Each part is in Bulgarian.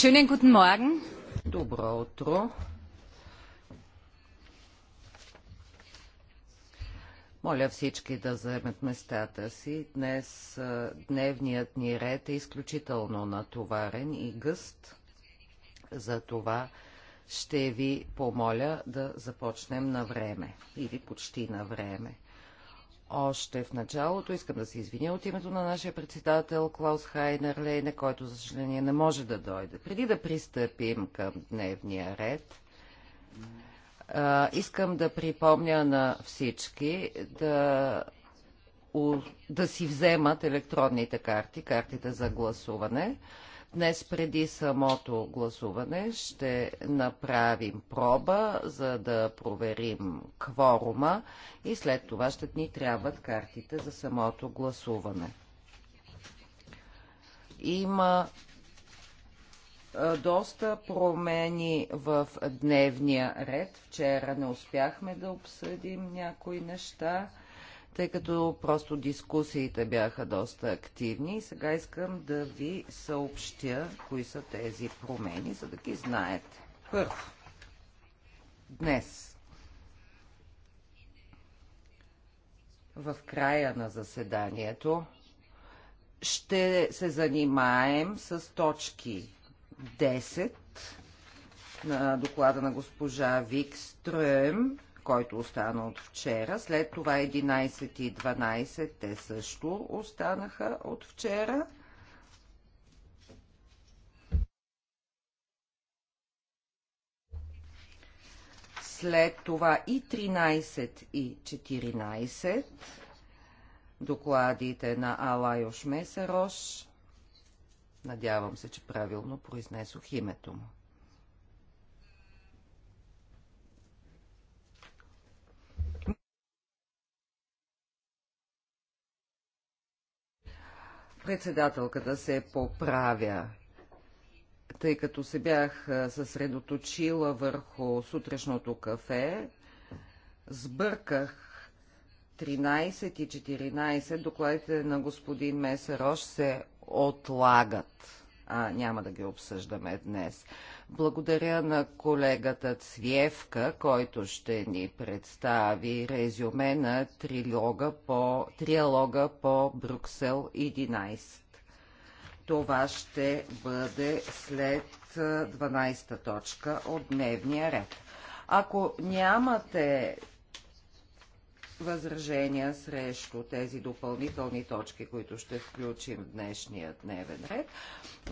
Schönen guten Morgen. Добро утро. Моля всички да заемат местата си. Днес дневният ни ред е изключително натоварен и гъст. За това ще ви помоля да започнем на време или почти на време още в началото. Искам да се извиня от името на нашия председател Клаус Хайнер Лейне, който за съжаление не може да дойде. Преди да пристъпим към дневния ред, искам да припомня на всички да, да си вземат електронните карти, картите за гласуване. Днес преди самото гласуване ще направим проба, за да проверим кворума и след това ще ни трябват картите за самото гласуване. Има доста промени в дневния ред. Вчера не успяхме да обсъдим някои неща тъй като просто дискусиите бяха доста активни. И сега искам да ви съобщя кои са тези промени, за да ги знаете. Първо, днес в края на заседанието ще се занимаем с точки 10 на доклада на госпожа Викстрем който остана от вчера. След това 11 и 12 те също останаха от вчера. След това и 13 и 14 докладите на Алайош Месерош. Надявам се, че правилно произнесох името му. Председателката се поправя, тъй като се бях съсредоточила върху сутрешното кафе, сбърках 13 и 14 докладите на господин Месерош се отлагат. А, няма да ги обсъждаме днес. Благодаря на колегата Цвиевка, който ще ни представи резюме на трилога по, трилога по Брюксел 11. Това ще бъде след 12 та точка от дневния ред. Ако нямате възражения срещу тези допълнителни точки, които ще включим в днешния дневен ред,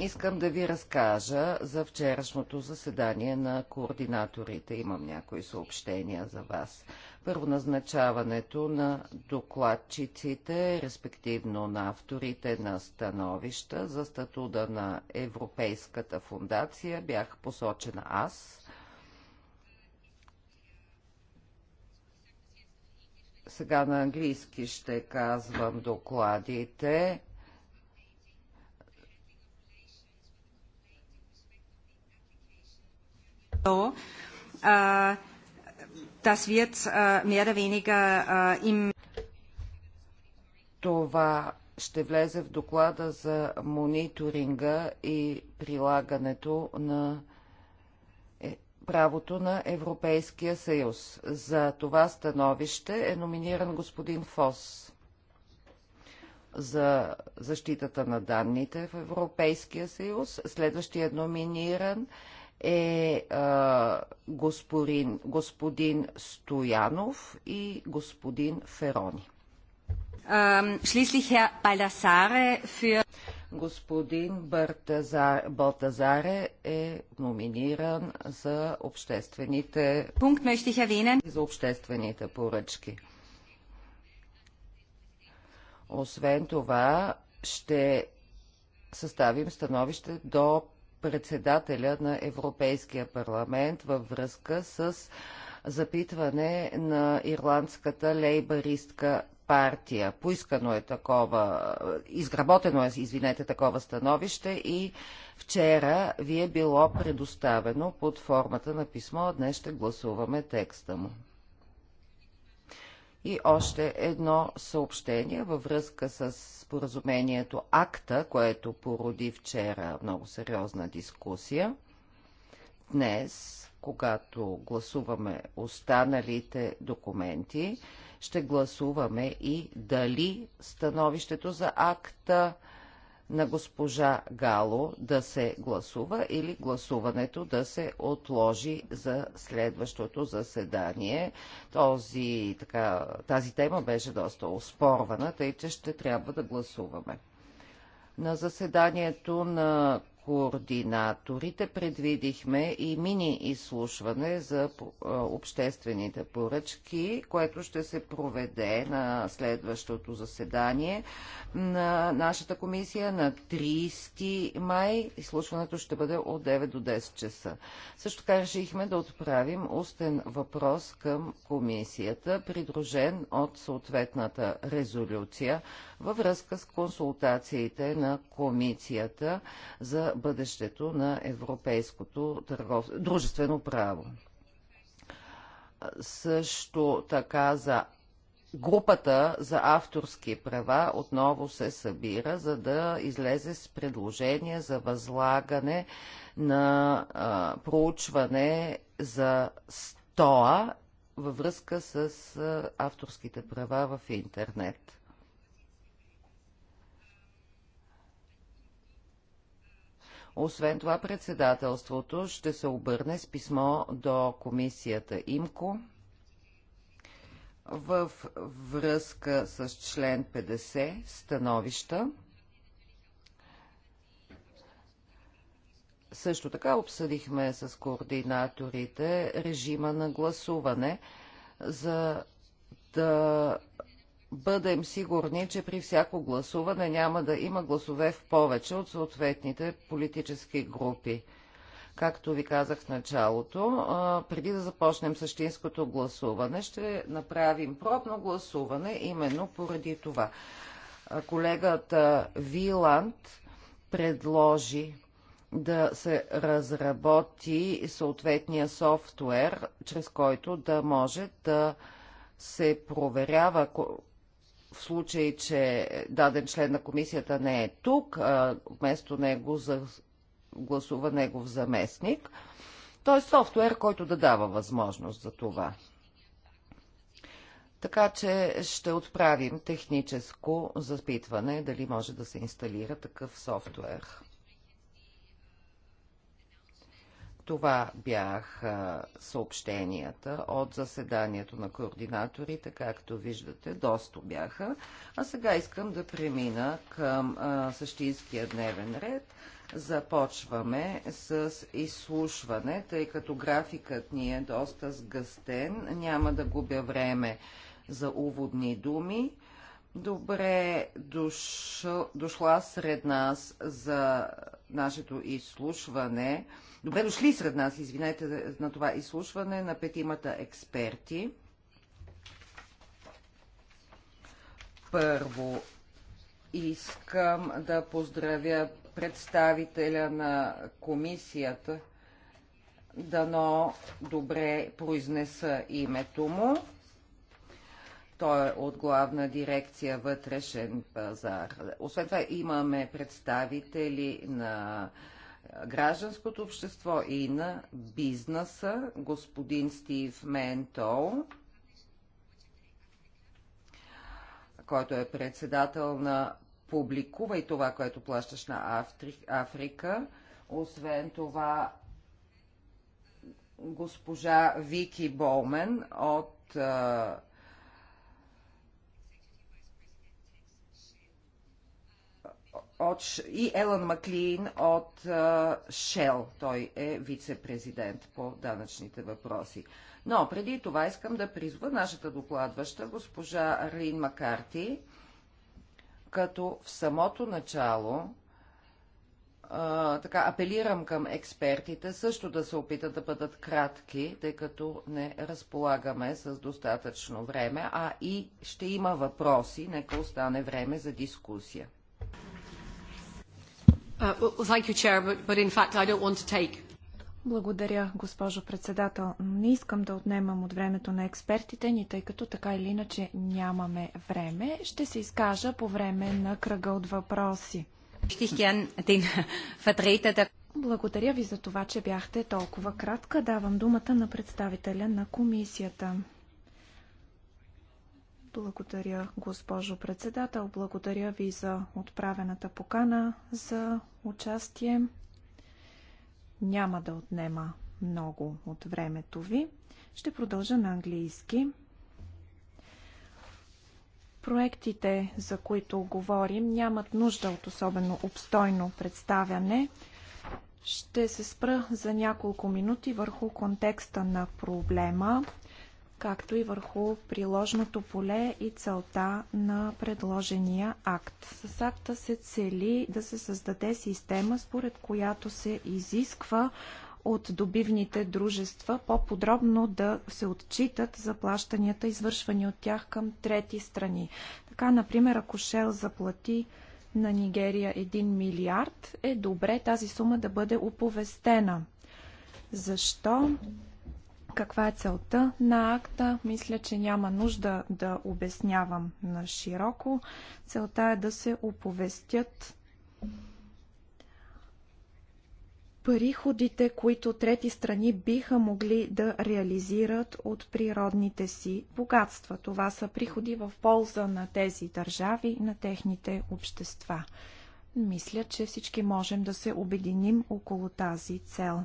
искам да ви разкажа за вчерашното заседание на координаторите. Имам някои съобщения за вас. Първо назначаването на докладчиците, респективно на авторите на становища за статута на Европейската фундация бях посочена аз Сега на английски ще казвам докладите. So, das wird mehr oder weniger im Това ще влезе в доклада за мониторинга и прилагането на правото на Европейския съюз. За това становище е номиниран господин Фос за защитата на данните в Европейския съюз. Следващият номиниран е а, господин, господин Стоянов и господин Ферони. Um, für... Господин Бартазар, Балтазаре е номиниран за обществените, Пункт за обществените поръчки. Освен това, ще съставим становище до председателя на Европейския парламент във връзка с запитване на ирландската лейбаристка партия. Поискано е такова, изработено е, извинете, такова становище и вчера ви е било предоставено под формата на писмо, днес ще гласуваме текста му. И още едно съобщение във връзка с споразумението АКТА, което породи вчера много сериозна дискусия. Днес, когато гласуваме останалите документи, ще гласуваме и дали становището за акта на госпожа Гало да се гласува или гласуването да се отложи за следващото заседание. Този, така, тази тема беше доста оспорвана, тъй че ще трябва да гласуваме. На заседанието на координаторите предвидихме и мини изслушване за обществените поръчки, което ще се проведе на следващото заседание на нашата комисия на 30 май. Изслушването ще бъде от 9 до 10 часа. Също така решихме да отправим устен въпрос към комисията, придружен от съответната резолюция във връзка с консултациите на комисията за бъдещето на европейското търгов... дружествено право. Също така за Групата за авторски права отново се събира, за да излезе с предложение за възлагане на а, проучване за СТОА във връзка с а, авторските права в интернет. Освен това, председателството ще се обърне с писмо до комисията ИМКО в връзка с член 50 становища. Също така обсъдихме с координаторите режима на гласуване, за да бъдем сигурни, че при всяко гласуване няма да има гласове в повече от съответните политически групи. Както ви казах в началото, преди да започнем същинското гласуване, ще направим пробно гласуване именно поради това. Колегата Виланд предложи да се разработи съответния софтуер, чрез който да може да се проверява в случай, че даден член на комисията не е тук, а вместо него за... гласува негов заместник. Той е софтуер, който да дава възможност за това. Така че ще отправим техническо запитване дали може да се инсталира такъв софтуер. Това бяха съобщенията от заседанието на координаторите, както виждате, доста бяха. А сега искам да премина към същинския дневен ред. Започваме с изслушване, тъй като графикът ни е доста сгъстен. Няма да губя време за уводни думи. Добре дошъл, дошла сред нас за нашето изслушване Добре дошли сред нас, извинете, на това изслушване на петимата експерти. Първо искам да поздравя представителя на комисията, дано добре произнеса името му. Той е от главна дирекция вътрешен пазар. Освен това имаме представители на гражданското общество и на бизнеса, господин Стив Ментол, който е председател на Публикува и това, което плащаш на Африка. Освен това, госпожа Вики Болмен от от, и Елън Маклин от Шел. Той е вице-президент по данъчните въпроси. Но преди това искам да призва нашата докладваща, госпожа Рин Макарти, като в самото начало а, така, апелирам към експертите също да се опитат да бъдат кратки, тъй като не разполагаме с достатъчно време, а и ще има въпроси, нека остане време за дискусия. Uh, Благодаря, госпожо председател. Не искам да отнемам от времето на експертите ни, тъй като така или иначе нямаме време. Ще се изкажа по време на кръга от въпроси. Благодаря ви за това, че бяхте толкова кратка. Давам думата на представителя на комисията. Благодаря, госпожо председател. Благодаря ви за отправената покана за участие. Няма да отнема много от времето ви. Ще продължа на английски. Проектите, за които говорим, нямат нужда от особено обстойно представяне. Ще се спра за няколко минути върху контекста на проблема – както и върху приложното поле и целта на предложения акт. С акта се цели да се създаде система, според която се изисква от добивните дружества по-подробно да се отчитат заплащанията, извършвани от тях към трети страни. Така, например, ако Шел заплати на Нигерия 1 милиард, е добре тази сума да бъде оповестена. Защо? Каква е целта на акта? Мисля, че няма нужда да обяснявам на широко. Целта е да се оповестят приходите, които трети страни биха могли да реализират от природните си богатства. Това са приходи в полза на тези държави, на техните общества. Мисля, че всички можем да се обединим около тази цел.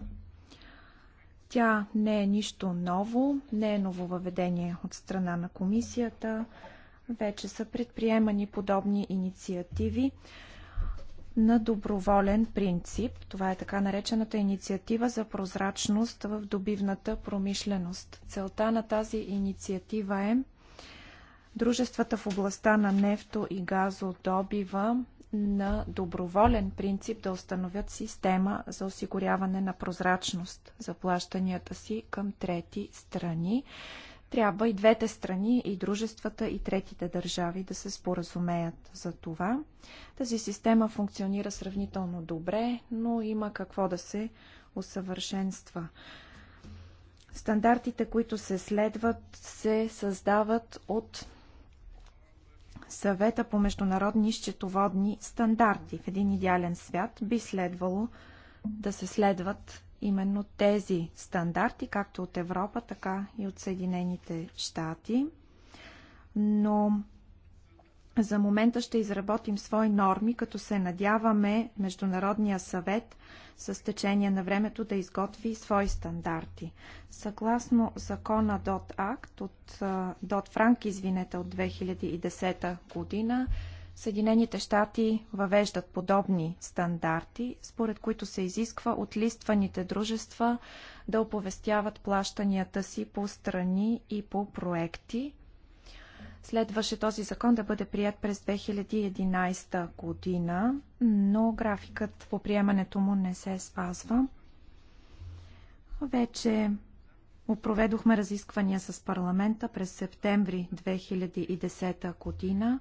Тя не е нищо ново, не е ново въведение от страна на комисията. Вече са предприемани подобни инициативи на доброволен принцип. Това е така наречената инициатива за прозрачност в добивната промишленост. Целта на тази инициатива е дружествата в областта на нефто и газодобива на доброволен принцип да установят система за осигуряване на прозрачност за плащанията си към трети страни. Трябва и двете страни, и дружествата, и третите държави да се споразумеят за това. Тази система функционира сравнително добре, но има какво да се усъвършенства. Стандартите, които се следват, се създават от съвета по международни счетоводни стандарти. В един идеален свят би следвало да се следват именно тези стандарти, както от Европа, така и от Съединените щати. Но за момента ще изработим свои норми, като се надяваме Международния съвет с течение на времето да изготви свои стандарти. Съгласно закона Дот Акт от Дот Франк, извинете, от 2010 година, Съединените щати въвеждат подобни стандарти, според които се изисква от листваните дружества да оповестяват плащанията си по страни и по проекти, Следваше този закон да бъде прият през 2011 година, но графикът по приемането му не се спазва. Вече проведохме разисквания с парламента през септември 2010 година.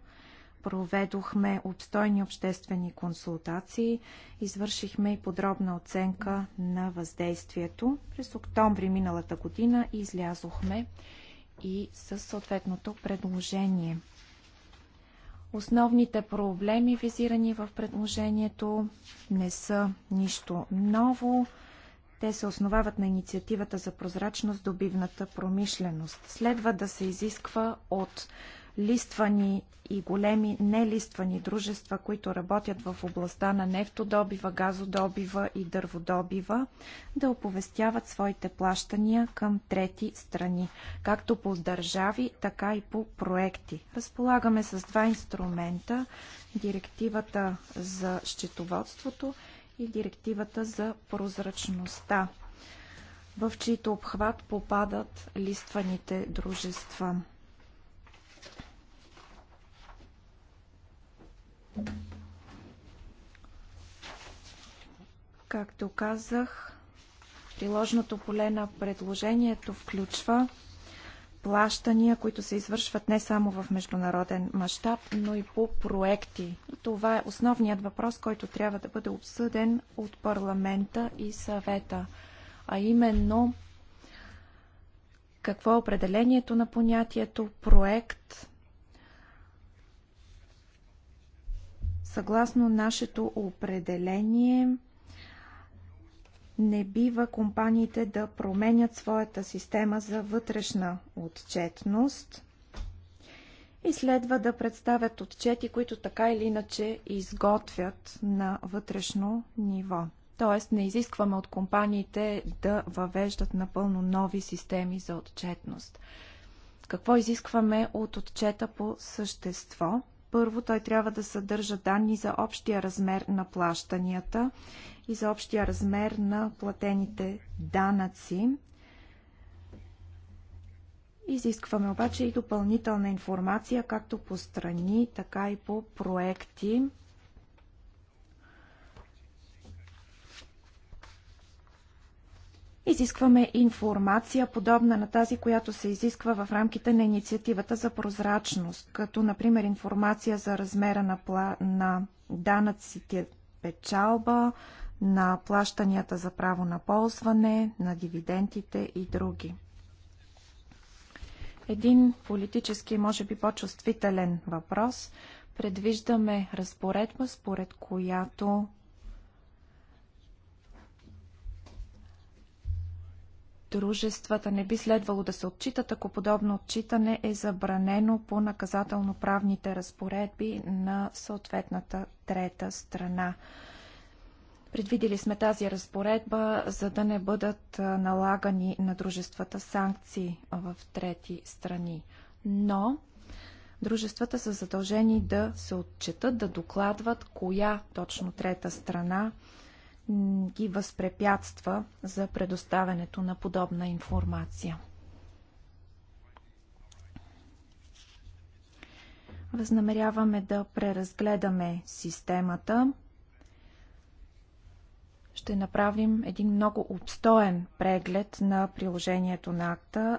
Проведохме обстойни обществени консултации, извършихме и подробна оценка на въздействието. През октомври миналата година излязохме и със съответното предложение. Основните проблеми, визирани в предложението, не са нищо ново. Те се основават на инициативата за прозрачност добивната промишленост. Следва да се изисква от листвани и големи нелиствани дружества, които работят в областта на нефтодобива, газодобива и дърводобива, да оповестяват своите плащания към трети страни, както по държави, така и по проекти. Разполагаме с два инструмента директивата за счетоводството и директивата за прозрачността в чието обхват попадат листваните дружества. Както казах, приложното поле на предложението включва плащания, които се извършват не само в международен мащаб, но и по проекти. Това е основният въпрос, който трябва да бъде обсъден от парламента и съвета, а именно какво е определението на понятието проект, Съгласно нашето определение, не бива компаниите да променят своята система за вътрешна отчетност и следва да представят отчети, които така или иначе изготвят на вътрешно ниво. Тоест не изискваме от компаниите да въвеждат напълно нови системи за отчетност. Какво изискваме от отчета по същество? Първо, той трябва да съдържа данни за общия размер на плащанията и за общия размер на платените данъци. Изискваме обаче и допълнителна информация, както по страни, така и по проекти. Изискваме информация, подобна на тази, която се изисква в рамките на инициативата за прозрачност, като, например, информация за размера на, пла... на данъците печалба, на плащанията за право на ползване, на дивидентите и други. Един политически, може би по-чувствителен въпрос. Предвиждаме разпоредба, според която дружествата не би следвало да се отчитат, ако подобно отчитане е забранено по наказателно-правните разпоредби на съответната трета страна. Предвидили сме тази разпоредба, за да не бъдат налагани на дружествата санкции в трети страни. Но дружествата са задължени да се отчитат, да докладват коя точно трета страна ги възпрепятства за предоставянето на подобна информация. Възнамеряваме да преразгледаме системата. Ще направим един много обстоен преглед на приложението на акта,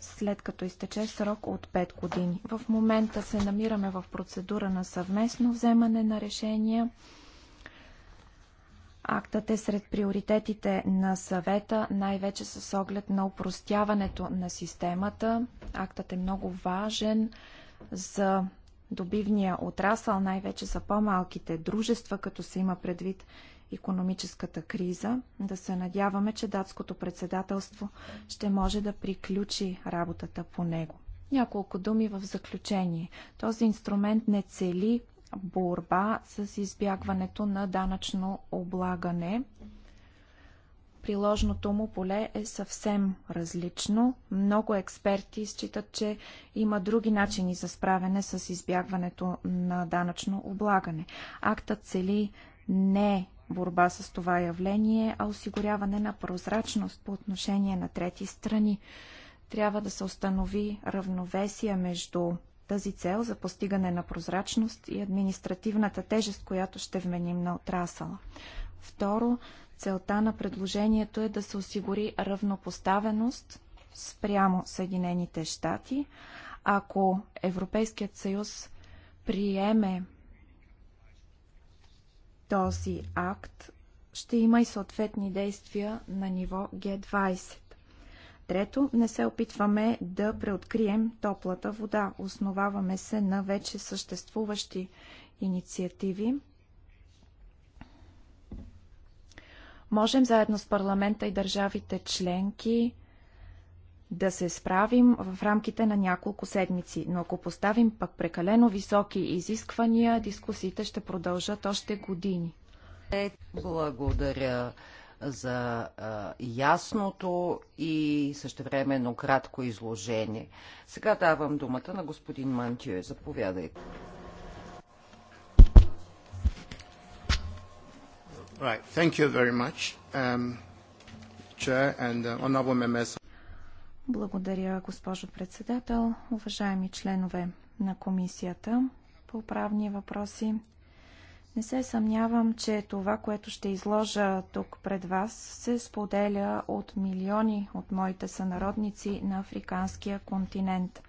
след като изтече срок от 5 години. В момента се намираме в процедура на съвместно вземане на решения. Актът е сред приоритетите на съвета, най-вече с оглед на упростяването на системата. Актът е много важен за добивния отрасъл, най-вече за по-малките дружества, като се има предвид економическата криза. Да се надяваме, че датското председателство ще може да приключи работата по него. Няколко думи в заключение. Този инструмент не цели борба с избягването на данъчно облагане. Приложното му поле е съвсем различно. Много експерти считат, че има други начини за справяне с избягването на данъчно облагане. Актът цели не борба с това явление, а осигуряване на прозрачност по отношение на трети страни. Трябва да се установи равновесие между тази цел за постигане на прозрачност и административната тежест, която ще вменим на отрасъла. Второ, целта на предложението е да се осигури равнопоставеност спрямо Съединените щати. Ако Европейският съюз приеме този акт, ще има и съответни действия на ниво Г20. Трето, не се опитваме да преоткрием топлата вода. Основаваме се на вече съществуващи инициативи. Можем заедно с парламента и държавите членки да се справим в рамките на няколко седмици. Но ако поставим пък прекалено високи изисквания, дискусиите ще продължат още години. Благодаря за а, ясното и същевременно кратко изложение. Сега давам думата на господин Мантио. Заповядайте. Right. Thank you very much, um, Chair and uh, Благодаря, госпожо председател, уважаеми членове на комисията по правни въпроси. Не се съмнявам, че това, което ще изложа тук пред вас, се споделя от милиони от моите сънародници на африканския континент.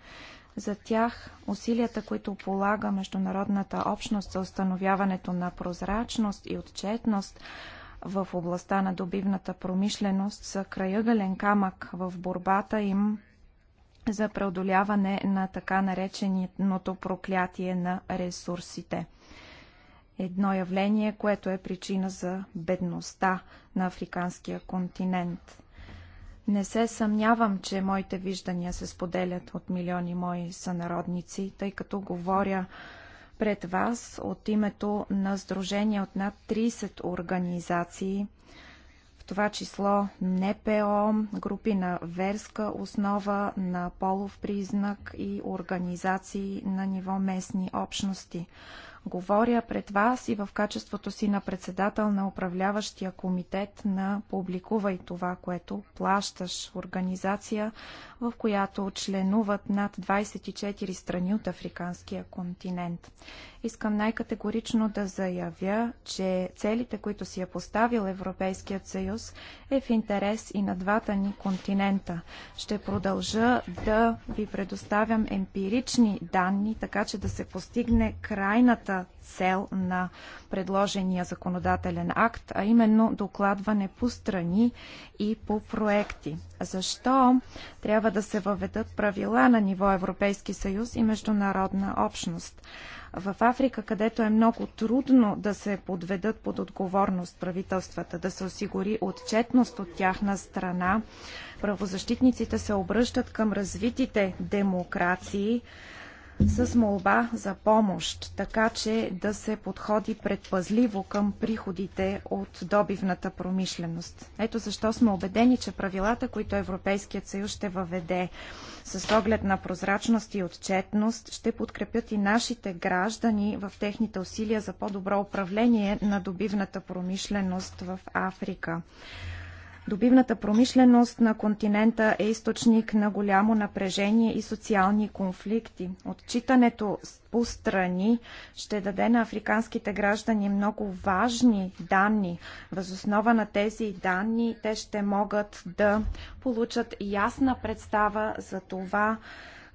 За тях усилията, които полага международната общност за установяването на прозрачност и отчетност в областта на добивната промишленост, са краягален камък в борбата им за преодоляване на така нареченото проклятие на ресурсите – едно явление, което е причина за бедността на африканския континент. Не се съмнявам, че моите виждания се споделят от милиони мои сънародници, тъй като говоря пред вас от името на сдружение от над 30 организации, в това число НПО, групи на верска основа, на полов признак и организации на ниво местни общности. Говоря пред вас и в качеството си на председател на управляващия комитет на Публикувай това, което плащаш организация, в която членуват над 24 страни от африканския континент. Искам най-категорично да заявя, че целите, които си е поставил Европейският съюз, е в интерес и на двата ни континента. Ще продължа да ви предоставям емпирични данни, така че да се постигне крайната цел на предложения законодателен акт, а именно докладване по страни и по проекти. Защо трябва да се въведат правила на ниво Европейски съюз и международна общност? в Африка, където е много трудно да се подведат под отговорност правителствата, да се осигури отчетност от тяхна страна, правозащитниците се обръщат към развитите демокрации с молба за помощ, така че да се подходи предпазливо към приходите от добивната промишленост. Ето защо сме убедени, че правилата, които Европейският съюз ще въведе с оглед на прозрачност и отчетност, ще подкрепят и нашите граждани в техните усилия за по-добро управление на добивната промишленост в Африка. Добивната промишленост на континента е източник на голямо напрежение и социални конфликти. Отчитането по страни ще даде на африканските граждани много важни данни. Възоснова на тези данни те ще могат да получат ясна представа за това,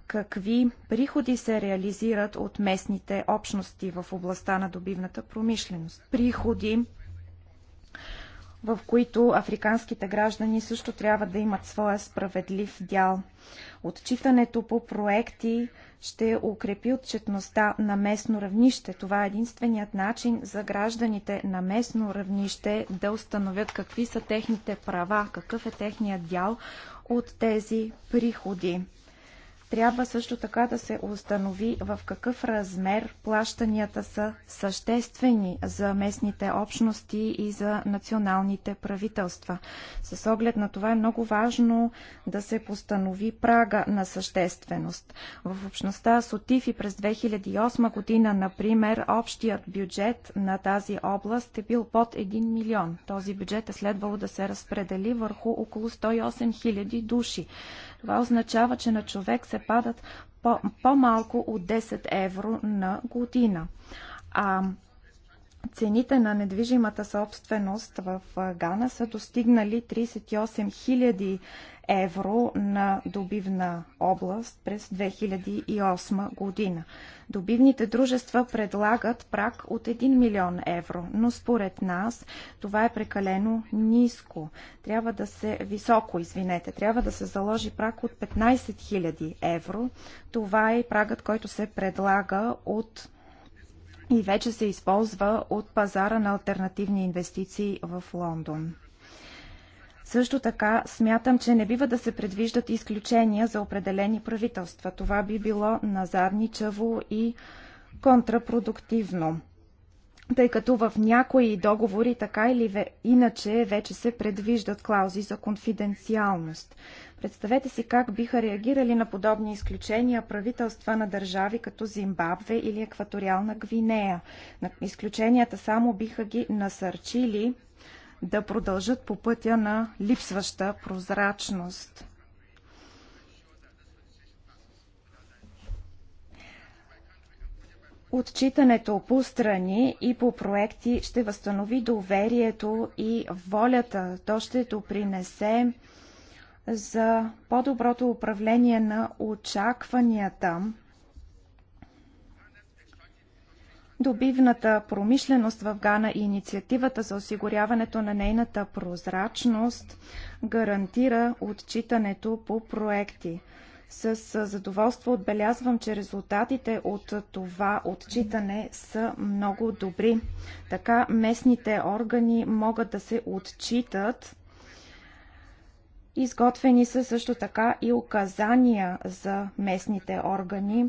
какви приходи се реализират от местните общности в областта на добивната промишленост. Приходи, в които африканските граждани също трябва да имат своя справедлив дял. Отчитането по проекти ще укрепи отчетността на местно равнище. Това е единственият начин за гражданите на местно равнище да установят какви са техните права, какъв е техният дял от тези приходи. Трябва също така да се установи в какъв размер плащанията са съществени за местните общности и за националните правителства. С оглед на това е много важно да се постанови прага на същественост. В общността Сотифи през 2008 година, например, общият бюджет на тази област е бил под 1 милион. Този бюджет е следвало да се разпредели върху около 108 хиляди души. Това означава, че на човек се падат по-малко по от 10 евро на година. А цените на недвижимата собственост в Гана са достигнали 38 000 евро на добивна област през 2008 година. Добивните дружества предлагат прак от 1 милион евро, но според нас това е прекалено ниско. Трябва да се високо, извинете, трябва да се заложи прак от 15 000 евро. Това е прагът, който се предлага от и вече се използва от пазара на альтернативни инвестиции в Лондон. Също така смятам, че не бива да се предвиждат изключения за определени правителства. Това би било назарничаво и контрапродуктивно тъй като в някои договори така или иначе вече се предвиждат клаузи за конфиденциалност. Представете си как биха реагирали на подобни изключения правителства на държави като Зимбабве или Екваториална Гвинея. Изключенията само биха ги насърчили да продължат по пътя на липсваща прозрачност. Отчитането по страни и по проекти ще възстанови доверието и волята. То ще допринесе за по-доброто управление на очакванията Добивната промишленост в Гана и инициативата за осигуряването на нейната прозрачност гарантира отчитането по проекти. С задоволство отбелязвам, че резултатите от това отчитане са много добри. Така местните органи могат да се отчитат. Изготвени са също така и указания за местните органи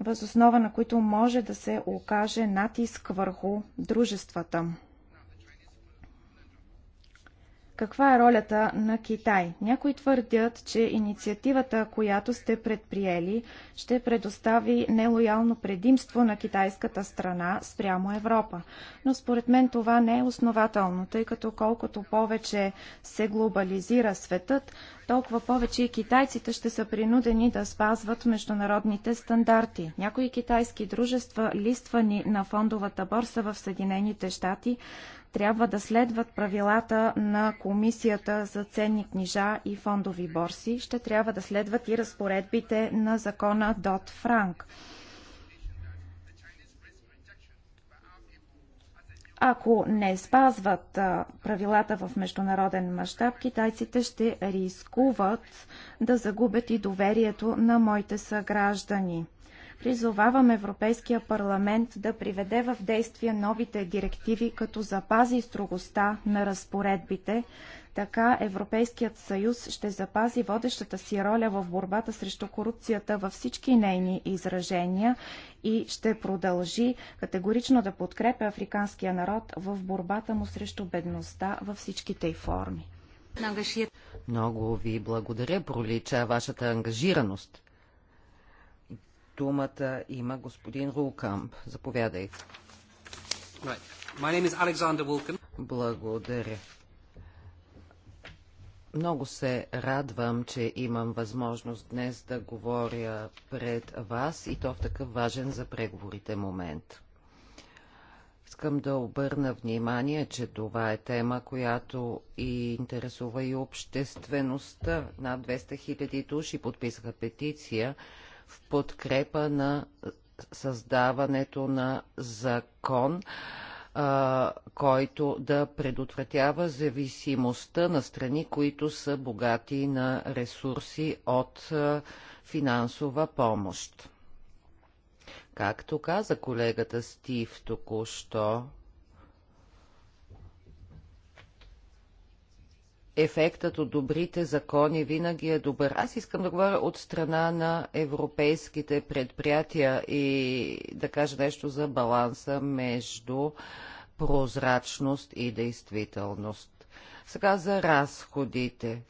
възоснова на които може да се окаже натиск върху дружествата. Каква е ролята на Китай? Някои твърдят, че инициативата, която сте предприели, ще предостави нелоялно предимство на китайската страна спрямо Европа. Но според мен това не е основателно, тъй като колкото повече се глобализира светът, толкова повече и китайците ще са принудени да спазват международните стандарти. Някои китайски дружества, листвани на фондовата борса в Съединените щати, трябва да следват правилата на Комисията за ценни книжа и фондови борси. Ще трябва да следват и разпоредбите на закона Дот Франк. Ако не спазват правилата в международен мащаб, китайците ще рискуват да загубят и доверието на моите съграждани. Призовавам Европейския парламент да приведе в действие новите директиви, като запази строгостта на разпоредбите, така Европейският съюз ще запази водещата си роля в борбата срещу корупцията във всички нейни изражения и ще продължи категорично да подкрепя африканския народ в борбата му срещу бедността във всичките й форми. Много ви благодаря, пролича вашата ангажираност. Думата има господин Рулкамп. Заповядай. Right. Благодаря. Много се радвам, че имам възможност днес да говоря пред вас и то в такъв важен за преговорите момент. Искам да обърна внимание, че това е тема, която и интересува и обществеността. Над 200 000 души подписаха петиция в подкрепа на създаването на закон, а, който да предотвратява зависимостта на страни, които са богати на ресурси от а, финансова помощ. Както каза колегата Стив току-що, ефектът от добрите закони винаги е добър. Аз искам да говоря от страна на европейските предприятия и да кажа нещо за баланса между а, прозрачност и действителност. Сега за разходите.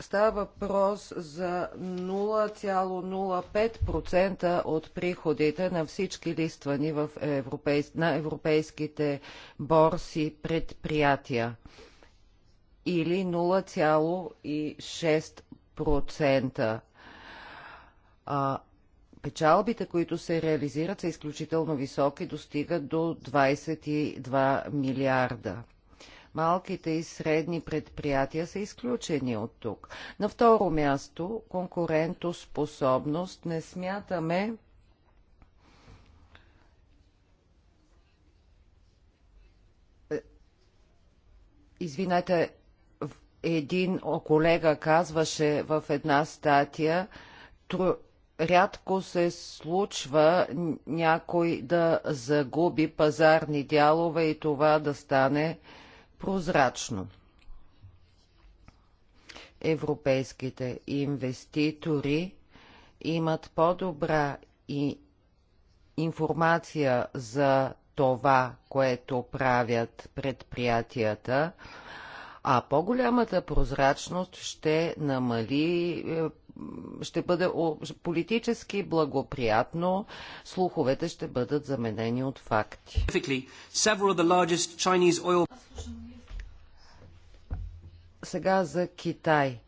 Става въпрос за 0,05% от приходите на всички листвани в европейс... на европейските борси предприятия или 0,6% печалбите, които се реализират, са изключително високи, достигат до 22 милиарда. Малките и средни предприятия са изключени от тук. На второ място, конкурентоспособност не смятаме, е, извинете, един колега казваше в една статия, рядко се случва някой да загуби пазарни дялове и това да стане прозрачно. Европейските инвеститори имат по-добра и информация за това, което правят предприятията, а по-голямата прозрачност ще намали е, ще бъде политически благоприятно, слуховете ще бъдат заменени от факти. Сега за Китай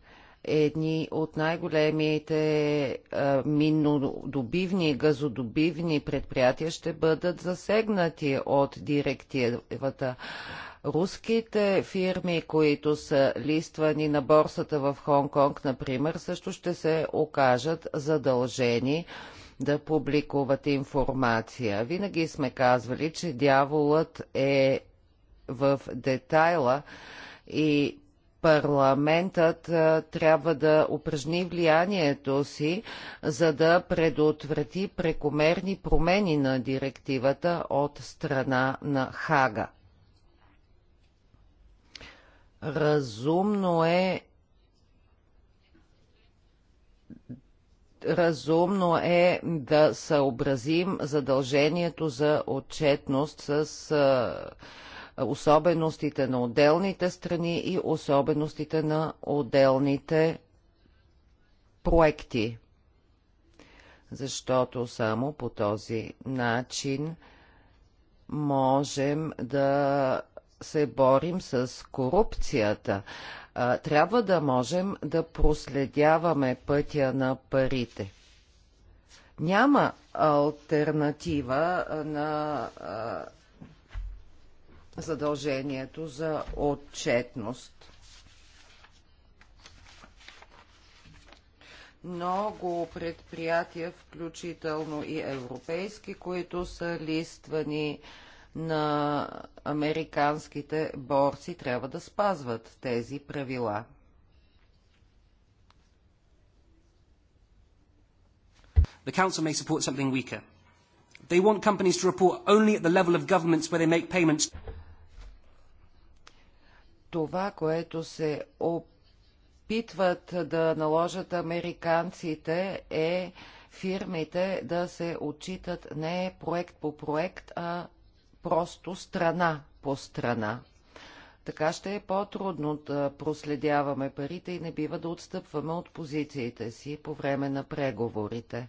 едни от най-големите миннодобивни, газодобивни предприятия ще бъдат засегнати от директивата. Руските фирми, които са листвани на борсата в Хонг-Конг, например, също ще се окажат задължени да публикуват информация. Винаги сме казвали, че дяволът е в детайла и парламентът трябва да упражни влиянието си, за да предотврати прекомерни промени на директивата от страна на Хага. Разумно е разумно е да съобразим задължението за отчетност с особеностите на отделните страни и особеностите на отделните проекти. Защото само по този начин можем да се борим с корупцията, трябва да можем да проследяваме пътя на парите. Няма альтернатива на задължението за отчетност. Много предприятия, включително и европейски, които са листвани на американските борси трябва да спазват тези правила. The Council may support something weaker. They want companies to report only at the level of governments where they make payments. Това, което се опитват да наложат американците е фирмите да се отчитат не проект по проект, а просто страна по страна. Така ще е по-трудно да проследяваме парите и не бива да отстъпваме от позициите си по време на преговорите.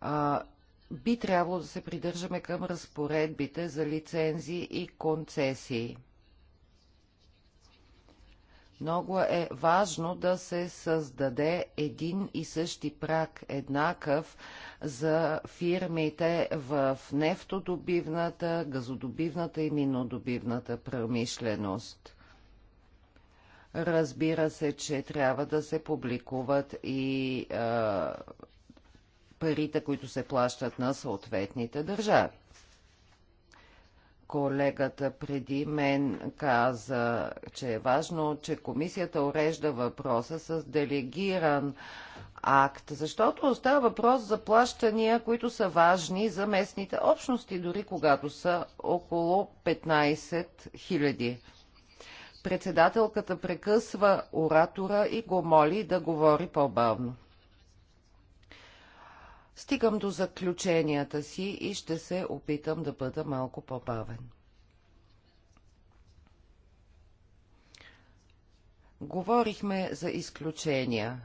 А, би трябвало да се придържаме към разпоредбите за лицензии и концесии – много е важно да се създаде един и същи прак, еднакъв за фирмите в нефтодобивната, газодобивната и минодобивната промишленост. Разбира се, че трябва да се публикуват и а, парите, които се плащат на съответните държави колегата преди мен каза, че е важно, че комисията урежда въпроса с делегиран акт, защото остава въпрос за плащания, които са важни за местните общности, дори когато са около 15 000. Председателката прекъсва оратора и го моли да говори по-бавно. Стигам до заключенията си и ще се опитам да бъда малко по-бавен. Говорихме за изключения.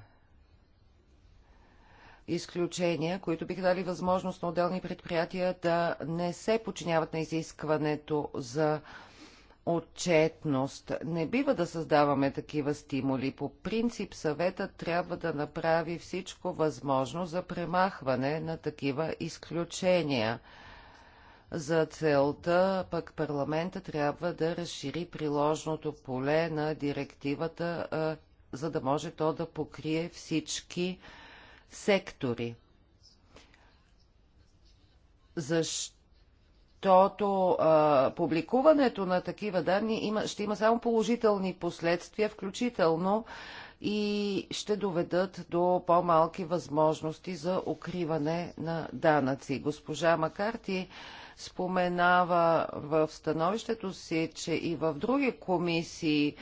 Изключения, които бих дали възможност на отделни предприятия да не се подчиняват на изискването за отчетност. Не бива да създаваме такива стимули. По принцип съветът трябва да направи всичко възможно за премахване на такива изключения. За целта пък парламента трябва да разшири приложното поле на директивата, за да може то да покрие всички сектори. Защо? защото а, публикуването на такива данни има, ще има само положителни последствия, включително и ще доведат до по-малки възможности за укриване на данъци. Госпожа Макарти споменава в становището си, че и в други комисии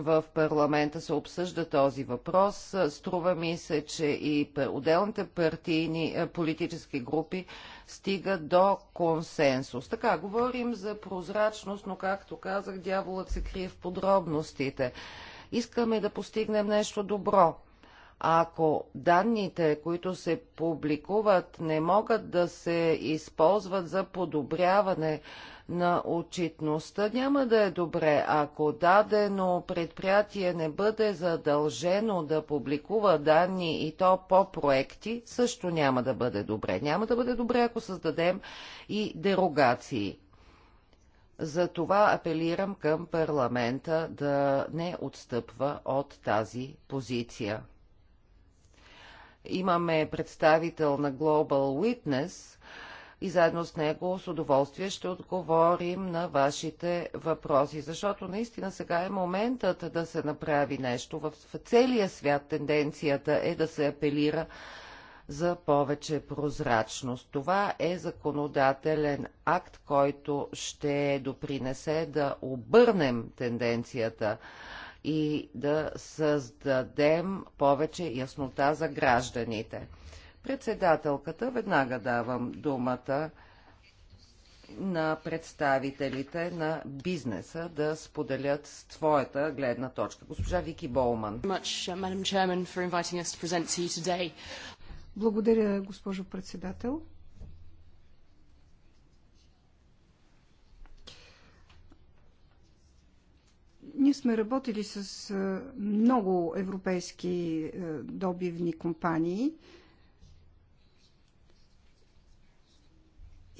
в парламента се обсъжда този въпрос. Струва ми се, че и отделните партийни е, политически групи стигат до консенсус. Така, говорим за прозрачност, но както казах, дяволът се крие в подробностите. Искаме да постигнем нещо добро. Ако данните, които се публикуват, не могат да се използват за подобряване на отчетността. Няма да е добре, ако дадено предприятие не бъде задължено да публикува данни и то по проекти, също няма да бъде добре. Няма да бъде добре, ако създадем и дерогации. Затова апелирам към парламента да не отстъпва от тази позиция. Имаме представител на Global Witness, и заедно с него с удоволствие ще отговорим на вашите въпроси, защото наистина сега е моментът да се направи нещо. В целия свят тенденцията е да се апелира за повече прозрачност. Това е законодателен акт, който ще допринесе да обърнем тенденцията и да създадем повече яснота за гражданите. Председателката, веднага давам думата на представителите на бизнеса да споделят с твоята гледна точка. Госпожа Вики Болман. Uh, Благодаря, госпожо председател. Ние сме работили с много европейски добивни компании –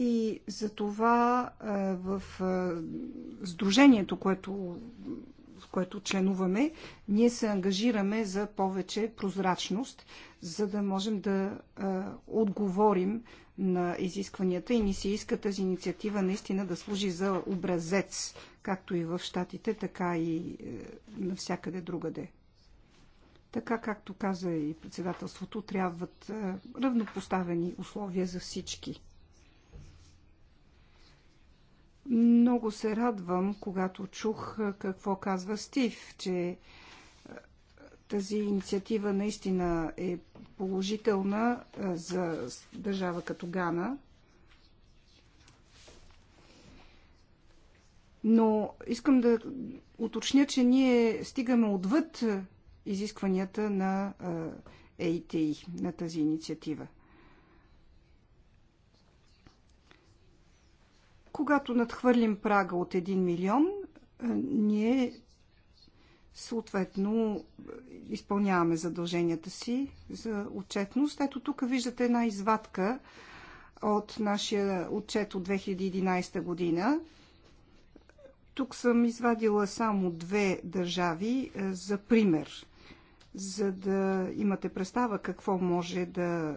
И за това в сдружението, което, в което членуваме, ние се ангажираме за повече прозрачност, за да можем да отговорим на изискванията и ни се иска тази инициатива наистина да служи за образец, както и в Штатите, така и е, навсякъде другаде. Така както каза и председателството, трябват е, равнопоставени условия за всички. Много се радвам, когато чух какво казва Стив, че тази инициатива наистина е положителна за държава като Гана. Но искам да уточня, че ние стигаме отвъд изискванията на ЕИТИ, на тази инициатива. Когато надхвърлим прага от 1 милион, е, ние съответно изпълняваме задълженията си за отчетност. Ето тук виждате една извадка от нашия отчет от 2011 година. Тук съм извадила само две държави е, за пример, за да имате представа какво може да е,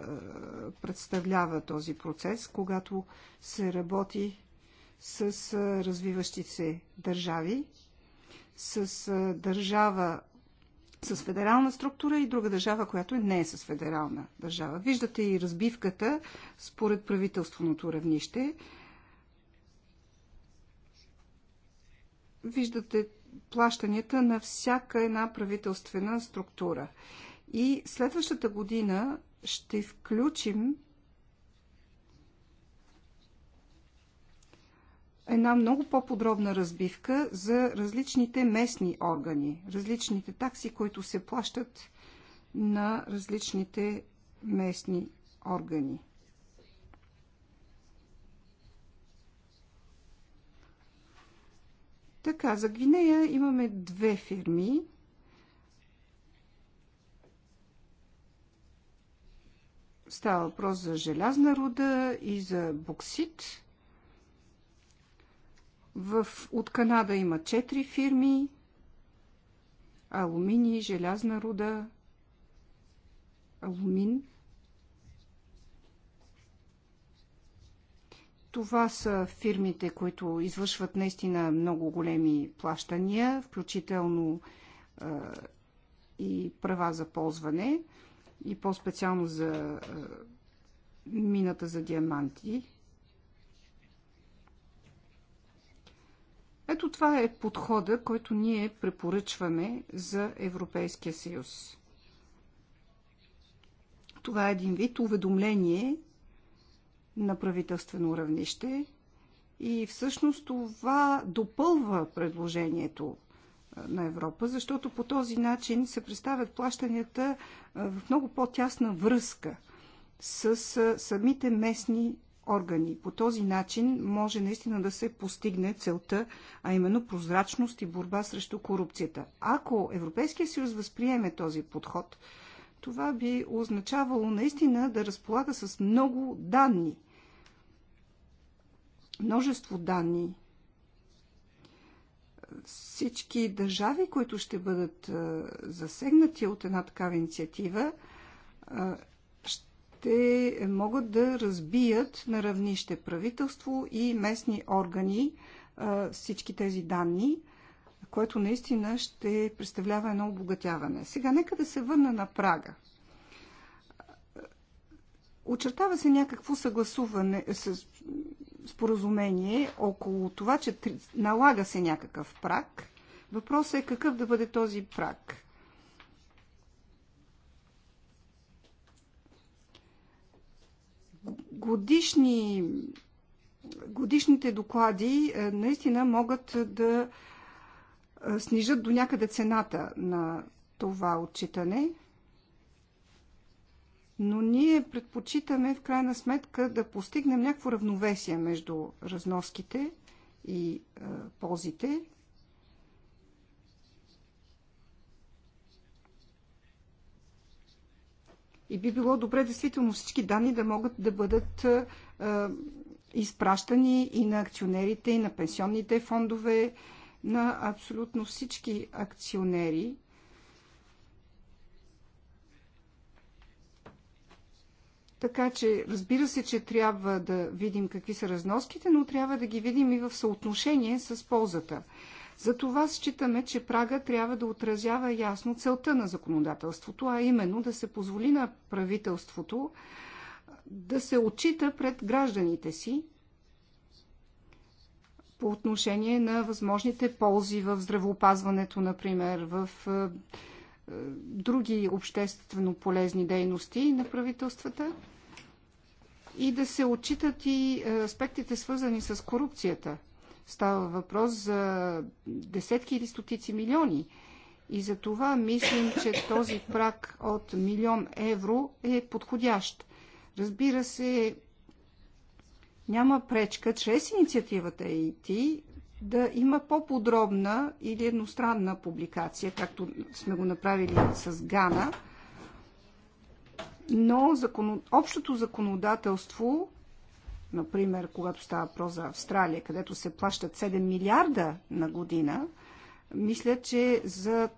представлява този процес, когато се работи с развиващи се държави, с държава с федерална структура и друга държава, която не е с федерална държава. Виждате и разбивката според правителственото равнище. Виждате плащанията на всяка една правителствена структура. И следващата година ще включим една много по-подробна разбивка за различните местни органи, различните такси, които се плащат на различните местни органи. Така, за Гвинея имаме две фирми. Става въпрос за желязна руда и за боксит. В, от Канада има 4 фирми. Алумини, желязна руда, алумин. Това са фирмите, които извършват наистина много големи плащания, включително е, и права за ползване и по-специално за е, мината за диаманти. Ето това е подхода, който ние препоръчваме за Европейския съюз. Това е един вид уведомление на правителствено равнище и всъщност това допълва предложението на Европа, защото по този начин се представят плащанията в много по-тясна връзка с самите местни органи. По този начин може наистина да се постигне целта, а именно прозрачност и борба срещу корупцията. Ако Европейския съюз възприеме този подход, това би означавало наистина да разполага с много данни. Множество данни. Всички държави, които ще бъдат засегнати от една такава инициатива, ще могат да разбият на равнище правителство и местни органи всички тези данни, което наистина ще представлява едно обогатяване. Сега нека да се върна на прага. Очертава се някакво съгласуване, с споразумение около това, че налага се някакъв праг. Въпросът е какъв да бъде този праг. годишни, годишните доклади е, наистина могат да е, снижат до някъде цената на това отчитане. Но ние предпочитаме в крайна сметка да постигнем някакво равновесие между разноските и е, ползите, И би било добре, действително, всички данни да могат да бъдат е, изпращани и на акционерите, и на пенсионните фондове, на абсолютно всички акционери. Така че, разбира се, че трябва да видим какви са разноските, но трябва да ги видим и в съотношение с ползата. Затова считаме, че прага трябва да отразява ясно целта на законодателството, а именно да се позволи на правителството да се отчита пред гражданите си по отношение на възможните ползи в здравеопазването, например, в е, е, други обществено полезни дейности на правителствата и да се отчитат и е, аспектите свързани с корупцията – Става въпрос за десетки или стотици милиони. И за това мислим, че този прак от милион евро е подходящ. Разбира се, няма пречка чрез инициативата IT да има по-подробна или едностранна публикация, както сме го направили с Гана, но закон... общото законодателство Например, когато става въпрос за Австралия, където се плащат 7 милиарда на година, мисля, че за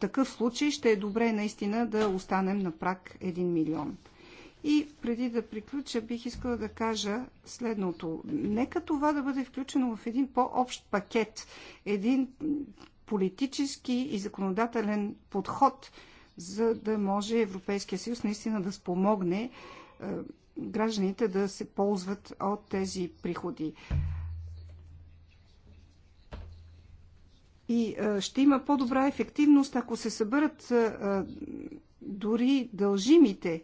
такъв случай ще е добре наистина да останем на прак 1 милион. И преди да приключа, бих искала да кажа следното. Нека това да бъде включено в един по-общ пакет, един политически и законодателен подход, за да може Европейския съюз наистина да спомогне е, гражданите да се ползват от тези приходи. И ще има по-добра ефективност, ако се съберат дори дължимите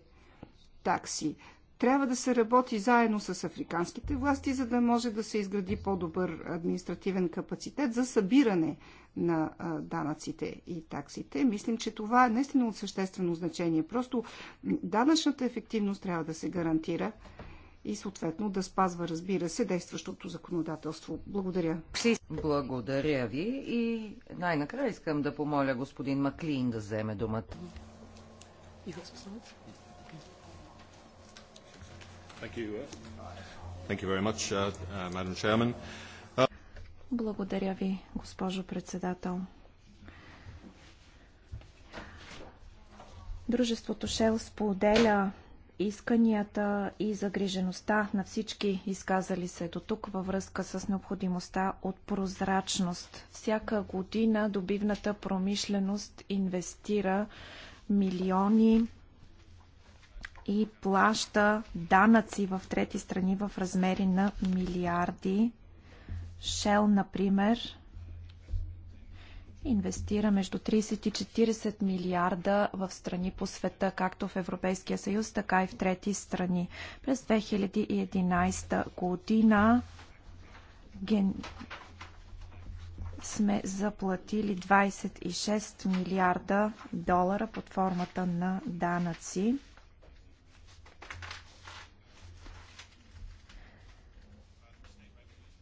такси. Трябва да се работи заедно с африканските власти, за да може да се изгради по-добър административен капацитет за събиране на данъците и таксите. Мислим, че това е наистина от съществено значение. Просто данъчната ефективност трябва да се гарантира и съответно да спазва, разбира се, действащото законодателство. Благодаря. Благодаря ви и най-накрая искам да помоля господин Маклин да вземе думата. И Uh, uh, uh, Благодаря ви, госпожо председател. Дружеството Шел споделя исканията и загрижеността на всички изказали се до тук във връзка с необходимостта от прозрачност. Всяка година добивната промишленост инвестира милиони и плаща данъци в трети страни в размери на милиарди. Шел, например, инвестира между 30 и 40 милиарда в страни по света, както в Европейския съюз, така и в трети страни. През 2011 година ген... сме заплатили 26 милиарда долара под формата на данъци.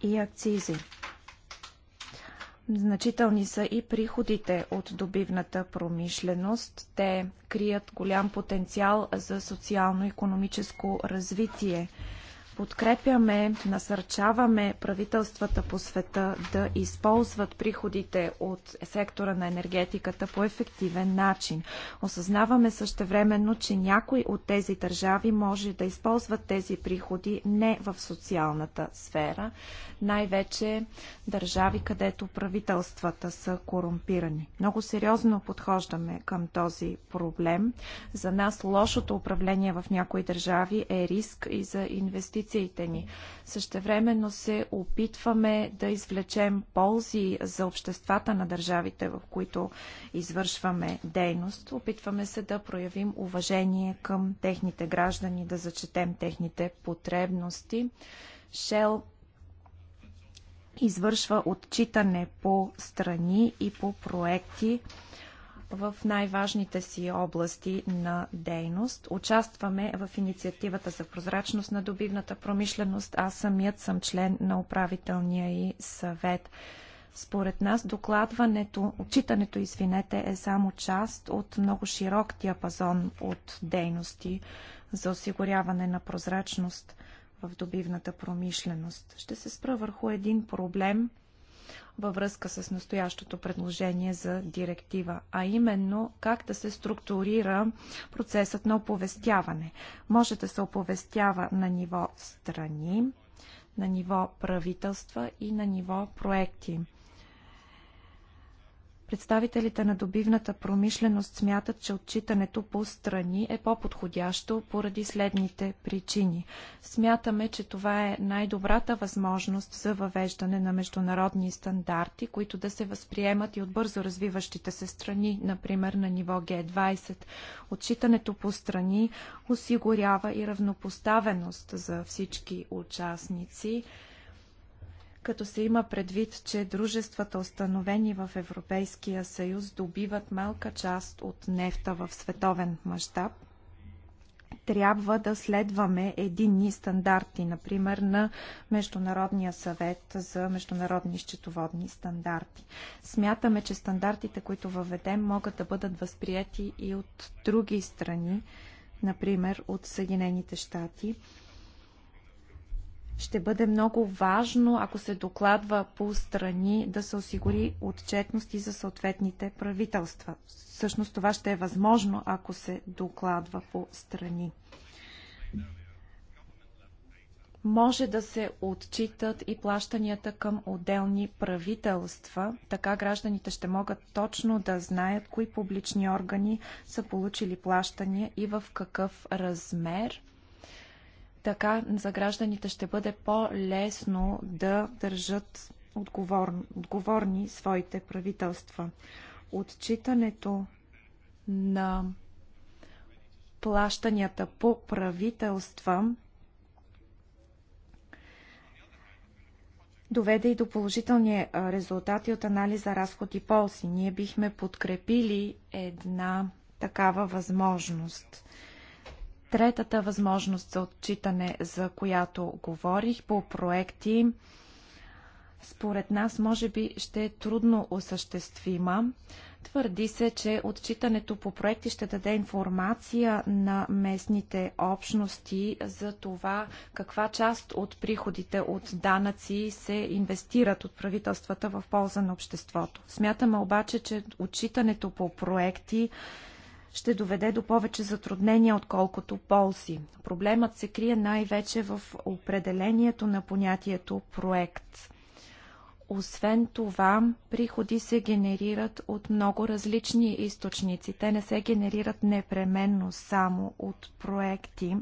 и акцизи. Значителни са и приходите от добивната промишленост. Те крият голям потенциал за социално-економическо развитие Подкрепяме, насърчаваме правителствата по света да използват приходите от сектора на енергетиката по ефективен начин. Осъзнаваме същевременно, че някои от тези държави може да използват тези приходи не в социалната сфера, най-вече държави, където правителствата са корумпирани. Много сериозно подхождаме към този проблем. За нас лошото управление в някои държави е риск и за инвестиции позициите ни. Същевременно се опитваме да извлечем ползи за обществата на държавите, в които извършваме дейност. Опитваме се да проявим уважение към техните граждани, да зачетем техните потребности. Шел извършва отчитане по страни и по проекти, в най-важните си области на дейност. Участваме в инициативата за прозрачност на добивната промишленост. Аз самият съм член на управителния и съвет. Според нас докладването, отчитането, извинете, е само част от много широк диапазон от дейности за осигуряване на прозрачност в добивната промишленост. Ще се спра върху един проблем – във връзка с настоящото предложение за директива, а именно как да се структурира процесът на оповестяване. Може да се оповестява на ниво страни, на ниво правителства и на ниво проекти. Представителите на добивната промишленост смятат, че отчитането по страни е по-подходящо поради следните причини. Смятаме, че това е най-добрата възможност за въвеждане на международни стандарти, които да се възприемат и от бързо развиващите се страни, например на ниво Г20. Отчитането по страни осигурява и равнопоставеност за всички участници като се има предвид, че дружествата, установени в Европейския съюз, добиват малка част от нефта в световен мащаб, трябва да следваме единни стандарти, например на Международния съвет за международни счетоводни стандарти. Смятаме, че стандартите, които въведем, могат да бъдат възприяти и от други страни, например от Съединените щати ще бъде много важно, ако се докладва по страни, да се осигури отчетност и за съответните правителства. Всъщност това ще е възможно, ако се докладва по страни. Може да се отчитат и плащанията към отделни правителства. Така гражданите ще могат точно да знаят кои публични органи са получили плащания и в какъв размер – така за гражданите ще бъде по-лесно да държат отговор... отговорни своите правителства. Отчитането на плащанията по правителства доведе и до положителни резултати от анализа разход и Ние бихме подкрепили една такава възможност. Третата възможност за отчитане, за която говорих по проекти, според нас може би ще е трудно осъществима. Твърди се, че отчитането по проекти ще даде информация на местните общности за това каква част от приходите от данъци се инвестират от правителствата в полза на обществото. Смятаме обаче, че отчитането по проекти ще доведе до повече затруднения, отколкото ползи. Проблемът се крие най-вече в определението на понятието проект. Освен това, приходи се генерират от много различни източници. Те не се генерират непременно само от проекти.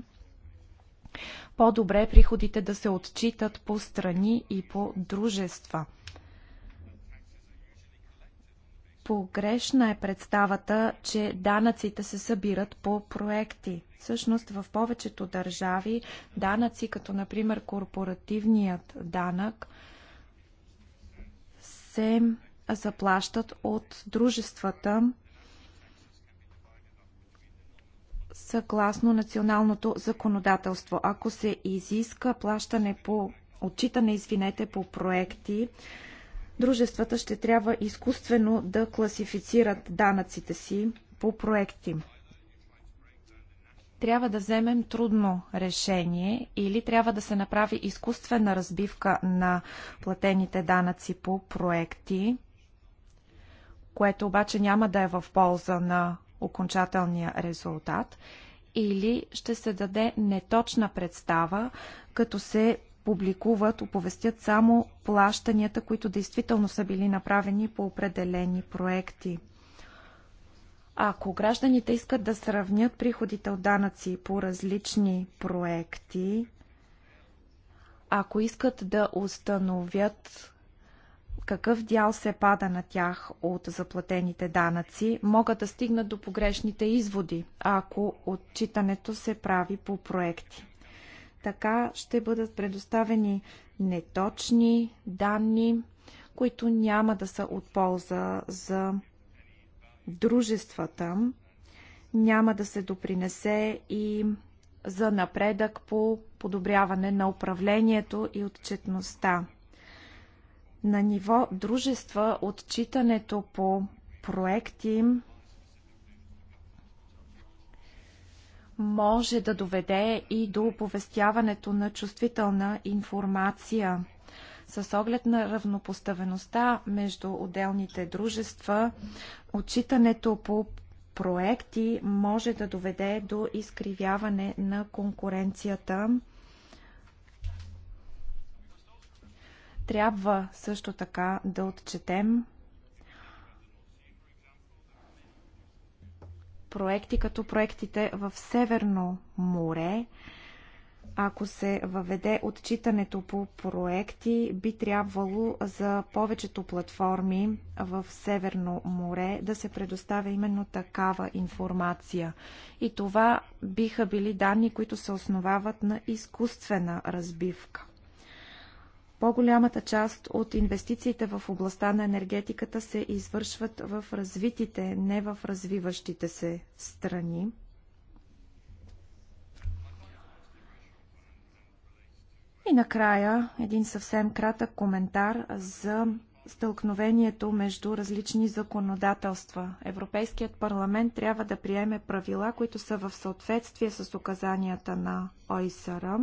По-добре е приходите да се отчитат по страни и по дружества – Погрешна е представата, че данъците се събират по проекти. Всъщност в повечето държави данъци, като например корпоративният данък, се заплащат от дружествата съгласно националното законодателство. Ако се изиска плащане по отчитане, извинете, по проекти, дружествата ще трябва изкуствено да класифицират данъците си по проекти. Трябва да вземем трудно решение или трябва да се направи изкуствена разбивка на платените данъци по проекти, което обаче няма да е в полза на окончателния резултат, или ще се даде неточна представа, като се публикуват, оповестят само плащанията, които действително са били направени по определени проекти. Ако гражданите искат да сравнят приходите от данъци по различни проекти, ако искат да установят какъв дял се пада на тях от заплатените данъци, могат да стигнат до погрешните изводи, ако отчитането се прави по проекти. Така ще бъдат предоставени неточни данни, които няма да са от полза за дружествата. Няма да се допринесе и за напредък по подобряване на управлението и отчетността. На ниво дружества отчитането по проекти може да доведе и до оповестяването на чувствителна информация. С оглед на равнопоставеността между отделните дружества, отчитането по проекти може да доведе до изкривяване на конкуренцията. Трябва също така да отчетем проекти, като проектите в Северно море. Ако се въведе отчитането по проекти, би трябвало за повечето платформи в Северно море да се предоставя именно такава информация. И това биха били данни, които се основават на изкуствена разбивка. По-голямата част от инвестициите в областта на енергетиката се извършват в развитите, не в развиващите се страни. И накрая един съвсем кратък коментар за стълкновението между различни законодателства. Европейският парламент трябва да приеме правила, които са в съответствие с указанията на ОИСР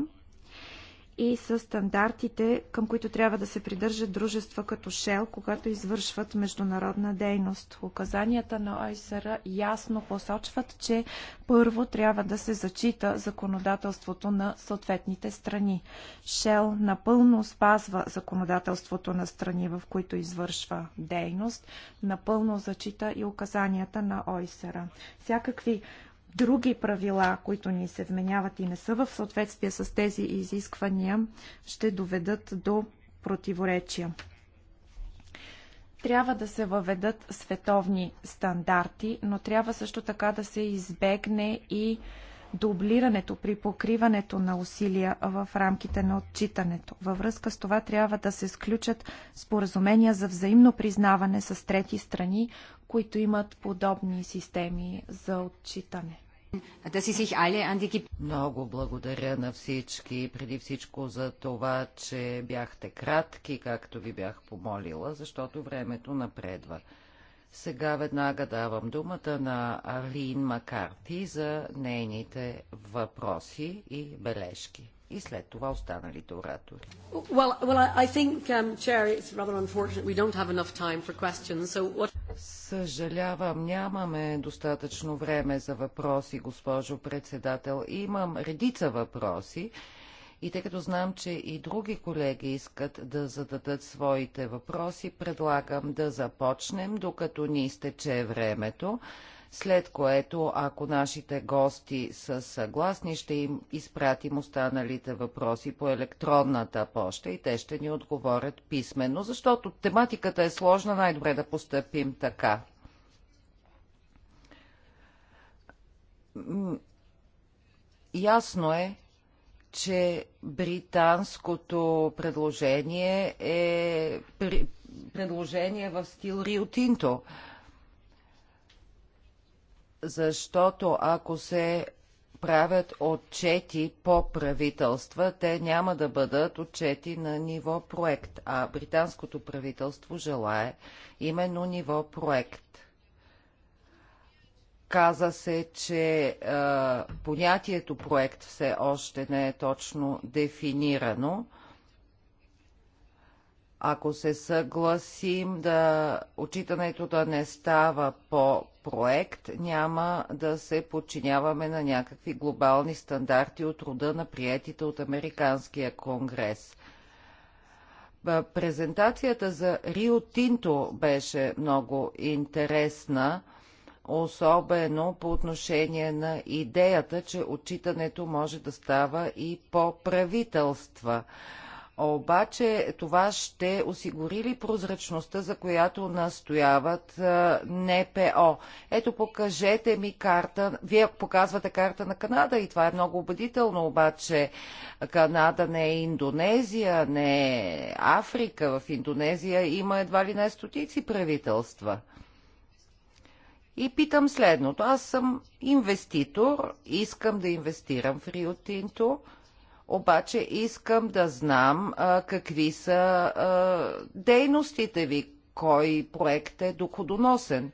и с стандартите, към които трябва да се придържат дружества като Shell, когато извършват международна дейност. Указанията на ОИСР ясно посочват, че първо трябва да се зачита законодателството на съответните страни. Shell напълно спазва законодателството на страни, в които извършва дейност, напълно зачита и указанията на ОИСР. Всякакви други правила, които ни се вменяват и не са в съответствие с тези изисквания, ще доведат до противоречия. Трябва да се въведат световни стандарти, но трябва също така да се избегне и дублирането при покриването на усилия в рамките на отчитането. Във връзка с това трябва да се сключат споразумения за взаимно признаване с трети страни, които имат подобни системи за отчитане. Много благодаря на всички, преди всичко за това, че бяхте кратки, както ви бях помолила, защото времето напредва. Сега веднага давам думата на Арлин Макарти за нейните въпроси и бележки и след това останалите оратори. Well, well, I think, um, Chair, it's rather unfortunate we don't have enough time for questions. So what... Съжалявам, нямаме достатъчно време за въпроси, госпожо председател. Имам редица въпроси. И тъй като знам, че и други колеги искат да зададат своите въпроси, предлагам да започнем, докато ни изтече времето след което, ако нашите гости са съгласни, ще им изпратим останалите въпроси по електронната поща и те ще ни отговорят писменно, защото тематиката е сложна, най-добре да постъпим така. Ясно е, че британското предложение е предложение в стил Рио Тинто защото ако се правят отчети по правителства, те няма да бъдат отчети на ниво проект, а британското правителство желае именно ниво проект. Каза се, че е, понятието проект все още не е точно дефинирано ако се съгласим да отчитането да не става по проект, няма да се подчиняваме на някакви глобални стандарти от рода на приетите от Американския конгрес. Презентацията за Рио Тинто беше много интересна, особено по отношение на идеята, че отчитането може да става и по правителства. Обаче това ще осигури ли прозрачността, за която настояват НПО? Ето покажете ми карта. Вие показвате карта на Канада и това е много убедително, обаче Канада не е Индонезия, не е Африка. В Индонезия има едва ли не стотици правителства. И питам следното. Аз съм инвеститор, искам да инвестирам в Риотинто. Тинто – обаче искам да знам а, какви са а, дейностите ви, кой проект е доходоносен.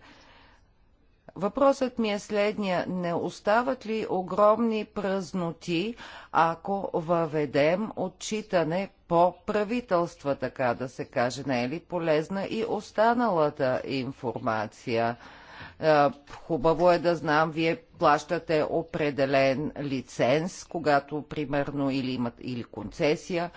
Въпросът ми е следния. Не остават ли огромни празноти, ако въведем отчитане по правителства, така да се каже? Не е ли полезна и останалата информация? Хубаво е да знам, вие плащате определен лиценз, когато примерно или, имат, или концесия,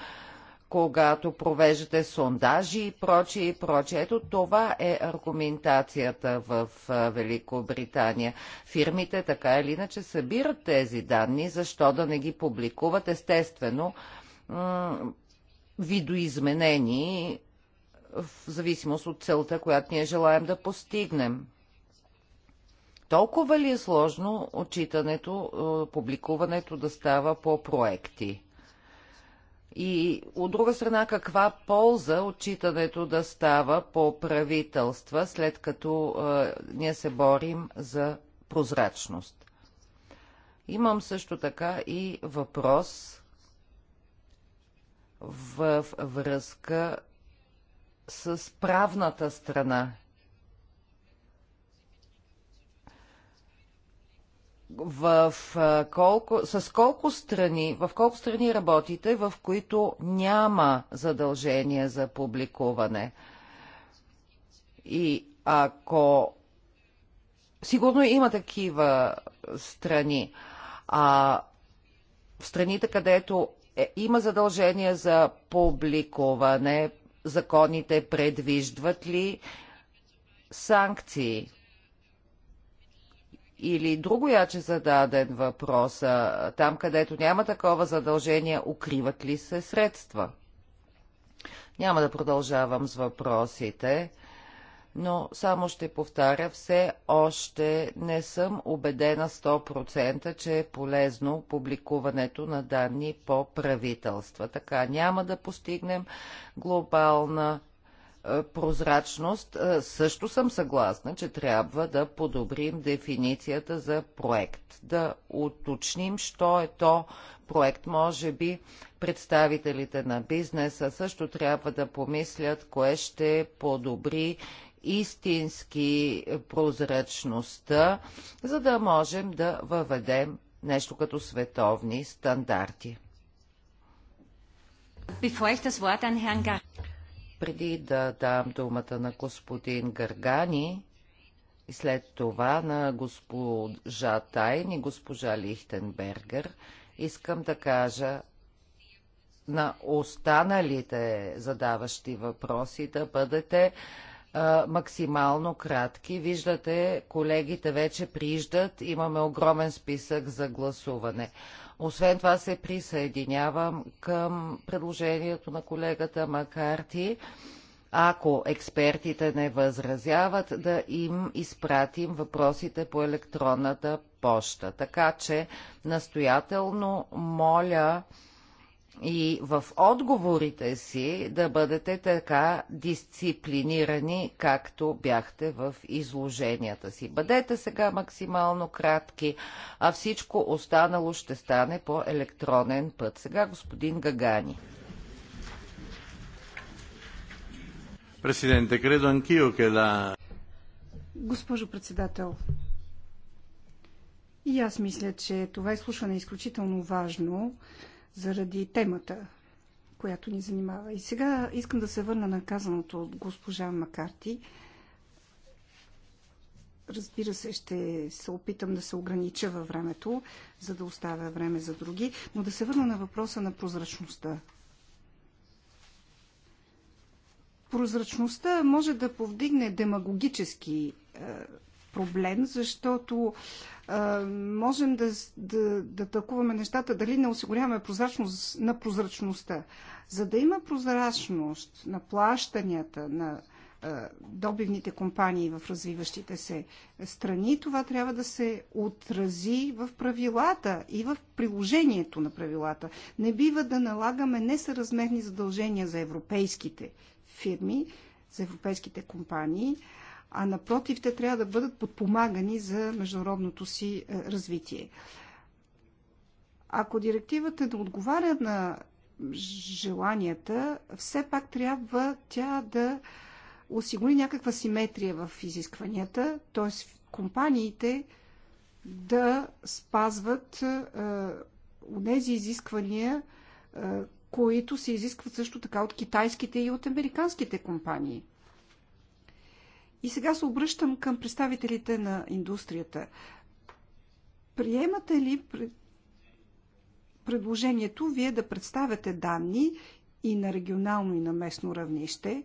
когато провеждате сондажи и прочие и прочие. Ето това е аргументацията в Великобритания. Фирмите така или иначе събират тези данни, защо да не ги публикуват естествено видоизменени в зависимост от целта, която ние желаем да постигнем. Толкова ли е сложно отчитането, е, публикуването да става по проекти? И от друга страна, каква полза отчитането да става по правителства, след като е, ние се борим за прозрачност? Имам също така и въпрос в, в връзка с правната страна в колко, с колко страни, в колко страни работите, в които няма задължение за публикуване. И ако сигурно има такива страни, а в страните, където е, има задължение за публикуване, законите предвиждат ли санкции? или друго яче зададен въпрос, там където няма такова задължение, укриват ли се средства? Няма да продължавам с въпросите, но само ще повтаря, все още не съм убедена 100%, че е полезно публикуването на данни по правителства. Така няма да постигнем глобална е, прозрачност, е, също съм съгласна, че трябва да подобрим дефиницията за проект. Да уточним, що е то проект. Може би представителите на бизнеса също трябва да помислят, кое ще подобри истински прозрачността, за да можем да въведем нещо като световни стандарти. Bevor ich das Wort an Herrn Gar преди да дам думата на господин Гаргани и след това на госпожа Тайн и госпожа Лихтенбергер, искам да кажа на останалите задаващи въпроси да бъдете а, максимално кратки. Виждате, колегите вече приждат, имаме огромен списък за гласуване. Освен това се присъединявам към предложението на колегата Макарти ако експертите не възразяват, да им изпратим въпросите по електронната поща. Така че настоятелно моля и в отговорите си да бъдете така дисциплинирани, както бяхте в изложенията си. Бъдете сега максимално кратки, а всичко останало ще стане по електронен път. Сега господин Гагани. Presidente, credo anch'io che la... Госпожо председател, и аз мисля, че това изслушване е изключително важно заради темата, която ни занимава. И сега искам да се върна на казаното от госпожа Макарти. Разбира се, ще се опитам да се огранича във времето, за да оставя време за други, но да се върна на въпроса на прозрачността. Прозрачността може да повдигне демагогически е, проблем, защото а, можем да, да, да тълкуваме нещата, дали не осигуряваме прозрачност на прозрачността. За да има прозрачност на плащанията на а, добивните компании в развиващите се страни, това трябва да се отрази в правилата и в приложението на правилата. Не бива да налагаме несъразмерни задължения за европейските фирми, за европейските компании, а напротив, те трябва да бъдат подпомагани за международното си е, развитие. Ако директивата не да отговаря на желанията, все пак трябва тя да осигури някаква симетрия в изискванията, т.е. компаниите да спазват тези е, изисквания, е, които се изискват също така от китайските и от американските компании – и сега се обръщам към представителите на индустрията. Приемате ли предложението вие да представяте данни и на регионално и на местно равнище?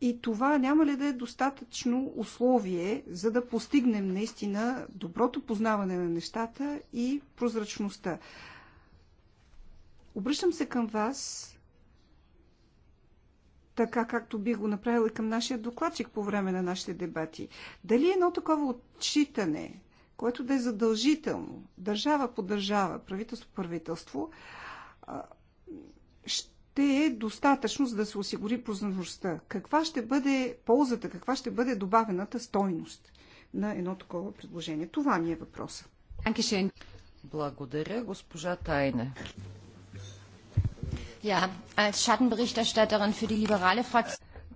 И това няма ли да е достатъчно условие, за да постигнем наистина доброто познаване на нещата и прозрачността? Обръщам се към вас така както би го направил и към нашия докладчик по време на нашите дебати. Дали едно такова отчитане, което да е задължително, държава по държава, правителство по правителство, ще е достатъчно, за да се осигури прознаността. Каква ще бъде ползата, каква ще бъде добавената стойност на едно такова предложение? Това ми е въпросът. Благодаря, госпожа Тайне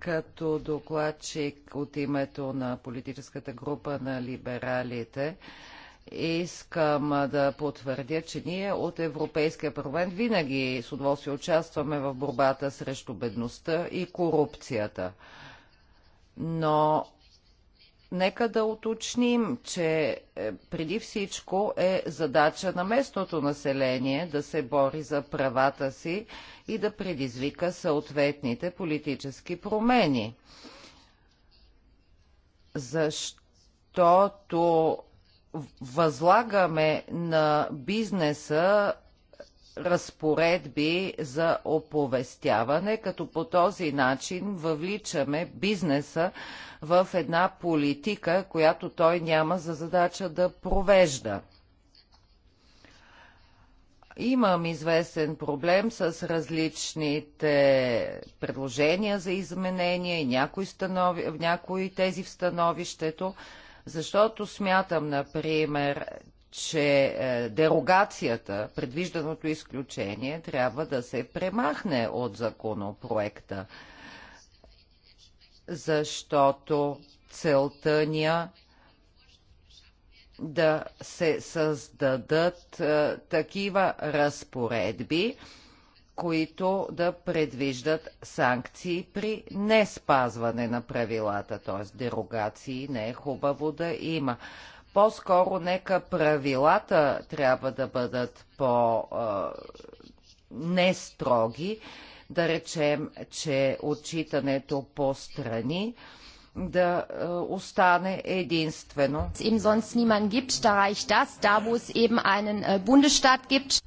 като докладчик от името на политическата група на либералите, искам да потвърдя, че ние от Европейския парламент винаги с удоволствие участваме в борбата срещу бедността и корупцията. Но Нека да уточним, че е, преди всичко е задача на местното население да се бори за правата си и да предизвика съответните политически промени. Защото възлагаме на бизнеса разпоредби за оповестяване, като по този начин въвличаме бизнеса в една политика, която той няма за задача да провежда. Имам известен проблем с различните предложения за изменения и някои, станови... някои тези в становището, защото смятам, например, че е, дерогацията, предвижданото изключение, трябва да се премахне от законопроекта защото целта ни е да се създадат е, такива разпоредби, които да предвиждат санкции при не спазване на правилата, т.е. дерогации не е хубаво да има. По-скоро нека правилата трябва да бъдат по-нестроги, е, да речем, че отчитането по страни да е, остане единствено. Им sonst niemand gibt, da reicht das, da wo es eben einen Bundesstaat gibt.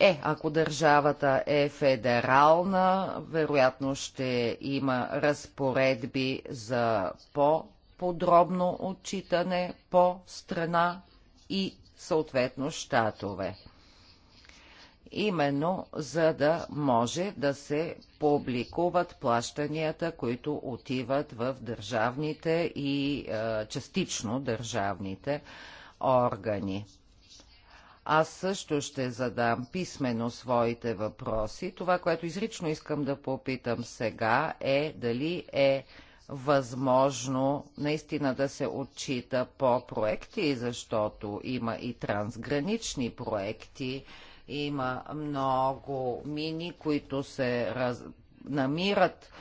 Е, ако държавата е федерална, вероятно ще има разпоредби за по-подробно отчитане по страна и съответно щатове именно за да може да се публикуват плащанията, които отиват в държавните и е, частично държавните органи. Аз също ще задам писменно своите въпроси. Това, което изрично искам да попитам сега е дали е възможно наистина да се отчита по проекти, защото има и трансгранични проекти, има много мини, които се раз... намират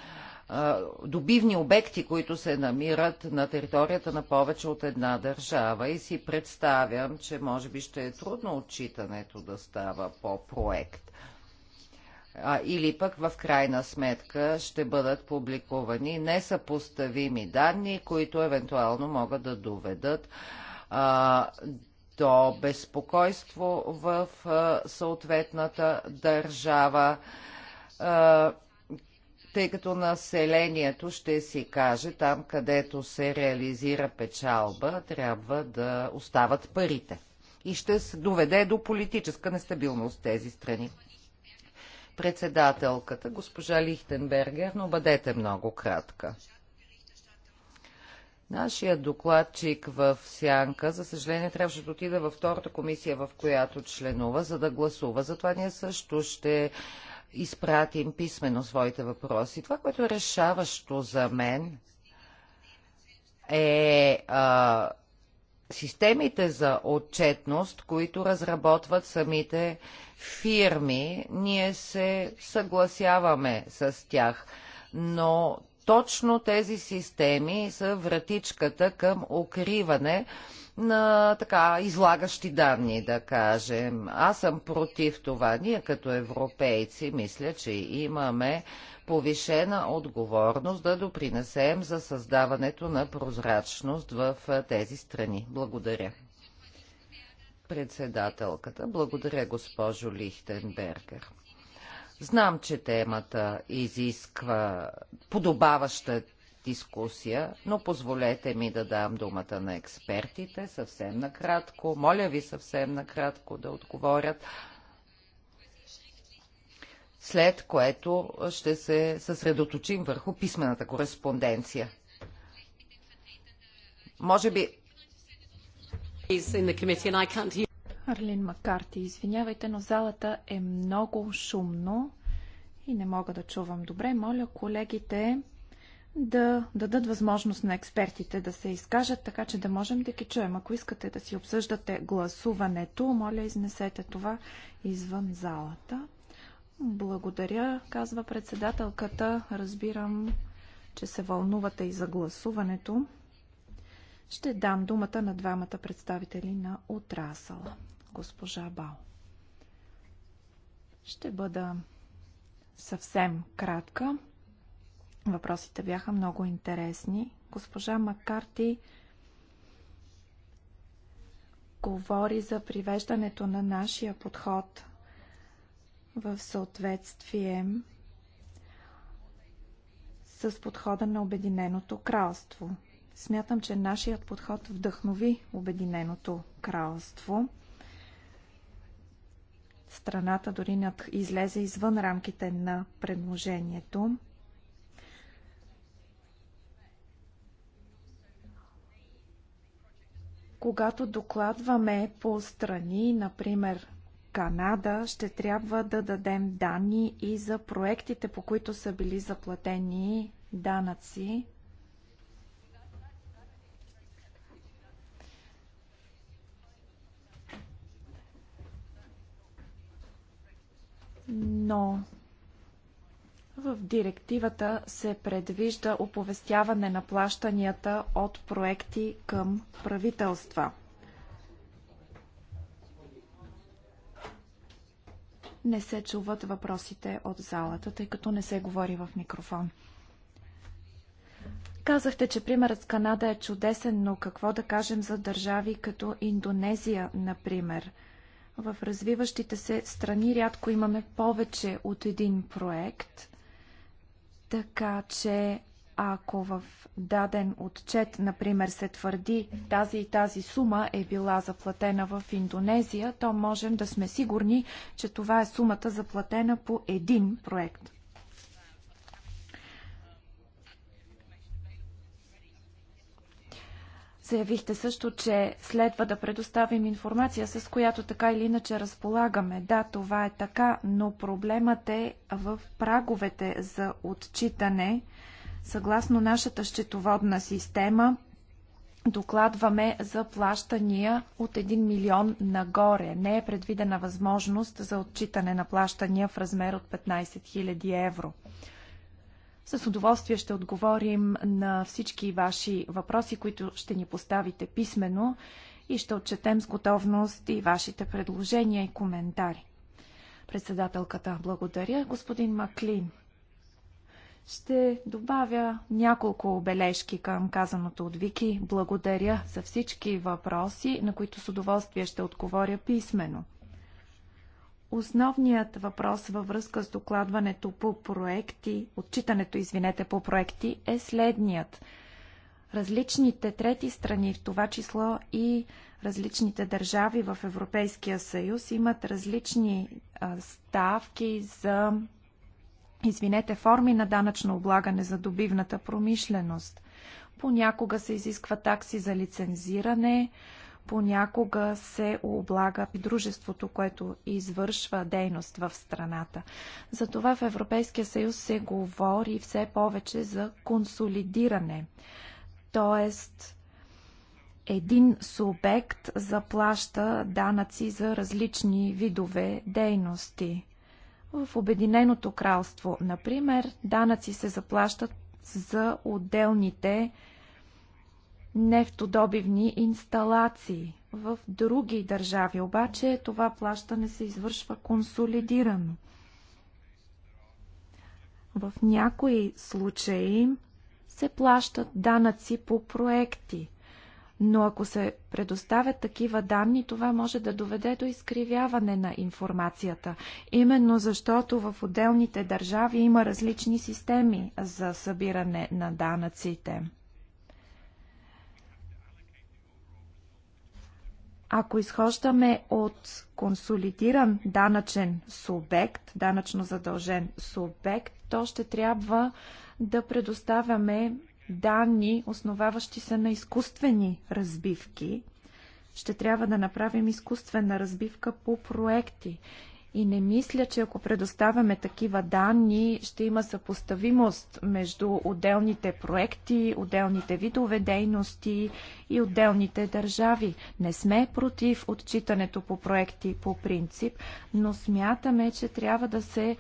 добивни обекти, които се намират на територията на повече от една държава и си представям, че може би ще е трудно отчитането да става по проект. А, или пък в крайна сметка ще бъдат публикувани несъпоставими данни, които евентуално могат да доведат а, до безпокойство в съответната държава, тъй като населението ще си каже, там където се реализира печалба, трябва да остават парите. И ще се доведе до политическа нестабилност тези страни. Председателката, госпожа Лихтенбергер, но бъдете много кратка. Нашия докладчик в Сянка, за съжаление, трябваше да отида във втората комисия, в която членува, за да гласува. Затова ние също ще изпратим писменно своите въпроси. Това, което е решаващо за мен, е а, системите за отчетност, които разработват самите фирми. Ние се съгласяваме с тях, но точно тези системи са вратичката към укриване на така излагащи данни, да кажем. Аз съм против това. Ние като европейци мисля, че имаме повишена отговорност да допринесем за създаването на прозрачност в тези страни. Благодаря. Председателката. Благодаря, госпожо Лихтенбергер. Знам, че темата изисква подобаваща дискусия, но позволете ми да дам думата на експертите съвсем накратко. Моля ви съвсем накратко да отговорят, след което ще се съсредоточим върху писмената кореспонденция. Може би Арлин Макарти, извинявайте, но залата е много шумно и не мога да чувам добре. Моля колегите да дадат възможност на експертите да се изкажат, така че да можем да ги чуем. Ако искате да си обсъждате гласуването, моля изнесете това извън залата. Благодаря, казва председателката. Разбирам, че се вълнувате и за гласуването. Ще дам думата на двамата представители на отрасъла госпожа Бао. Ще бъда съвсем кратка. Въпросите бяха много интересни. Госпожа Маккарти говори за привеждането на нашия подход в съответствие с подхода на Обединеното кралство. Смятам, че нашият подход вдъхнови Обединеното кралство – страната дори над, излезе извън рамките на предложението. Когато докладваме по страни, например Канада, ще трябва да дадем данни и за проектите, по които са били заплатени данъци но в директивата се предвижда оповестяване на плащанията от проекти към правителства. Не се чуват въпросите от залата, тъй като не се говори в микрофон. Казахте, че примерът с Канада е чудесен, но какво да кажем за държави като Индонезия, например – в развиващите се страни рядко имаме повече от един проект, така че ако в даден отчет, например, се твърди тази и тази сума е била заплатена в Индонезия, то можем да сме сигурни, че това е сумата заплатена по един проект. Заявихте също, че следва да предоставим информация, с която така или иначе разполагаме. Да, това е така, но проблемът е в праговете за отчитане. Съгласно нашата счетоводна система, докладваме за плащания от 1 милион нагоре. Не е предвидена възможност за отчитане на плащания в размер от 15 000 евро. С удоволствие ще отговорим на всички ваши въпроси, които ще ни поставите писменно и ще отчетем с готовност и вашите предложения и коментари. Председателката, благодаря. Господин Маклин, ще добавя няколко обележки към казаното от Вики. Благодаря за всички въпроси, на които с удоволствие ще отговоря писменно. Основният въпрос във връзка с докладването по проекти, отчитането, извинете, по проекти е следният. Различните трети страни, в това число и различните държави в Европейския съюз, имат различни ставки за, извинете, форми на данъчно облагане за добивната промишленост. Понякога се изисква такси за лицензиране, понякога се облага дружеството, което извършва дейност в страната. Затова в Европейския съюз се говори все повече за консолидиране, т.е. един субект заплаща данъци за различни видове дейности. В Обединеното кралство, например, данъци се заплащат за отделните дейности нефтодобивни инсталации. В други държави обаче това плащане се извършва консолидирано. В някои случаи се плащат данъци по проекти, но ако се предоставят такива данни, това може да доведе до изкривяване на информацията. Именно защото в отделните държави има различни системи за събиране на данъците. Ако изхождаме от консолидиран данъчен субект, данъчно задължен субект, то ще трябва да предоставяме данни, основаващи се на изкуствени разбивки. Ще трябва да направим изкуствена разбивка по проекти и не мисля, че ако предоставяме такива данни, ще има съпоставимост между отделните проекти, отделните видове дейности и отделните държави. Не сме против отчитането по проекти по принцип, но смятаме, че трябва да се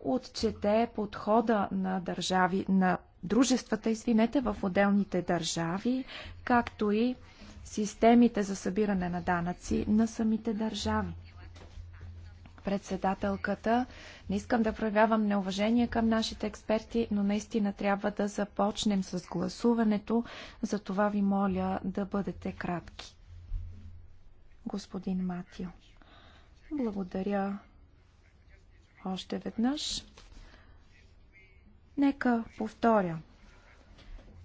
отчете подхода на държави, на дружествата, извинете, в отделните държави, както и системите за събиране на данъци на самите държави председателката. Не искам да проявявам неуважение към нашите експерти, но наистина трябва да започнем с гласуването. За това ви моля да бъдете кратки. Господин Матио. Благодаря още веднъж. Нека повторя,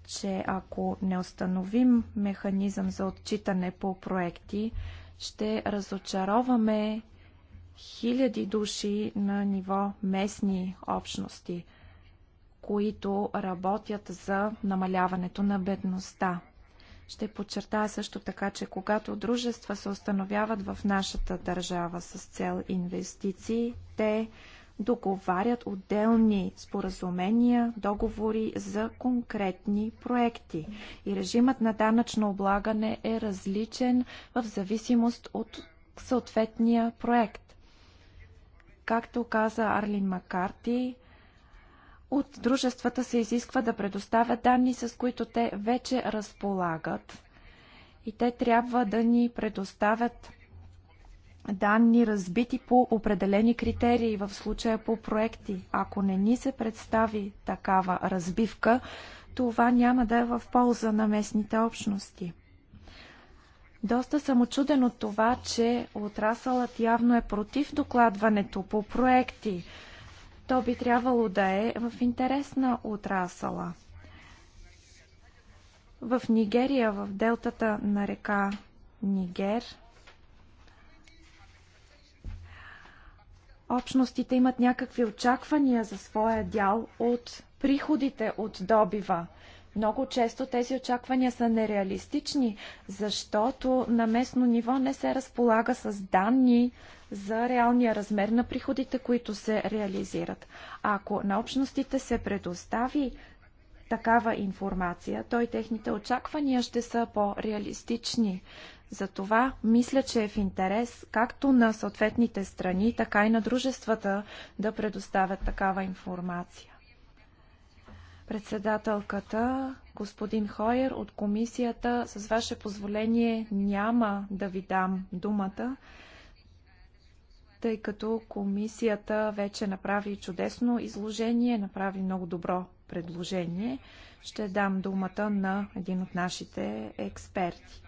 че ако не установим механизъм за отчитане по проекти, ще разочароваме хиляди души на ниво местни общности, които работят за намаляването на бедността. Ще подчертая също така, че когато дружества се установяват в нашата държава с цел инвестиции, те договарят отделни споразумения, договори за конкретни проекти. И режимът на данъчно облагане е различен в зависимост от съответния проект. Както каза Арлин Макарти, от дружествата се изисква да предоставят данни, с които те вече разполагат. И те трябва да ни предоставят данни, разбити по определени критерии, в случая по проекти. Ако не ни се представи такава разбивка, това няма да е в полза на местните общности. Доста съм очуден от това, че отрасълът явно е против докладването по проекти. То би трябвало да е в интерес на отрасъла. В Нигерия, в делтата на река Нигер, общностите имат някакви очаквания за своя дял от приходите от добива – много често тези очаквания са нереалистични, защото на местно ниво не се разполага с данни за реалния размер на приходите, които се реализират. А ако на общностите се предостави такава информация, то и техните очаквания ще са по-реалистични. Затова мисля, че е в интерес както на съответните страни, така и на дружествата да предоставят такава информация. Председателката, господин Хойер от комисията, с ваше позволение няма да ви дам думата, тъй като комисията вече направи чудесно изложение, направи много добро предложение. Ще дам думата на един от нашите експерти.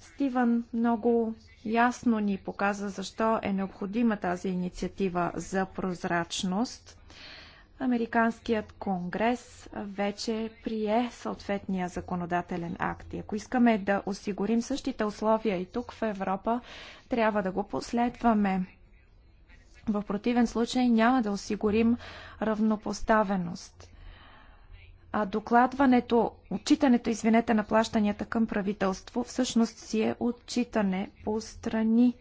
Стиван много ясно ни показа защо е необходима тази инициатива за прозрачност – Американският конгрес вече прие съответния законодателен акт. И ако искаме да осигурим същите условия и тук в Европа, трябва да го последваме. В противен случай няма да осигурим равнопоставеност. А докладването, отчитането, извинете, на плащанията към правителство всъщност си е отчитане по страни.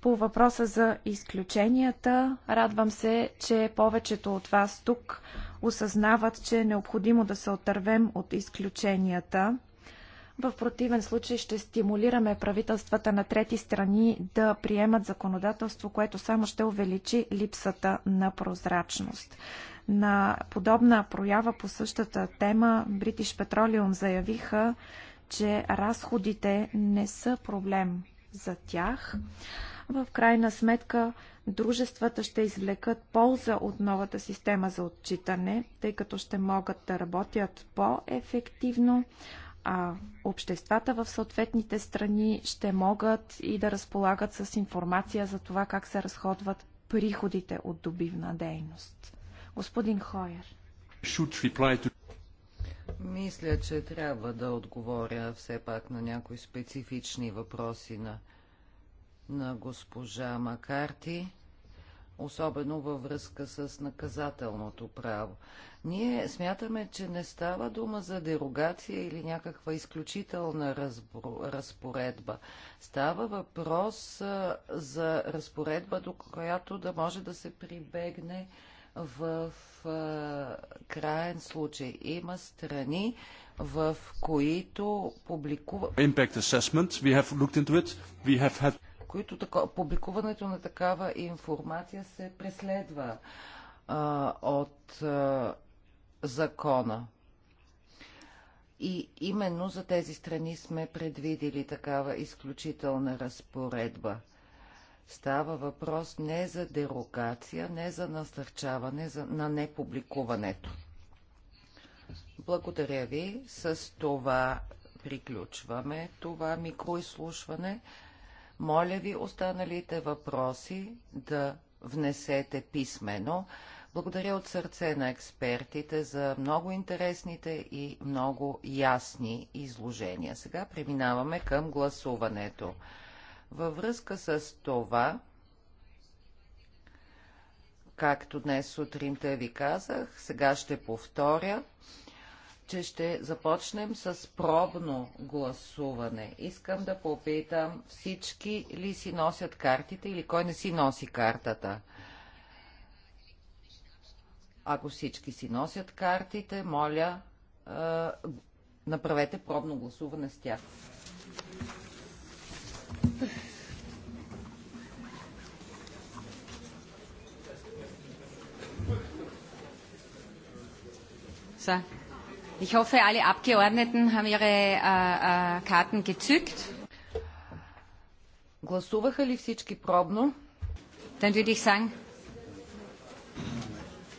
По въпроса за изключенията, радвам се, че повечето от вас тук осъзнават, че е необходимо да се отървем от изключенията. В противен случай ще стимулираме правителствата на трети страни да приемат законодателство, което само ще увеличи липсата на прозрачност. На подобна проява по същата тема British Petroleum заявиха, че разходите не са проблем за тях. В крайна сметка, дружествата ще извлекат полза от новата система за отчитане, тъй като ще могат да работят по-ефективно, а обществата в съответните страни ще могат и да разполагат с информация за това как се разходват приходите от добивна дейност. Господин Хойер. Мисля, че трябва да отговоря все пак на някои специфични въпроси на на госпожа Макарти, особено във връзка с наказателното право. Ние смятаме, че не става дума за дерогация или някаква изключителна разпоредба. Става въпрос за разпоредба, до която да може да се прибегне в краен случай. Има страни, в които публикува... Impact assessment, we have looked into it, we have had които тако, публикуването на такава информация се преследва а, от а, закона. И именно за тези страни сме предвидили такава изключителна разпоредба. Става въпрос не за дерогация, не за насърчаване за, на непубликуването. Благодаря ви. С това приключваме това микроизслушване. Моля ви останалите въпроси да внесете писмено. Благодаря от сърце на експертите за много интересните и много ясни изложения. Сега преминаваме към гласуването. Във връзка с това, както днес сутринта ви казах, сега ще повторя, че ще започнем с пробно гласуване. Искам да попитам всички ли си носят картите или кой не си носи картата. Ако всички си носят картите, моля, е, направете пробно гласуване с тях. Са. Ich hoffe, alle Abgeordneten haben ihre äh, äh, Karten gezückt. Гласуваха ли всички пробно? Dann würde ich sagen,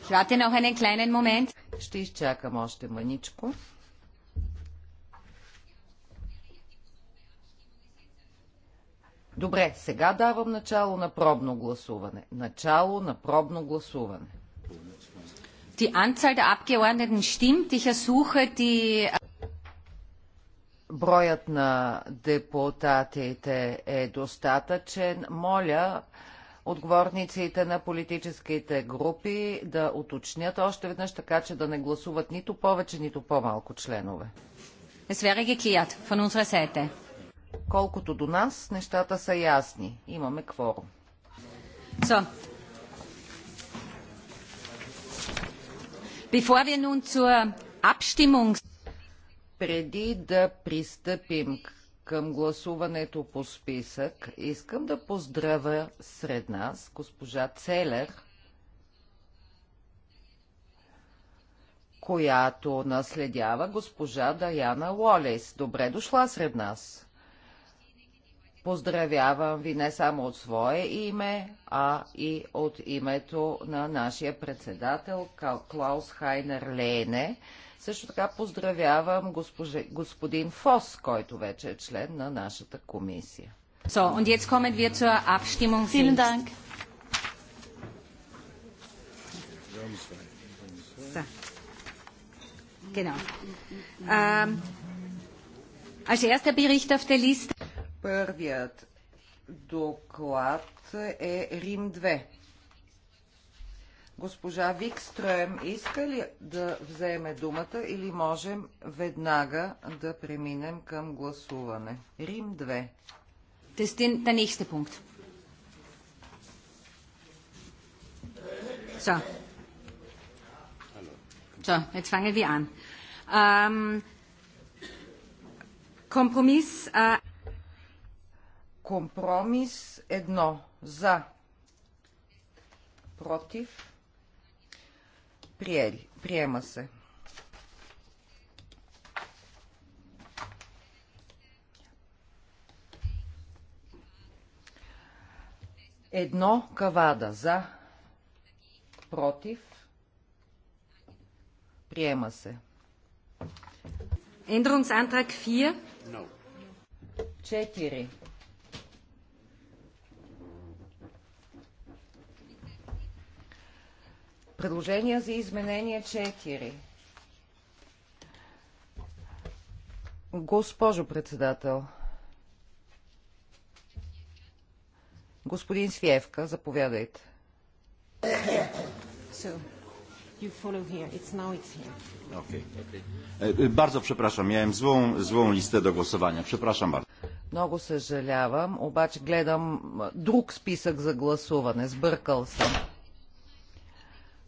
ich warte noch einen kleinen Moment. Ще изчакам още мъничко. Добре, сега давам начало на пробно гласуване. Начало на пробно гласуване. Die Anzahl der Abgeordneten stimmt. Ich ersuche die Броят на депутатите е достатъчен. Моля отговорниците на политическите групи да уточнят още веднъж така, че да не гласуват нито повече, нито по-малко членове. Колкото до нас, нещата са ясни. Имаме кворум. So, преди да пристъпим към гласуването по списък, искам да поздравя сред нас госпожа Целер, която наследява госпожа Даяна Лолес. Добре дошла сред нас! Поздравявам ви не само от свое име, а и от името на нашия председател Клаус Хайнер Лейне. Също така поздравявам госпожи, господин Фос, който вече е член на нашата комисия. So, und jetzt kommen wir zur Abstimmung. Vielen Dank. So. Genau. Ähm, als erster Bericht auf der Liste Първият доклад е Рим 2. Госпожа Викстрем иска ли да вземе думата или можем веднага да преминем към гласуване? Рим 2. Das ist der nächste Punkt. So. So, jetzt fangen wir an. Ähm, Kompromiss. Äh Компромис Едно. За. Против. Приели. Приема се. Едно кавада за, против, приема се. Änderungsantrag 4. 4. Предложение за изменение 4. Госпожо председател. Господин Свиевка, заповядайте. E, e, bardzo przepraszam, miałem złą, złą listę do głosowania. Przepraszam bardzo. Много съжалявам, обаче гледам друг списък за гласуване. Сбъркал съм.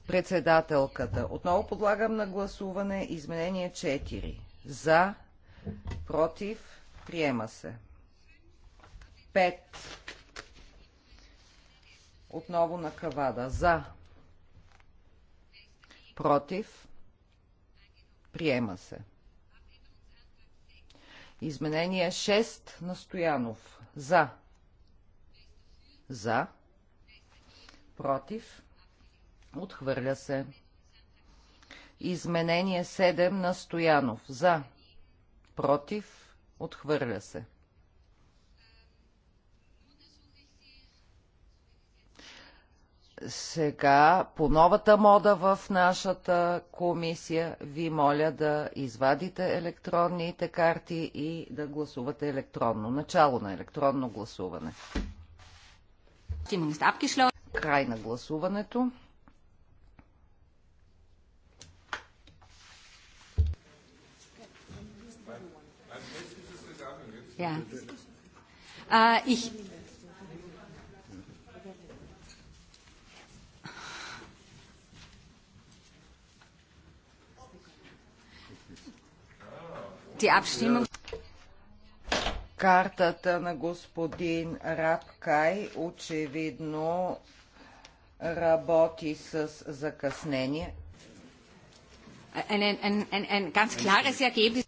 Председателката. Отново подлагам на гласуване изменение 4. За, против, приема се. 5. Отново на кавада. За, против, приема се. Изменение 6 на Стоянов. За. За. Против. Отхвърля се. Изменение 7 на Стоянов. За. Против. Отхвърля се. Сега, по новата мода в нашата комисия, ви моля да извадите електронните карти и да гласувате електронно. Начало на електронно гласуване. Край на гласуването. Ja. Äh, ich, die Abstimmung. Картата на господин Рабкай очевидно работи с закъснение. Ein, ein, ein, ein ganz klares Ergebnis.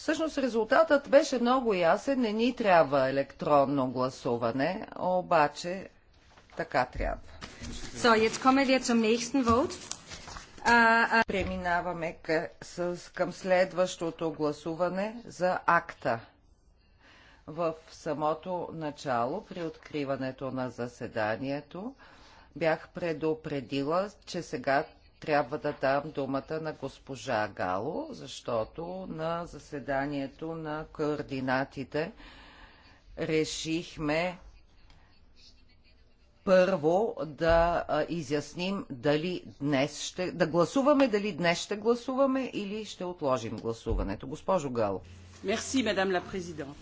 Всъщност резултатът беше много ясен. Не ни трябва електронно гласуване, обаче така трябва. So, jetzt kommen wir zum nächsten vote. А, а... Преминаваме къ... с... към следващото гласуване за акта. В самото начало, при откриването на заседанието, бях предупредила, че сега трябва да дам думата на госпожа Гало, защото на заседанието на координатите решихме първо да изясним дали днес ще... да гласуваме, дали днес ще гласуваме или ще отложим гласуването. Госпожо Гало. Мерси, мадам ла президент.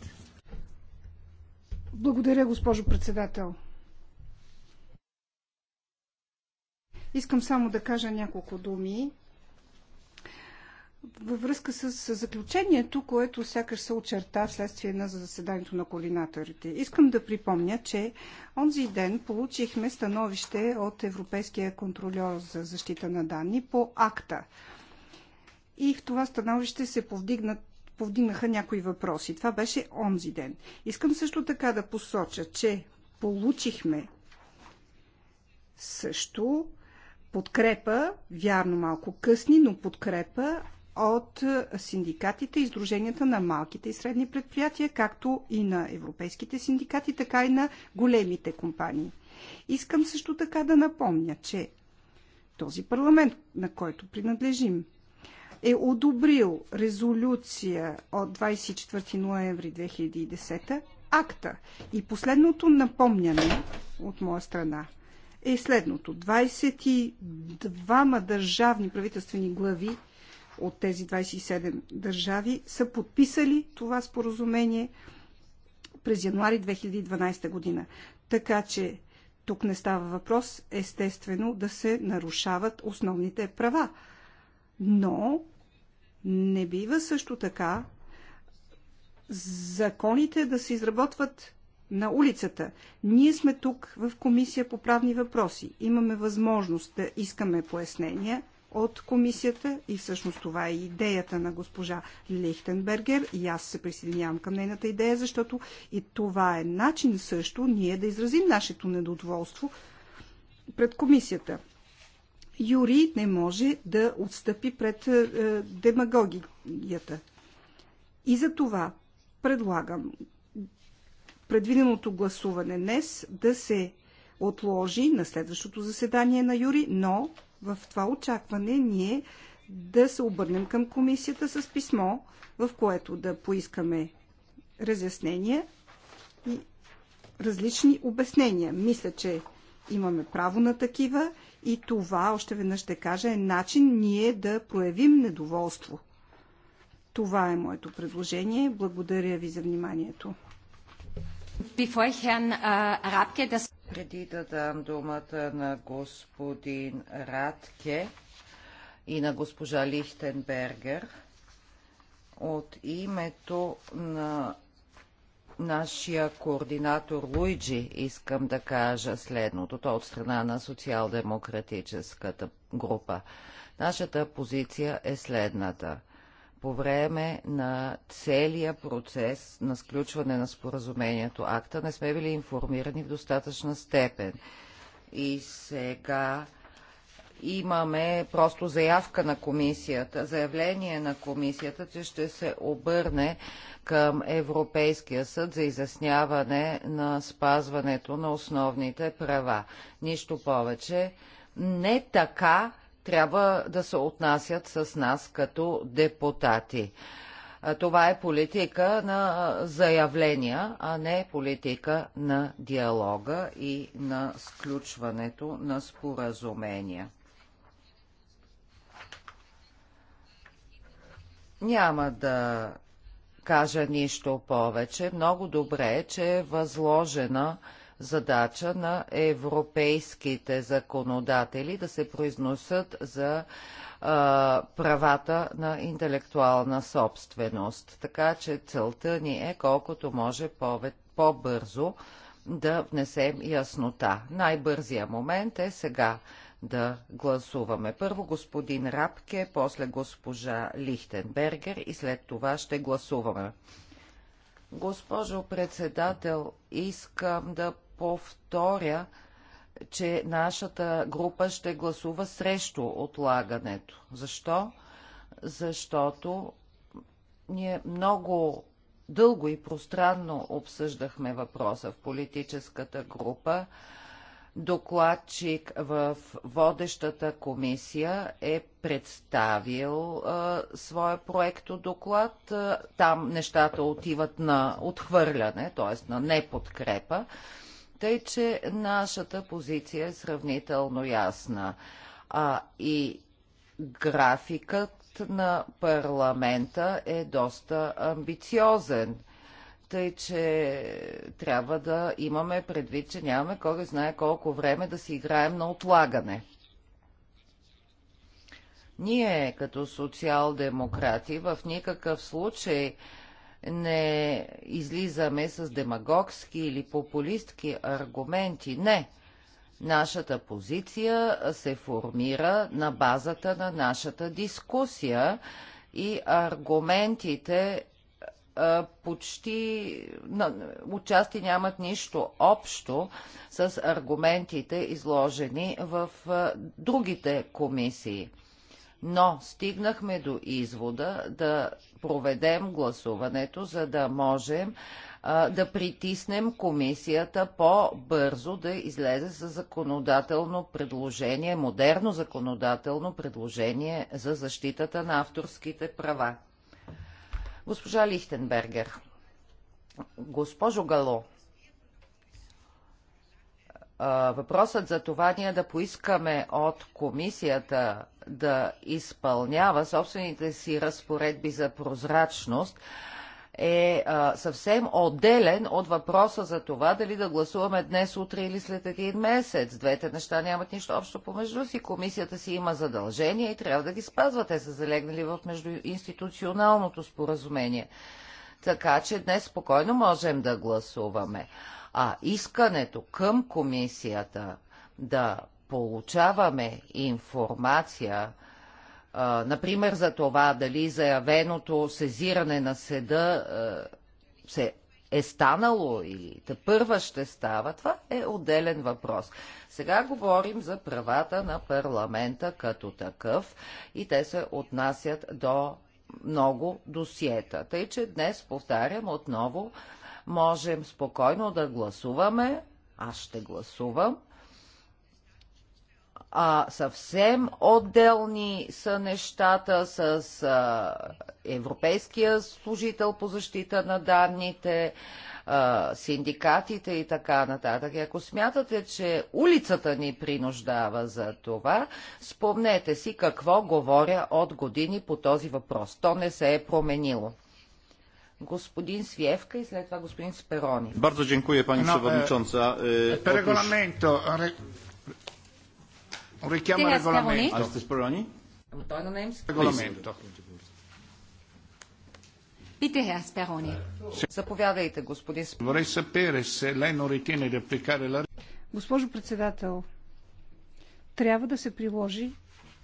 Благодаря, госпожо председател. Искам само да кажа няколко думи във връзка с заключението, което сякаш се очерта вследствие на заседанието на координаторите. Искам да припомня, че онзи ден получихме становище от Европейския контролер за защита на данни по акта. И в това становище се повдигнат повдигнаха някои въпроси. Това беше онзи ден. Искам също така да посоча, че получихме също подкрепа, вярно малко късни, но подкрепа от синдикатите и издруженията на малките и средни предприятия, както и на европейските синдикати, така и на големите компании. Искам също така да напомня, че този парламент, на който принадлежим, е одобрил резолюция от 24 ноември 2010 акта. И последното напомняне от моя страна е следното. 22 държавни правителствени глави от тези 27 държави са подписали това споразумение през януари 2012 година. Така че тук не става въпрос, естествено, да се нарушават основните права. Но не бива също така законите да се изработват на улицата. Ние сме тук в Комисия по правни въпроси. Имаме възможност да искаме пояснения от комисията и всъщност това е идеята на госпожа Лихтенбергер и аз се присъединявам към нейната идея, защото и това е начин също ние да изразим нашето недоволство пред комисията. Юри не може да отстъпи пред е, демагогията. И за това предлагам предвиденото гласуване днес да се отложи на следващото заседание на Юри, но в това очакване ние да се обърнем към комисията с писмо, в което да поискаме разяснения и различни обяснения. Мисля, че имаме право на такива и това, още веднъж ще кажа, е начин ние да проявим недоволство. Това е моето предложение. Благодаря ви за вниманието. Äh, Преди да дам думата на господин Радке и на госпожа Лихтенбергер, от името на нашия координатор Луиджи искам да кажа следното. Той е от страна на социал-демократическата група. Нашата позиция е следната по време на целия процес на сключване на споразумението акта не сме били информирани в достатъчна степен. И сега имаме просто заявка на комисията, заявление на комисията, че ще се обърне към Европейския съд за изясняване на спазването на основните права. Нищо повече. Не така трябва да се отнасят с нас като депутати. Това е политика на заявления, а не политика на диалога и на сключването на споразумения. Няма да кажа нищо повече. Много добре, е, че е възложена задача на европейските законодатели да се произносят за а, правата на интелектуална собственост. Така че целта ни е колкото може по-бързо да внесем яснота. Най-бързия момент е сега да гласуваме. Първо господин Рапке, после госпожа Лихтенбергер и след това ще гласуваме. Госпожо председател, искам да повторя, че нашата група ще гласува срещу отлагането. Защо? Защото ние много дълго и пространно обсъждахме въпроса в политическата група. Докладчик в водещата комисия е представил а, своя проекто доклад. Там нещата отиват на отхвърляне, т.е. на неподкрепа. Тъй, че нашата позиция е сравнително ясна. А и графикът на парламента е доста амбициозен. Тъй, че трябва да имаме предвид, че нямаме кой знае колко време да си играем на отлагане. Ние, като социал-демократи, в никакъв случай не излизаме с демагогски или популистки аргументи. Не. Нашата позиция се формира на базата на нашата дискусия и аргументите почти отчасти нямат нищо общо с аргументите, изложени в другите комисии. Но стигнахме до извода да проведем гласуването, за да можем а, да притиснем комисията по-бързо да излезе с законодателно предложение, модерно законодателно предложение за защитата на авторските права. Госпожа Лихтенбергер, госпожо Гало, въпросът за това ние да поискаме от комисията да изпълнява собствените си разпоредби за прозрачност е а, съвсем отделен от въпроса за това дали да гласуваме днес, утре или след един месец. Двете неща нямат нищо общо помежду си. Комисията си има задължения и трябва да ги спазва. Те са залегнали в междуинституционалното споразумение. Така че днес спокойно можем да гласуваме. А искането към комисията да получаваме информация, например за това дали заявеното сезиране на седа се е станало или те първа ще става, това е отделен въпрос. Сега говорим за правата на парламента като такъв и те се отнасят до много досиета. Тъй, че днес повтарям отново, можем спокойно да гласуваме, аз ще гласувам, а съвсем отделни са нещата с а, Европейския служител по защита на данните, а, синдикатите и така нататък. И ако смятате, че улицата ни принуждава за това, спомнете си какво говоря от години по този въпрос. То не се е променило господин Свиевка и след това господин Сперони. Bardzo dziękuję pani e, przewodnicząca. E, per regolamento richiamo regolamento. Аз сте Сперони? Той на немски. Регламенто. Bitte, Herr Speroni. Заповядайте, господин Vorrei sapere se lei non ritiene di applicare la Госпожо председател, трябва да се приложи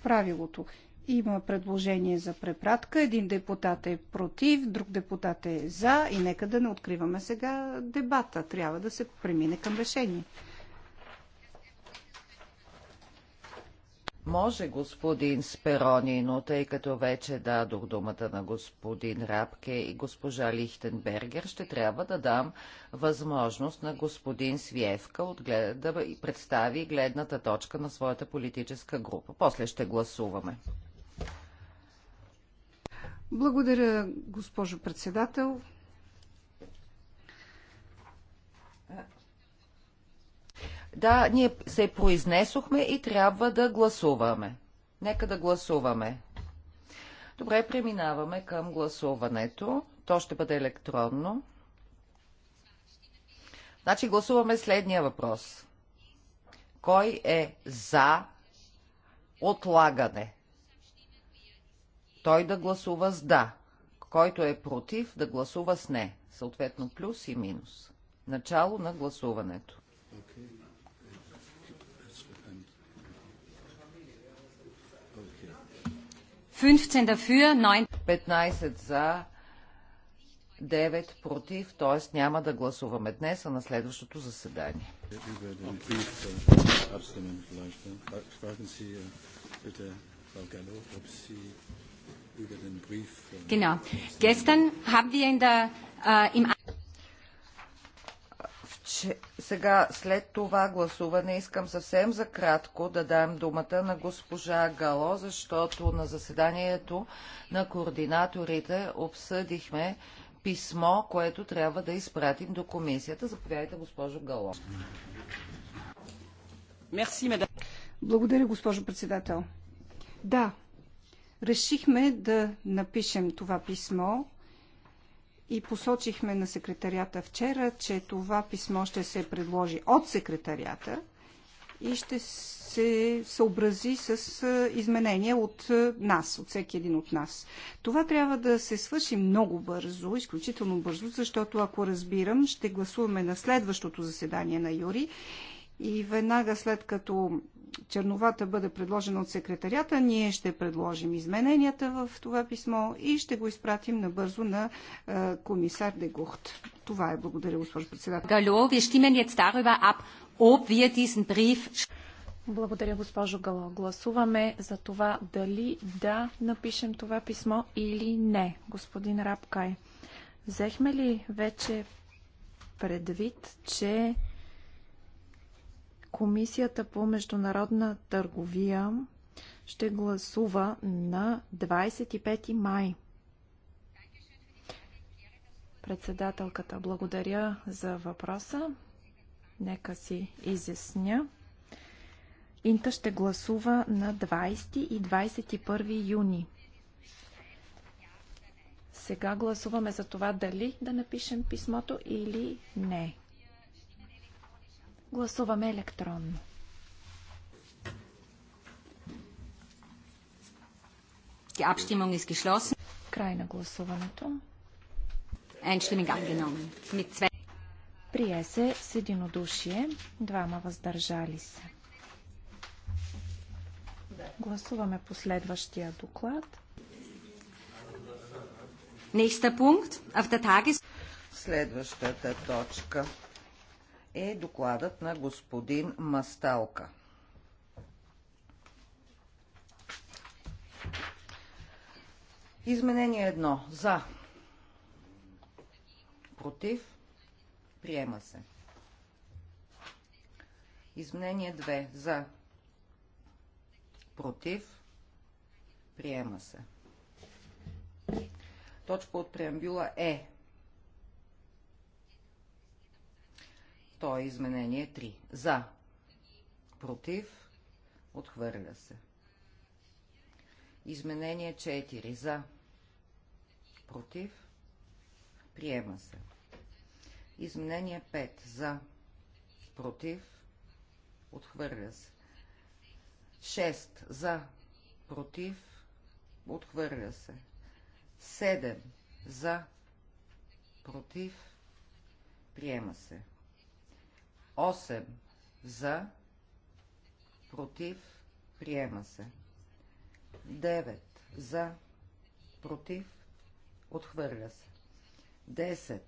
правилото. Има предложение за препратка. Един депутат е против, друг депутат е за и нека да не откриваме сега дебата. Трябва да се премине към решение. Може, господин Сперони, но тъй като вече дадох думата на господин Рапке и госпожа Лихтенбергер, ще трябва да дам възможност на господин Свиевка да представи гледната точка на своята политическа група. После ще гласуваме. Благодаря, госпожо председател. Да, ние се произнесохме и трябва да гласуваме. Нека да гласуваме. Добре, преминаваме към гласуването. То ще бъде електронно. Значи гласуваме следния въпрос. Кой е за отлагане? той да гласува с да, който е против да гласува с не, съответно плюс и минус. Начало на гласуването. Дафюр, 15 за, 9 против, т.е. няма да гласуваме днес, а на следващото заседание. Äh, okay über den Brief. Von genau. Gestern haben wir in der, äh, im сега след това гласуване искам съвсем за кратко да дам думата на госпожа Гало, защото на заседанието на координаторите обсъдихме писмо, което трябва да изпратим до комисията. Заповядайте, госпожо Гало. Благодаря, госпожо председател. Да, Решихме да напишем това писмо и посочихме на секретарията вчера, че това писмо ще се предложи от секретарията и ще се съобрази с изменения от нас, от всеки един от нас. Това трябва да се свърши много бързо, изключително бързо, защото ако разбирам, ще гласуваме на следващото заседание на Юри и веднага след като черновата бъде предложена от секретарята, ние ще предложим измененията в това писмо и ще го изпратим набързо на е, комисар Дегухт. Това е. Благодаря, госпожо председател. Благодаря, госпожо Гало. Гласуваме за това дали да напишем това писмо или не, господин Рапкай. Взехме ли вече предвид, че Комисията по международна търговия ще гласува на 25 май. Председателката, благодаря за въпроса. Нека си изясня. Инта ще гласува на 20 и 21 юни. Сега гласуваме за това дали да напишем писмото или не. Гласуваме електронно. Край на гласуването. Прие се с единодушие, двама въздържали се. Гласуваме последващия доклад. Следващата точка е докладът на господин Масталка. Изменение едно. За. Против. Приема се. Изменение две, За. Против. Приема се. Точка от преамбюла е. То е изменение 3. За. Против. Отхвърля се. Изменение 4. За. Против. Приема се. Изменение 5. За. Против. Отхвърля се. 6. За. Против. Отхвърля се. 7. За. Против. Приема се. 8 за, против, приема се. 9 за, против, отхвърля се. 10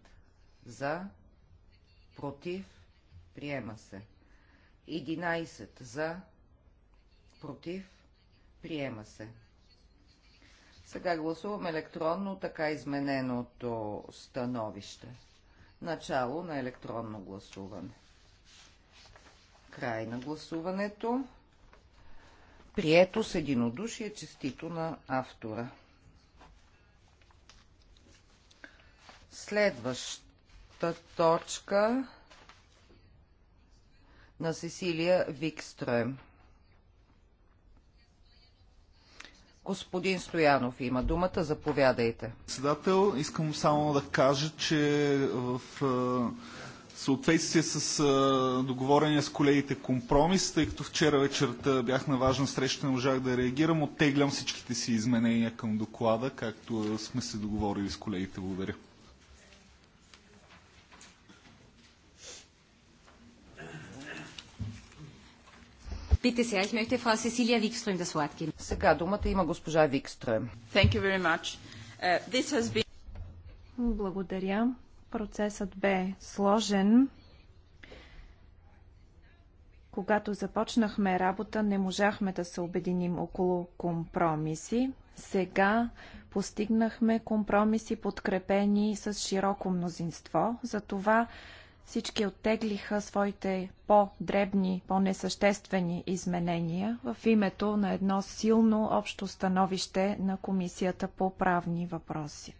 за, против, приема се. 11 за, против, приема се. Сега гласувам електронно така измененото становище. Начало на електронно гласуване. Край на гласуването. Прието с единодушие, честито на автора. Следващата точка на Сесилия Викстрем. Господин Стоянов има думата, заповядайте. Председател, искам само да кажа, че в съответствие с а, договорения с колегите компромис, тъй като вчера вечерта бях на важна среща, не можах да реагирам. Оттеглям всичките си изменения към доклада, както сме се договорили с колегите. Благодаря. Сега думата има госпожа Викстрем. Uh, Благодаря. Процесът бе сложен. Когато започнахме работа, не можахме да се обединим около компромиси. Сега постигнахме компромиси, подкрепени с широко мнозинство. Затова всички оттеглиха своите по-дребни, по-несъществени изменения в името на едно силно общо становище на Комисията по правни въпроси.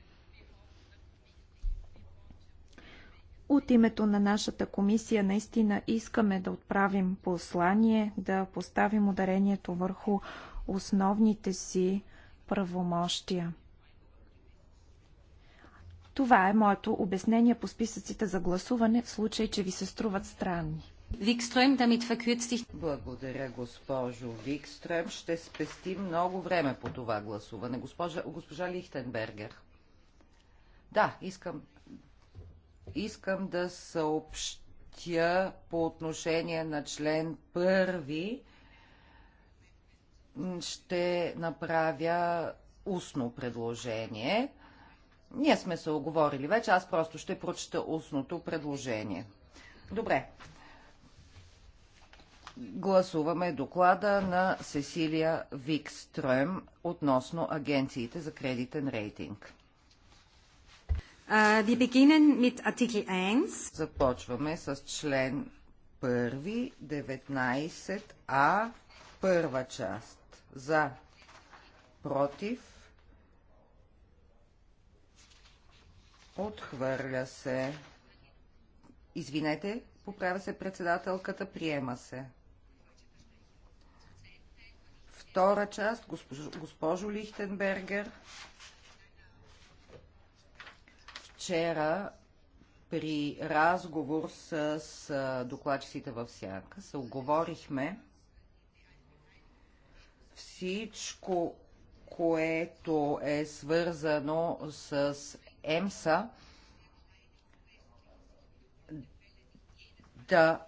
От името на нашата комисия наистина искаме да отправим послание, да поставим ударението върху основните си правомощия. Това е моето обяснение по списъците за гласуване, в случай, че ви се струват странни. Викстрем, да ми verkürzt Благодаря, госпожо Викстрем. Ще спести много време по това гласуване. Госпожа, госпожа Лихтенбергер. Да, искам искам да съобщя по отношение на член първи. Ще направя устно предложение. Ние сме се оговорили вече, аз просто ще прочета устното предложение. Добре. Гласуваме доклада на Сесилия Викстрем относно агенциите за кредитен рейтинг. Э, Wir beginnen mit Artikel 1. Започваме с член 1, 19а, първа част. За, против, отхвърля се. Извинете, поправя се председателката, приема се. Втора част, госпожо, госпожо Лихтенбергер. Вчера при разговор с, докладчиците в Сянка се оговорихме всичко, което е свързано с ЕМСА, да,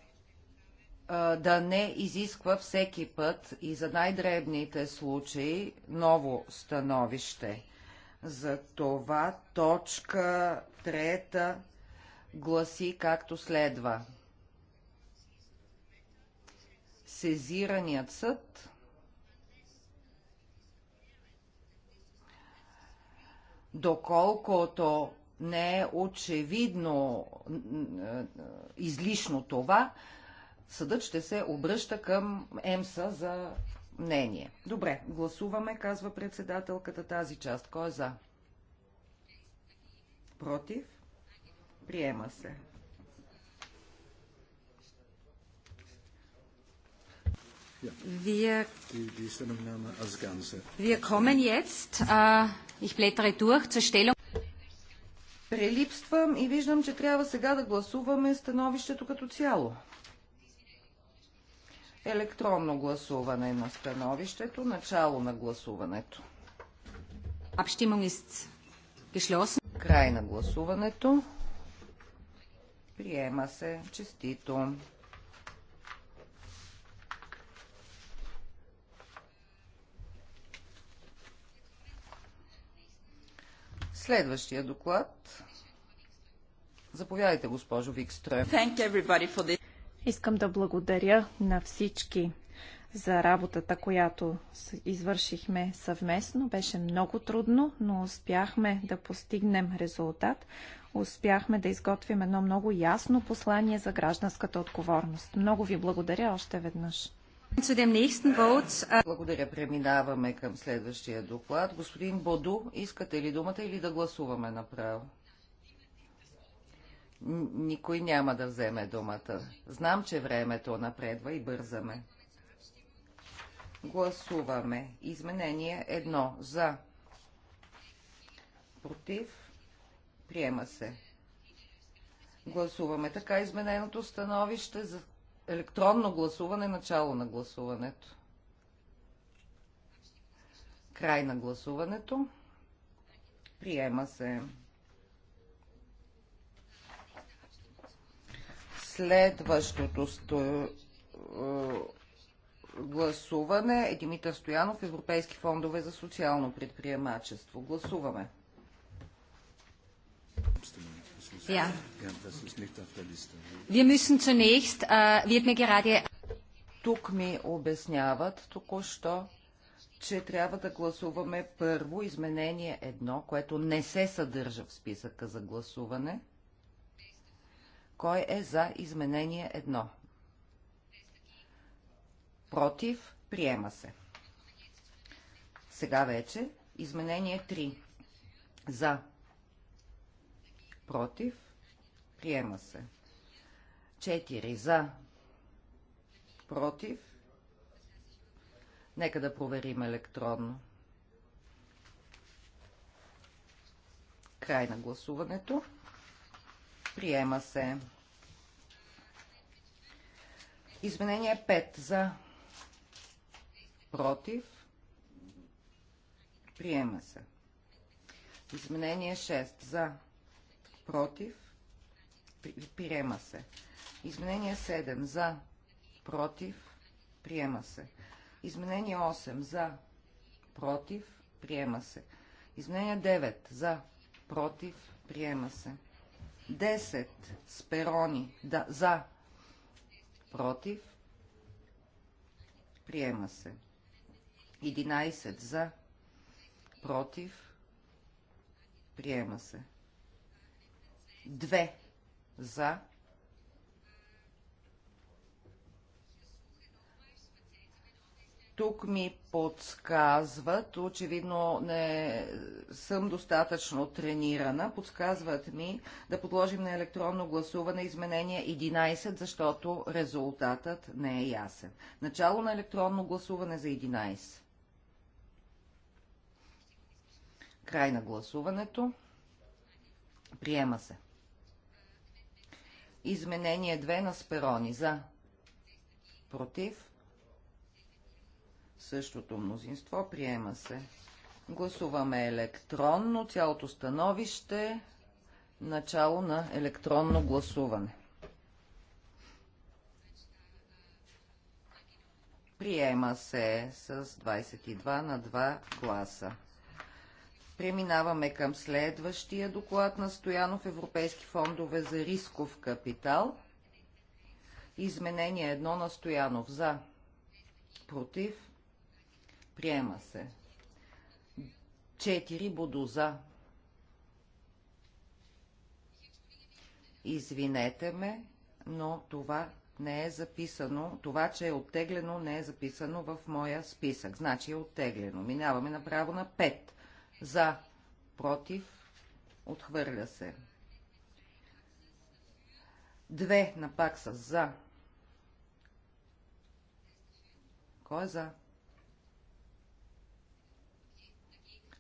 да не изисква всеки път и за най-дребните случаи ново становище – за това точка трета гласи както следва. Сезираният съд доколкото не е очевидно излишно това, съдът ще се обръща към ЕМСА за мнение. Добре, гласуваме, казва председателката тази част. Кой е за? Против? Приема се. Прилипствам äh, Прелипствам и виждам, че трябва сега да гласуваме становището като цяло. Електронно гласуване на становището. Начало на гласуването. geschlossen. Край на гласуването. Приема се. Честито. Следващия доклад. Заповядайте, госпожо Викстрем. Искам да благодаря на всички за работата, която извършихме съвместно. Беше много трудно, но успяхме да постигнем резултат. Успяхме да изготвим едно много ясно послание за гражданската отговорност. Много ви благодаря още веднъж. Благодаря. Преминаваме към следващия доклад. Господин Боду, искате ли думата или да гласуваме направо? Никой няма да вземе думата. Знам, че времето напредва и бързаме. Гласуваме. Изменение едно. За. Против. Приема се. Гласуваме така измененото становище за електронно гласуване, начало на гласуването. Край на гласуването. Приема се. следващото сто... Е, гласуване е Димитър Стоянов, Европейски фондове за социално предприемачество. Гласуваме. Ja. Wir müssen zunächst, äh, wird mir gerade... Тук ми обясняват току-що, че трябва да гласуваме първо изменение едно, което не се съдържа в списъка за гласуване – кой е за изменение 1? Против. Приема се. Сега вече изменение 3. За. Против. Приема се. 4. За. Против. Нека да проверим електронно. Край на гласуването. Приема се. Изменение 5 за. Против. Приема се. Изменение 6 за. Против. Приема се. Изменение 7 за. Против. Приема се. Изменение 8 за. Против. Приема се. Изменение 9 за. Против. Приема се. 10 сперони да, за, против, приема се. 11 за, против, приема се. 2 за, против, Тук ми подсказват, очевидно не съм достатъчно тренирана, подсказват ми да подложим на електронно гласуване изменение 11, защото резултатът не е ясен. Начало на електронно гласуване за 11. Край на гласуването. Приема се. Изменение 2 на Сперони за. Против. Същото мнозинство приема се. Гласуваме електронно цялото становище. Начало на електронно гласуване. Приема се с 22 на 2 гласа. Преминаваме към следващия доклад на Стоянов Европейски фондове за рисков капитал. Изменение 1 на Стоянов за. Против. Приема се. Четири Будоза. Извинете ме, но това не е записано, това, че е оттеглено, не е записано в моя списък. Значи е оттеглено. Минаваме направо на 5. За, против, отхвърля се. Две на пакса за. Кой е за?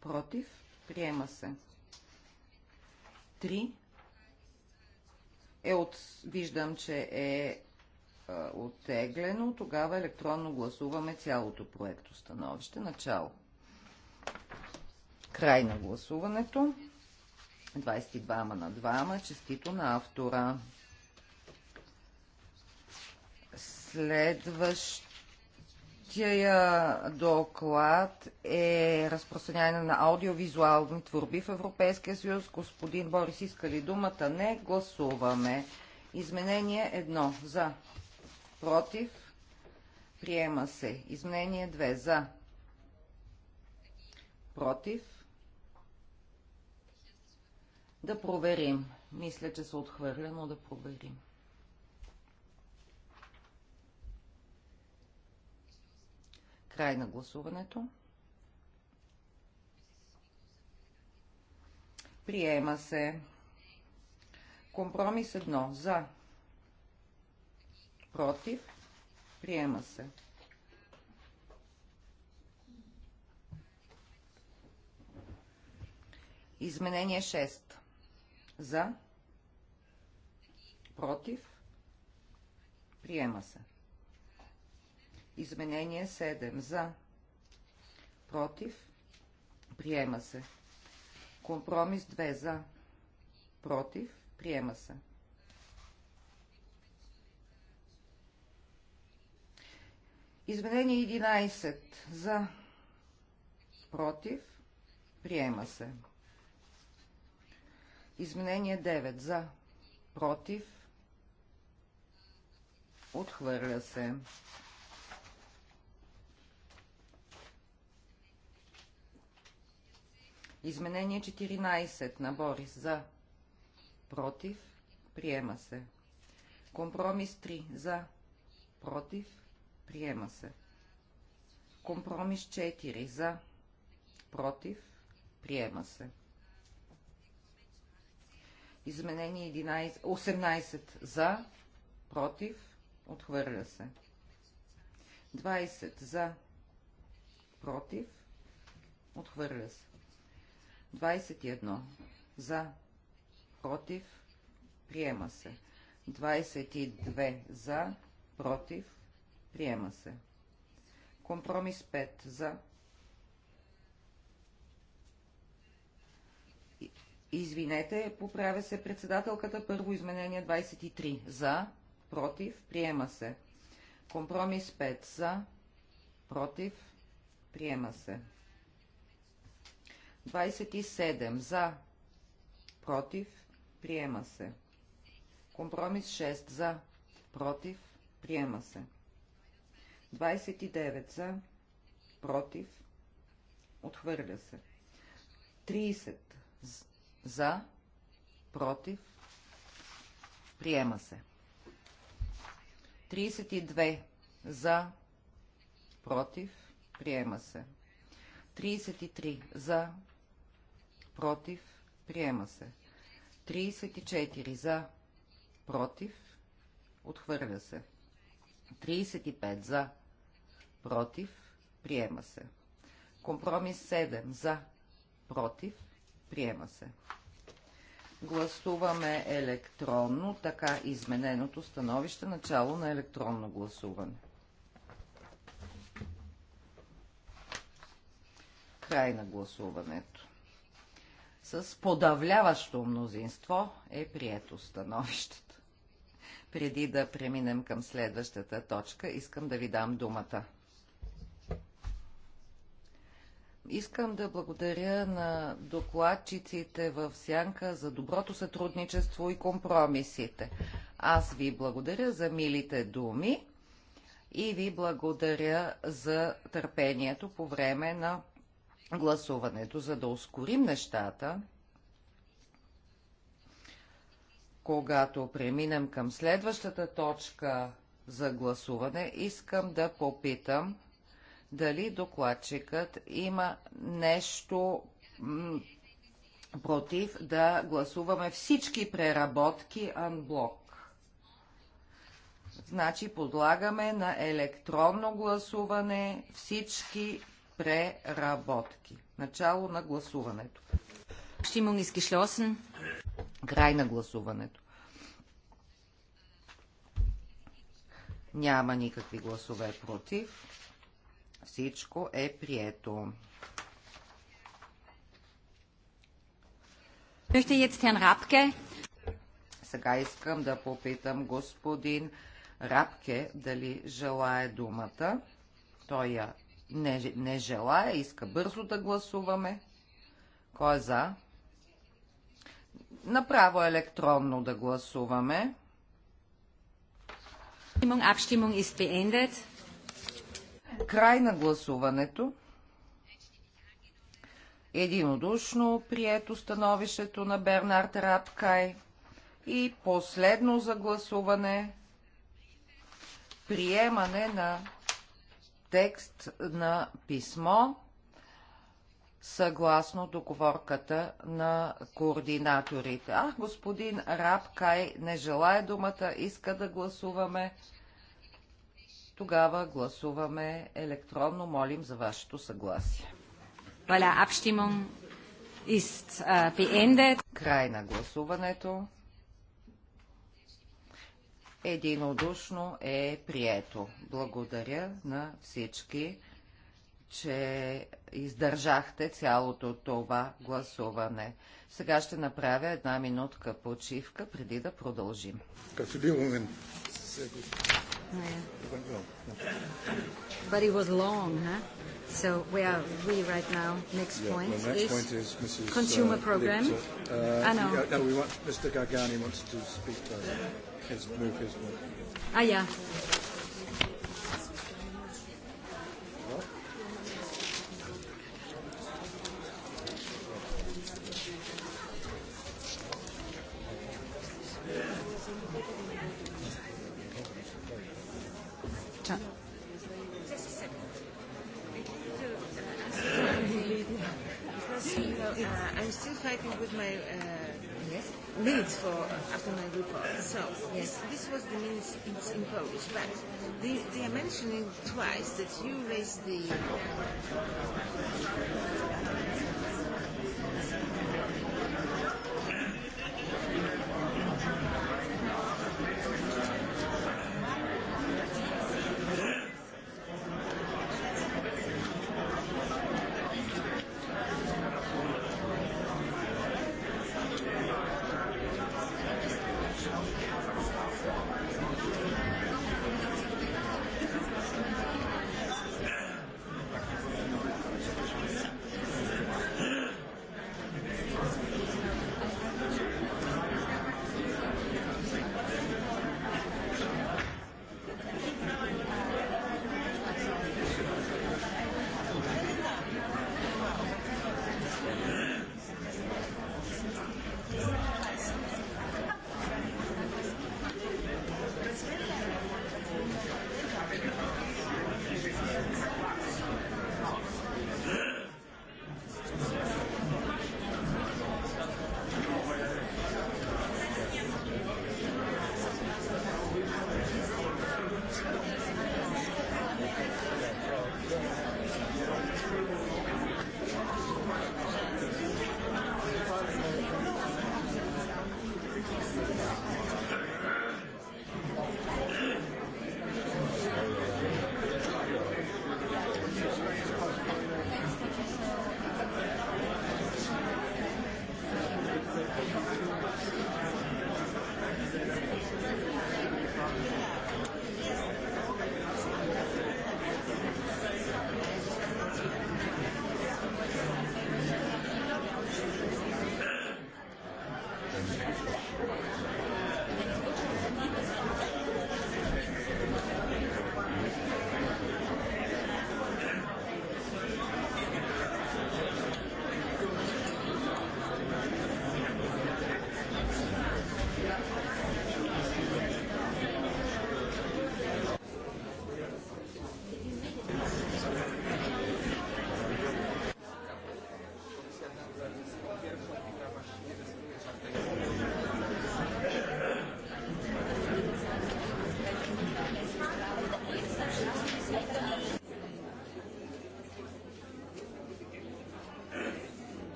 против, приема се. 3 е от, виждам, че е, е оттеглено, тогава електронно гласуваме цялото проекто становище. Начало. Край на гласуването. 22 на 2, честито на автора. Следващо Същия доклад е разпространяване на аудиовизуални творби в Европейския съюз. Господин Борис иска ли думата? Не. Гласуваме. Изменение едно. За. Против. Приема се. Изменение 2. За. Против. Да проверим. Мисля, че се отхвърля, но да проверим. Край на гласуването. Приема се. Компромис 1. За. Против. Приема се. Изменение 6. За. Против. Приема се. Изменение 7. За. Против. Приема се. Компромис 2. За. Против. Приема се. Изменение 11. За. Против. Приема се. Изменение 9. За. Против. Отхвърля се. Изменение 14 на Борис за. Против. Приема се. Компромис 3 за. Против. Приема се. Компромис 4 за. Против. Приема се. Изменение 11, 18 за. Против. Отхвърля се. 20 за. Против. Отхвърля се. 21 за, против, приема се. 22 за, против, приема се. Компромис 5 за. Извинете, поправя се председателката. Първо изменение 23 за, против, приема се. Компромис 5 за, против, приема се. 27 за, против, приема се. Компромис 6 за, против, приема се. 29 за, против, отхвърля се. 30 за, против, приема се. 32 за, против, приема се. 33 за, против, приема се. 34 за, против, отхвърля се. 35 за, против, приема се. Компромис 7 за, против, приема се. Гласуваме електронно, така измененото становище, начало на електронно гласуване. Край на гласуването с подавляващо мнозинство е прието становището. Преди да преминем към следващата точка, искам да ви дам думата. Искам да благодаря на докладчиците в Сянка за доброто сътрудничество и компромисите. Аз ви благодаря за милите думи и ви благодаря за търпението по време на гласуването, за да ускорим нещата, когато преминем към следващата точка за гласуване, искам да попитам дали докладчикът има нещо против да гласуваме всички преработки анблок. Значи подлагаме на електронно гласуване всички преработки. Начало на гласуването. Е Край на гласуването. Няма никакви гласове против. Всичко е прието. Сега искам да попитам господин Рапке дали желая думата. Той я не, не желая, иска бързо да гласуваме. Кой е за? Направо електронно да гласуваме. Край на гласуването. Единодушно прието становището на Бернард Рапкай. И последно за гласуване приемане на текст на писмо, съгласно договорката на координаторите. А, господин Рабкай не желая думата, иска да гласуваме. Тогава гласуваме електронно. Молим за вашето съгласие. Er äh, Край на гласуването единодушно е прието. Благодаря на всички, че издържахте цялото това гласуване. Сега ще направя една минутка почивка, преди да продължим. But it was long, huh? So we are we right now. Next yeah, point well, next is, point is Mrs. consumer uh, program. Uh, uh, no. no, we want Mr. Gargani wants to speak. First. It's blue, it's blue. Ah ja. Polish they, they are mentioning twice that you raised the.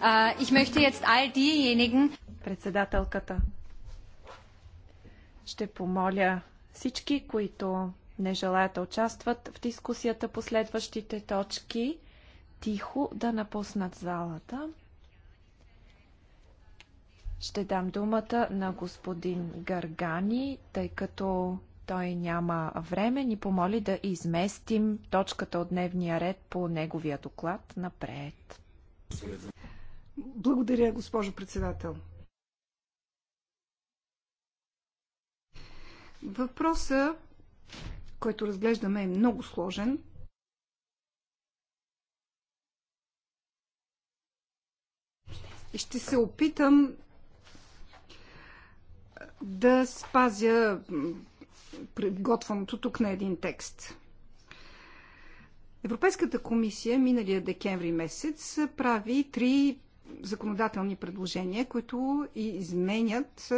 Äh, Председателката. Ще помоля всички, които не желаят да участват в дискусията по следващите точки, тихо да напуснат залата. Ще дам думата на господин Гаргани, тъй като той няма време, ни помоли да изместим точката от дневния ред по неговия доклад напред. Благодаря, госпожо председател. Въпроса, който разглеждаме, е много сложен. И ще се опитам да спазя приготвеното тук на един текст. Европейската комисия миналия декември месец прави три законодателни предложения, които изменят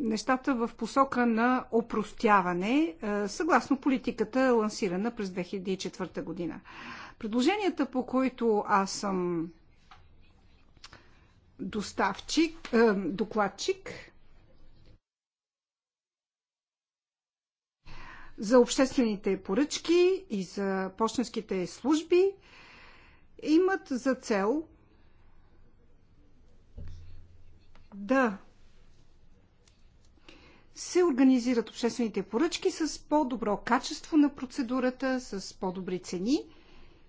нещата в посока на опростяване, е, съгласно политиката, лансирана през 2004 година. Предложенията, по които аз съм доставчик, е, докладчик за обществените поръчки и за почтенските служби имат за цел да се организират обществените поръчки с по-добро качество на процедурата, с по-добри цени –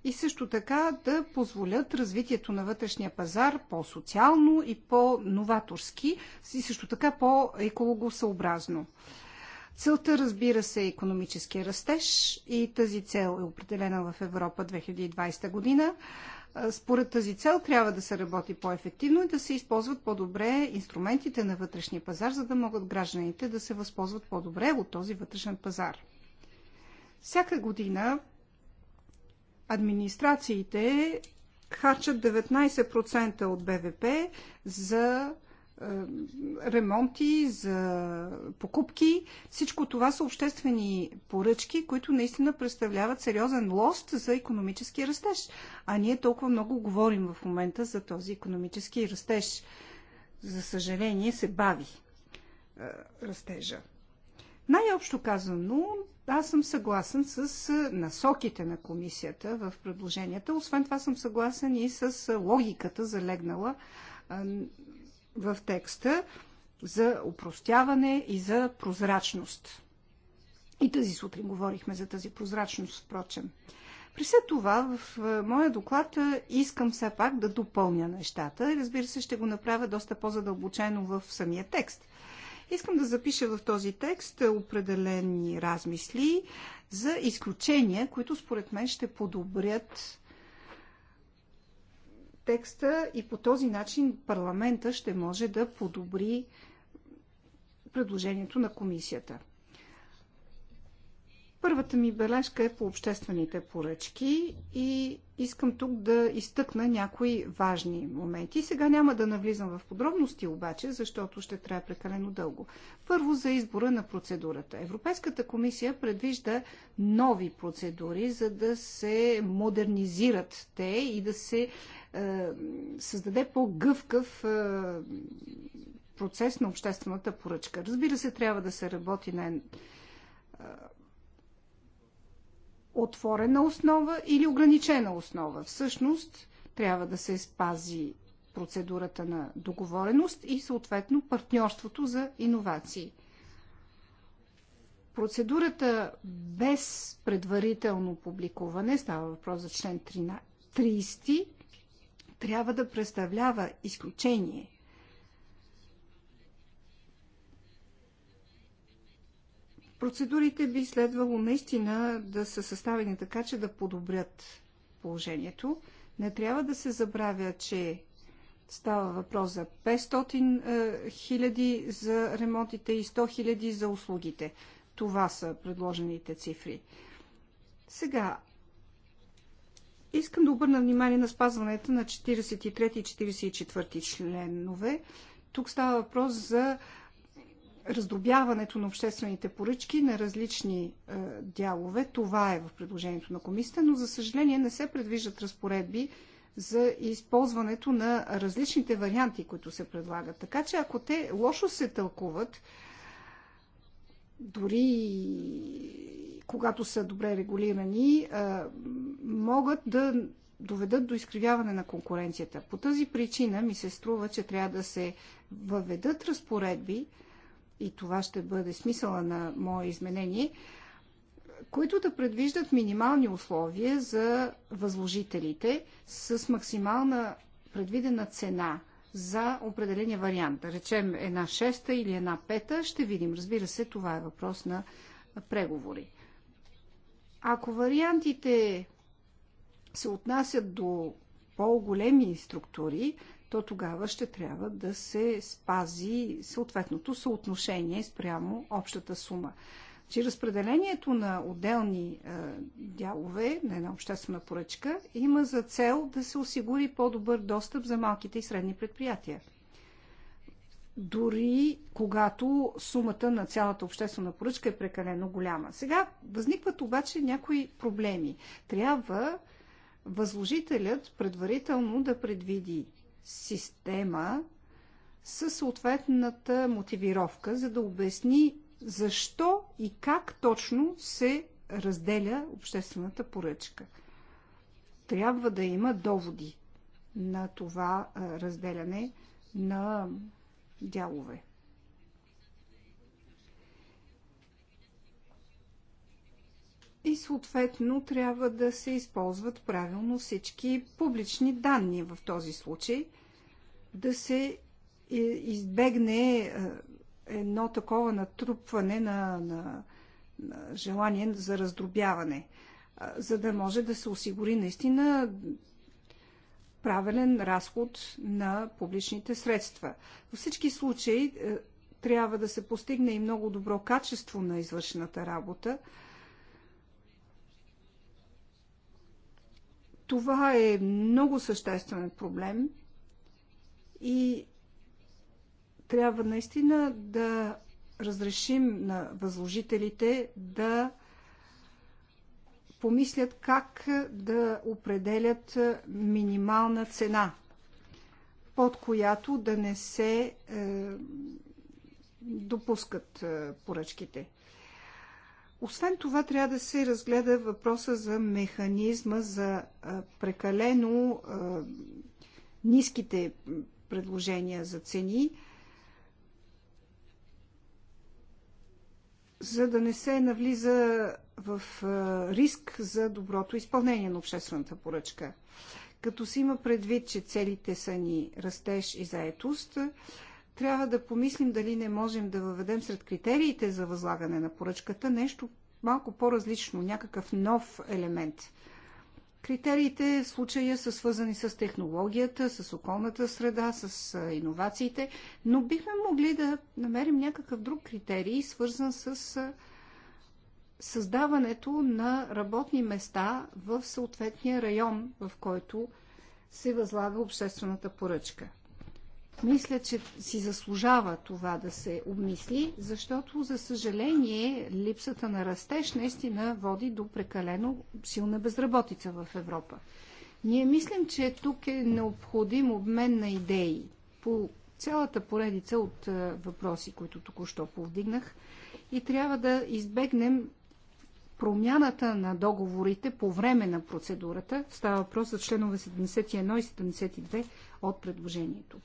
и също така да позволят развитието на вътрешния пазар по-социално и по-новаторски и също така по-екологосъобразно. Целта, разбира се, е економическия растеж и тази цел е определена в Европа 2020 година. Според тази цел трябва да се работи по-ефективно и да се използват по-добре инструментите на вътрешния пазар, за да могат гражданите да се възползват по-добре от този вътрешен пазар. Всяка година администрациите харчат 19% от БВП за е, ремонти, за покупки. Всичко това са обществени поръчки, които наистина представляват сериозен лост за економически растеж. А ние толкова много говорим в момента за този економически растеж. За съжаление се бави е, растежа. Най-общо казано, аз съм съгласен с насоките на комисията в предложенията. Освен това съм съгласен и с логиката, залегнала в текста за упростяване и за прозрачност. И тази сутрин говорихме за тази прозрачност, впрочем. При все това, в моя доклад искам все пак да допълня нещата. Разбира се, ще го направя доста по-задълбочено в самия текст – Искам да запиша в този текст определени размисли за изключения, които според мен ще подобрят текста и по този начин парламента ще може да подобри предложението на комисията. Първата ми бележка е по обществените поръчки и искам тук да изтъкна някои важни моменти. Сега няма да навлизам в подробности обаче, защото ще трябва прекалено дълго. Първо за избора на процедурата. Европейската комисия предвижда нови процедури, за да се модернизират те и да се е, създаде по-гъвкав е, процес на обществената поръчка. Разбира се, трябва да се работи на е, отворена основа или ограничена основа. Всъщност трябва да се спази процедурата на договореност и съответно партньорството за иновации. Процедурата без предварително публикуване, става въпрос за член 30, трябва да представлява изключение. Процедурите би следвало наистина да са съставени така, че да подобрят положението. Не трябва да се забравя, че става въпрос за 500 е, хиляди за ремонтите и 100 хиляди за услугите. Това са предложените цифри. Сега, искам да обърна внимание на спазването на 43 и 44 членове. Тук става въпрос за раздробяването на обществените поръчки на различни е, дялове. Това е в предложението на комисията, но за съжаление не се предвиждат разпоредби за използването на различните варианти, които се предлагат. Така че ако те лошо се тълкуват, дори когато са добре регулирани, е, могат да доведат до изкривяване на конкуренцията. По тази причина ми се струва, че трябва да се въведат разпоредби, и това ще бъде смисъла на мое изменение, които да предвиждат минимални условия за възложителите с максимална предвидена цена за определения вариант. Да речем една шеста или една пета, ще видим. Разбира се, това е въпрос на преговори. Ако вариантите се отнасят до по-големи структури, то тогава ще трябва да се спази съответното съотношение спрямо общата сума. Че разпределението на отделни е, дялове на една обществена поръчка има за цел да се осигури по-добър достъп за малките и средни предприятия. Дори когато сумата на цялата обществена поръчка е прекалено голяма. Сега възникват обаче някои проблеми. Трябва възложителят предварително да предвиди система със съответната мотивировка, за да обясни защо и как точно се разделя обществената поръчка. Трябва да има доводи на това разделяне на дялове. И съответно трябва да се използват правилно всички публични данни в този случай – да се избегне едно такова натрупване на, на, на желание за раздробяване, за да може да се осигури наистина правилен разход на публичните средства. Във всички случаи е, трябва да се постигне и много добро качество на извършената работа. Това е много съществен проблем – и трябва наистина да разрешим на възложителите да помислят как да определят минимална цена, под която да не се е, допускат е, поръчките. Освен това, трябва да се разгледа въпроса за механизма за е, прекалено е, ниските предложения за цени, за да не се навлиза в риск за доброто изпълнение на обществената поръчка. Като си има предвид, че целите са ни растеж и заетост, трябва да помислим дали не можем да въведем сред критериите за възлагане на поръчката нещо малко по-различно, някакъв нов елемент – Критериите в случая са свързани с технологията, с околната среда, с иновациите, но бихме могли да намерим някакъв друг критерий, свързан с създаването на работни места в съответния район, в който се възлага обществената поръчка. Мисля, че си заслужава това да се обмисли, защото, за съжаление, липсата на растеж наистина води до прекалено силна безработица в Европа. Ние мислим, че тук е необходим обмен на идеи по цялата поредица от е, въпроси, които току-що повдигнах и трябва да избегнем промяната на договорите по време на процедурата. Става въпрос за членове 71 и 72 от предложението.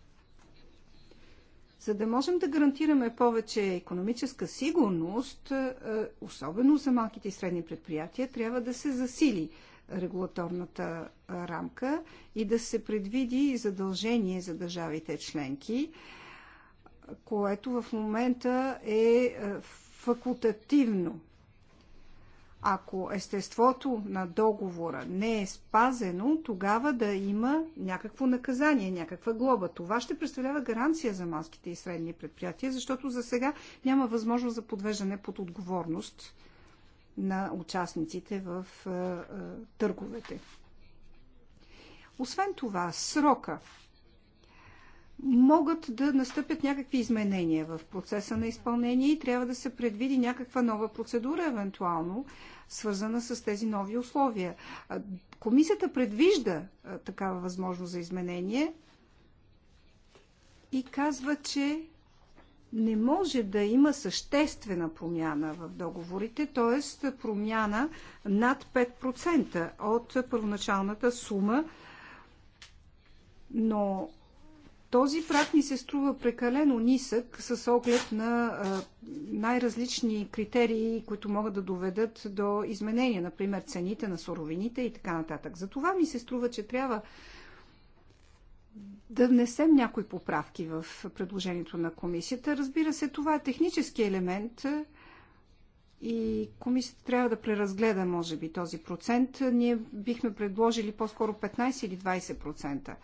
За да можем да гарантираме повече економическа сигурност, е, особено за малките и средни предприятия, трябва да се засили регулаторната е, рамка и да се предвиди задължение за държавите членки, което в момента е, е факултативно. Ако естеството на договора не е спазено, тогава да има някакво наказание, някаква глоба. Това ще представлява гаранция за малките и средни предприятия, защото за сега няма възможност за подвеждане под отговорност на участниците в е, е, търговете. Освен това, срока могат да настъпят някакви изменения в процеса на изпълнение и трябва да се предвиди някаква нова процедура, евентуално, свързана с тези нови условия. Комисията предвижда такава възможност за изменение и казва, че не може да има съществена промяна в договорите, т.е. промяна над 5% от първоначалната сума, но този прак ни се струва прекалено нисък с оглед на най-различни критерии, които могат да доведат до изменения, например цените на суровините и така нататък. Затова ми се струва, че трябва да внесем някои поправки в предложението на комисията. Разбира се, това е технически елемент, и комисията трябва да преразгледа, може би, този процент. Ние бихме предложили по-скоро 15 или 20%.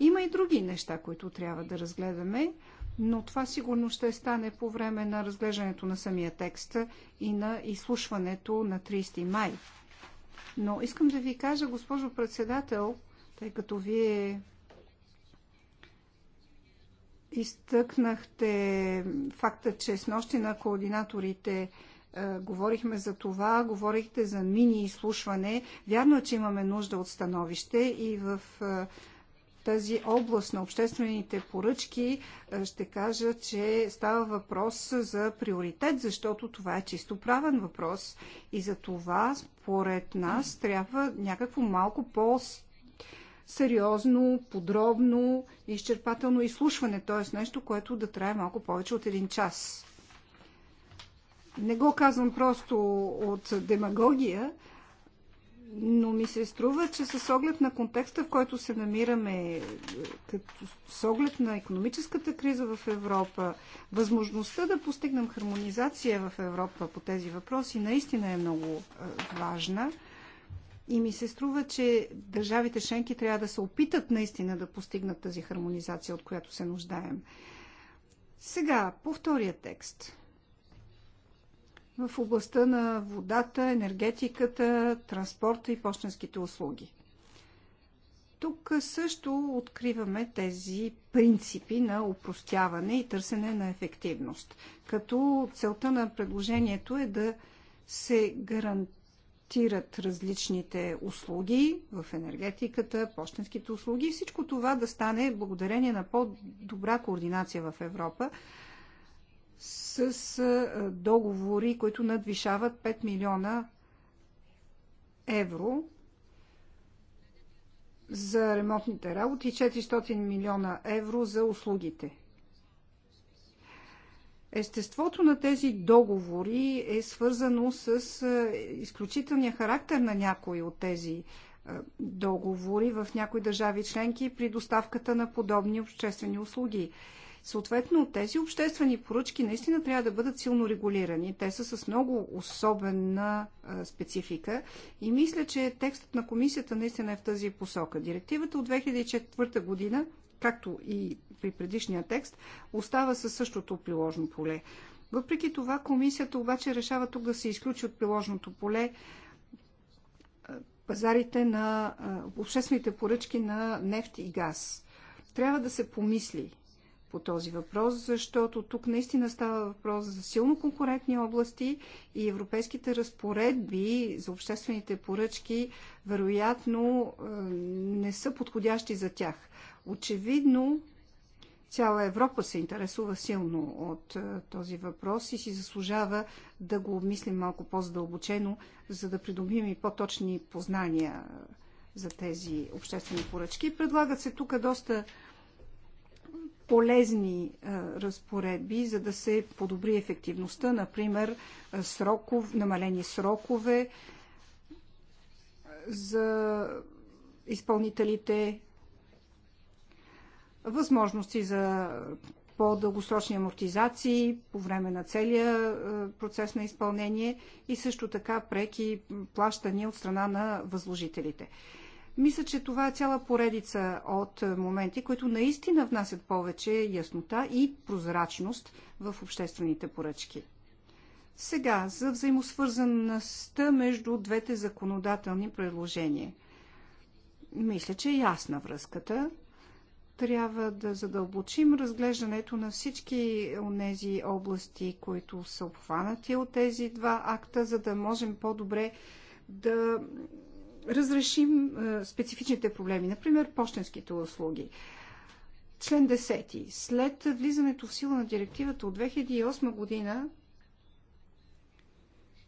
Има и други неща, които трябва да разгледаме, но това сигурно ще стане по време на разглеждането на самия текст и на изслушването на 30 май. Но искам да ви кажа, госпожо председател, тъй като вие изтъкнахте факта, че с нощи на координаторите е, говорихме за това, говорихте за мини-изслушване. Вярно е, че имаме нужда от становище и в е, тази област на обществените поръчки е, ще кажа, че става въпрос за приоритет, защото това е чисто правен въпрос и за това според нас трябва някакво малко по- сериозно, подробно, изчерпателно изслушване, т.е. нещо, което да трае малко повече от един час. Не го казвам просто от демагогия, но ми се струва, че с оглед на контекста, в който се намираме, като с оглед на економическата криза в Европа, възможността да постигнем хармонизация в Европа по тези въпроси наистина е много важна. И ми се струва, че държавите шенки трябва да се опитат наистина да постигнат тази хармонизация, от която се нуждаем. Сега, по втория текст – в областта на водата, енергетиката, транспорта и почтенските услуги. Тук също откриваме тези принципи на упростяване и търсене на ефективност. Като целта на предложението е да се гарантират различните услуги в енергетиката, почтенските услуги и всичко това да стане благодарение на по-добра координация в Европа, с договори, които надвишават 5 милиона евро за ремонтните работи и 400 милиона евро за услугите. Естеството на тези договори е свързано с изключителния характер на някои от тези договори в някои държави членки при доставката на подобни обществени услуги. Съответно, тези обществени поръчки наистина трябва да бъдат силно регулирани. Те са с много особена специфика и мисля, че текстът на комисията наистина е в тази посока. Директивата от 2004 година, както и при предишния текст, остава със същото приложно поле. Въпреки това, комисията обаче решава тук да се изключи от приложното поле пазарите на обществените поръчки на нефт и газ. Трябва да се помисли по този въпрос, защото тук наистина става въпрос за силно конкурентни области и европейските разпоредби за обществените поръчки вероятно е, не са подходящи за тях. Очевидно, цяла Европа се интересува силно от е, този въпрос и си заслужава да го обмислим малко по-задълбочено, за да придобием и по-точни познания е, за тези обществени поръчки. Предлагат се тук доста полезни е, разпоредби, за да се подобри ефективността, например е, сроков, намалени срокове е, за изпълнителите, възможности за по-дългосрочни амортизации по време на целия процес на изпълнение и също така преки плащания от страна на възложителите. Мисля, че това е цяла поредица от моменти, които наистина внасят повече яснота и прозрачност в обществените поръчки. Сега, за взаимосвързаността между двете законодателни предложения. Мисля, че е ясна връзката. Трябва да задълбочим разглеждането на всички тези области, които са обхванати от тези два акта, за да можем по-добре да разрешим е, специфичните проблеми, например почтенските услуги. Член 10. След влизането в сила на директивата от 2008 година,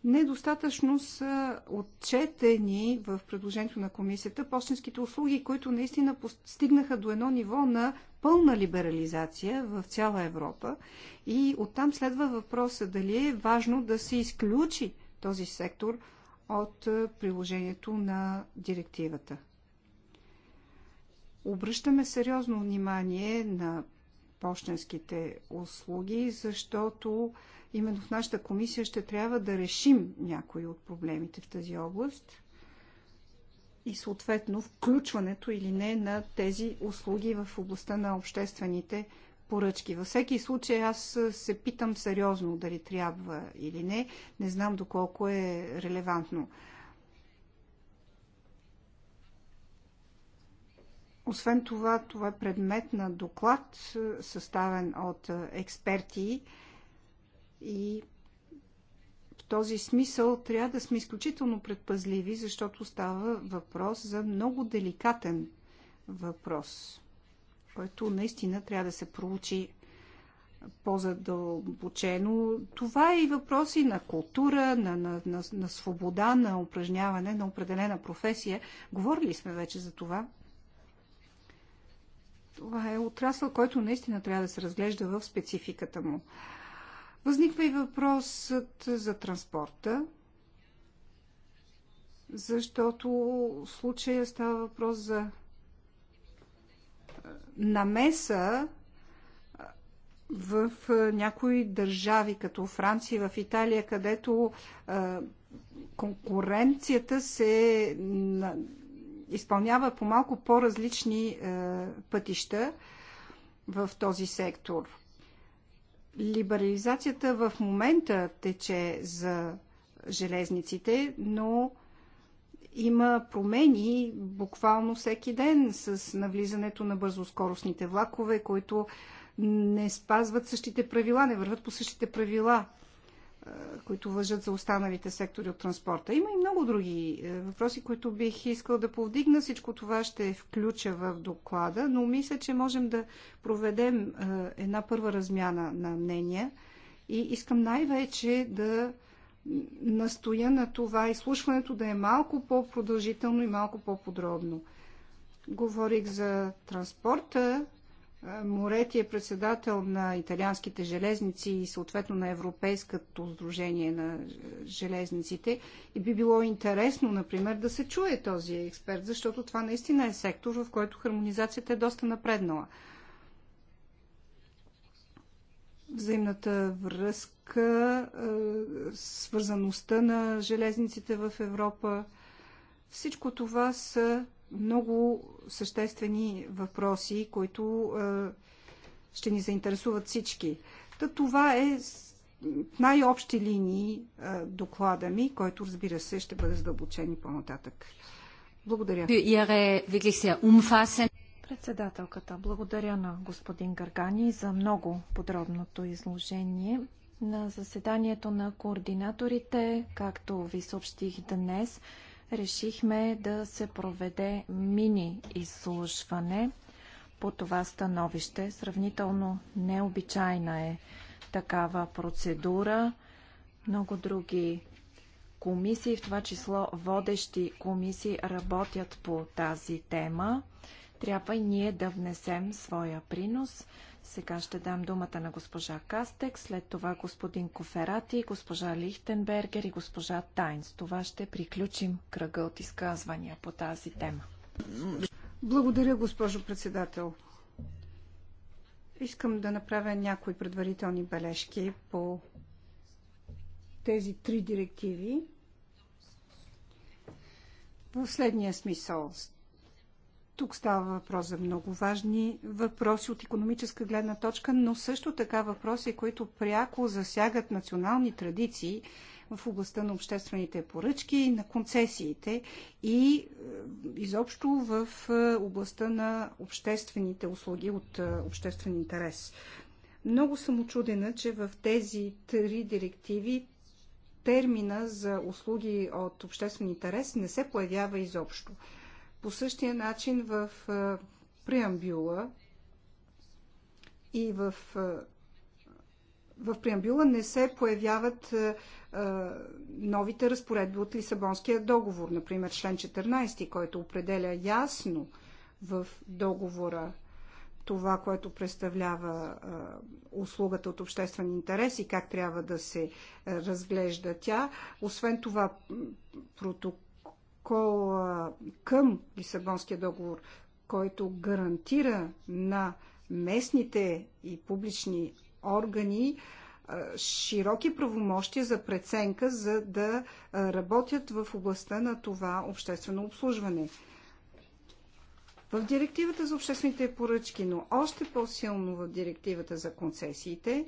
недостатъчно са отчетени в предложението на комисията почтенските услуги, които наистина стигнаха до едно ниво на пълна либерализация в цяла Европа. И оттам следва въпроса дали е важно да се изключи този сектор – от е, приложението на директивата. Обръщаме сериозно внимание на почтенските услуги, защото именно в нашата комисия ще трябва да решим някои от проблемите в тази област и съответно включването или не на тези услуги в областта на обществените услуги поръчки. Във всеки случай аз се питам сериозно дали трябва или не. Не знам доколко е релевантно. Освен това, това е предмет на доклад, съставен от експерти и в този смисъл трябва да сме изключително предпазливи, защото става въпрос за много деликатен въпрос което наистина трябва да се проучи по-задълбочено. Това е и въпроси на култура, на, на, на, на свобода, на упражняване на определена професия. Говорили сме вече за това. Това е отрасъл, който наистина трябва да се разглежда в спецификата му. Възниква и въпросът за транспорта, защото в случая става въпрос за намеса в някои държави, като Франция, в Италия, където конкуренцията се изпълнява по малко по-различни пътища в този сектор. Либерализацията в момента тече за железниците, но има промени буквално всеки ден с навлизането на бързоскоростните влакове, които не спазват същите правила, не върват по същите правила, които въжат за останалите сектори от транспорта. Има и много други е, въпроси, които бих искал да повдигна. Всичко това ще включа в доклада, но мисля, че можем да проведем е, една първа размяна на мнения и искам най-вече да настоя на това изслушването да е малко по-продължително и малко по-подробно. Говорих за транспорта. Е, Морети е председател на италианските железници и съответно на Европейското сдружение на железниците. И би било интересно, например, да се чуе този експерт, защото това наистина е сектор, в който хармонизацията е доста напреднала взаимната връзка, свързаността на железниците в Европа. Всичко това са много съществени въпроси, които ще ни заинтересуват всички. Та това е в най-общи линии доклада ми, който разбира се ще бъде задълбочен и по-нататък. Благодаря. Председателката, благодаря на господин Гаргани за много подробното изложение. На заседанието на координаторите, както ви съобщих днес, решихме да се проведе мини изслушване по това становище. Сравнително необичайна е такава процедура. Много други комисии, в това число водещи комисии, работят по тази тема трябва и ние да внесем своя принос. Сега ще дам думата на госпожа Кастек, след това господин Коферати, госпожа Лихтенбергер и госпожа Тайнс. Това ще приключим кръга от изказвания по тази тема. Благодаря, госпожо председател. Искам да направя някои предварителни бележки по тези три директиви. В следния смисъл. Тук става въпрос за много важни въпроси от економическа гледна точка, но също така въпроси, които пряко засягат национални традиции в областта на обществените поръчки, на концесиите и е, изобщо в е, областта на обществените услуги от е, обществен интерес. Много съм очудена, че в тези три директиви термина за услуги от обществен интерес не се появява изобщо. По същия начин в преамбюла и в, в преамбюла не се появяват новите разпоредби от Лисабонския договор, например член 14, който определя ясно в договора това, което представлява а, услугата от обществен интерес и как трябва да се разглежда тя. Освен това, протокол протокол към Лисабонския договор, който гарантира на местните и публични органи широки правомощия за преценка, за да работят в областта на това обществено обслужване. В директивата за обществените поръчки, но още по-силно в директивата за концесиите,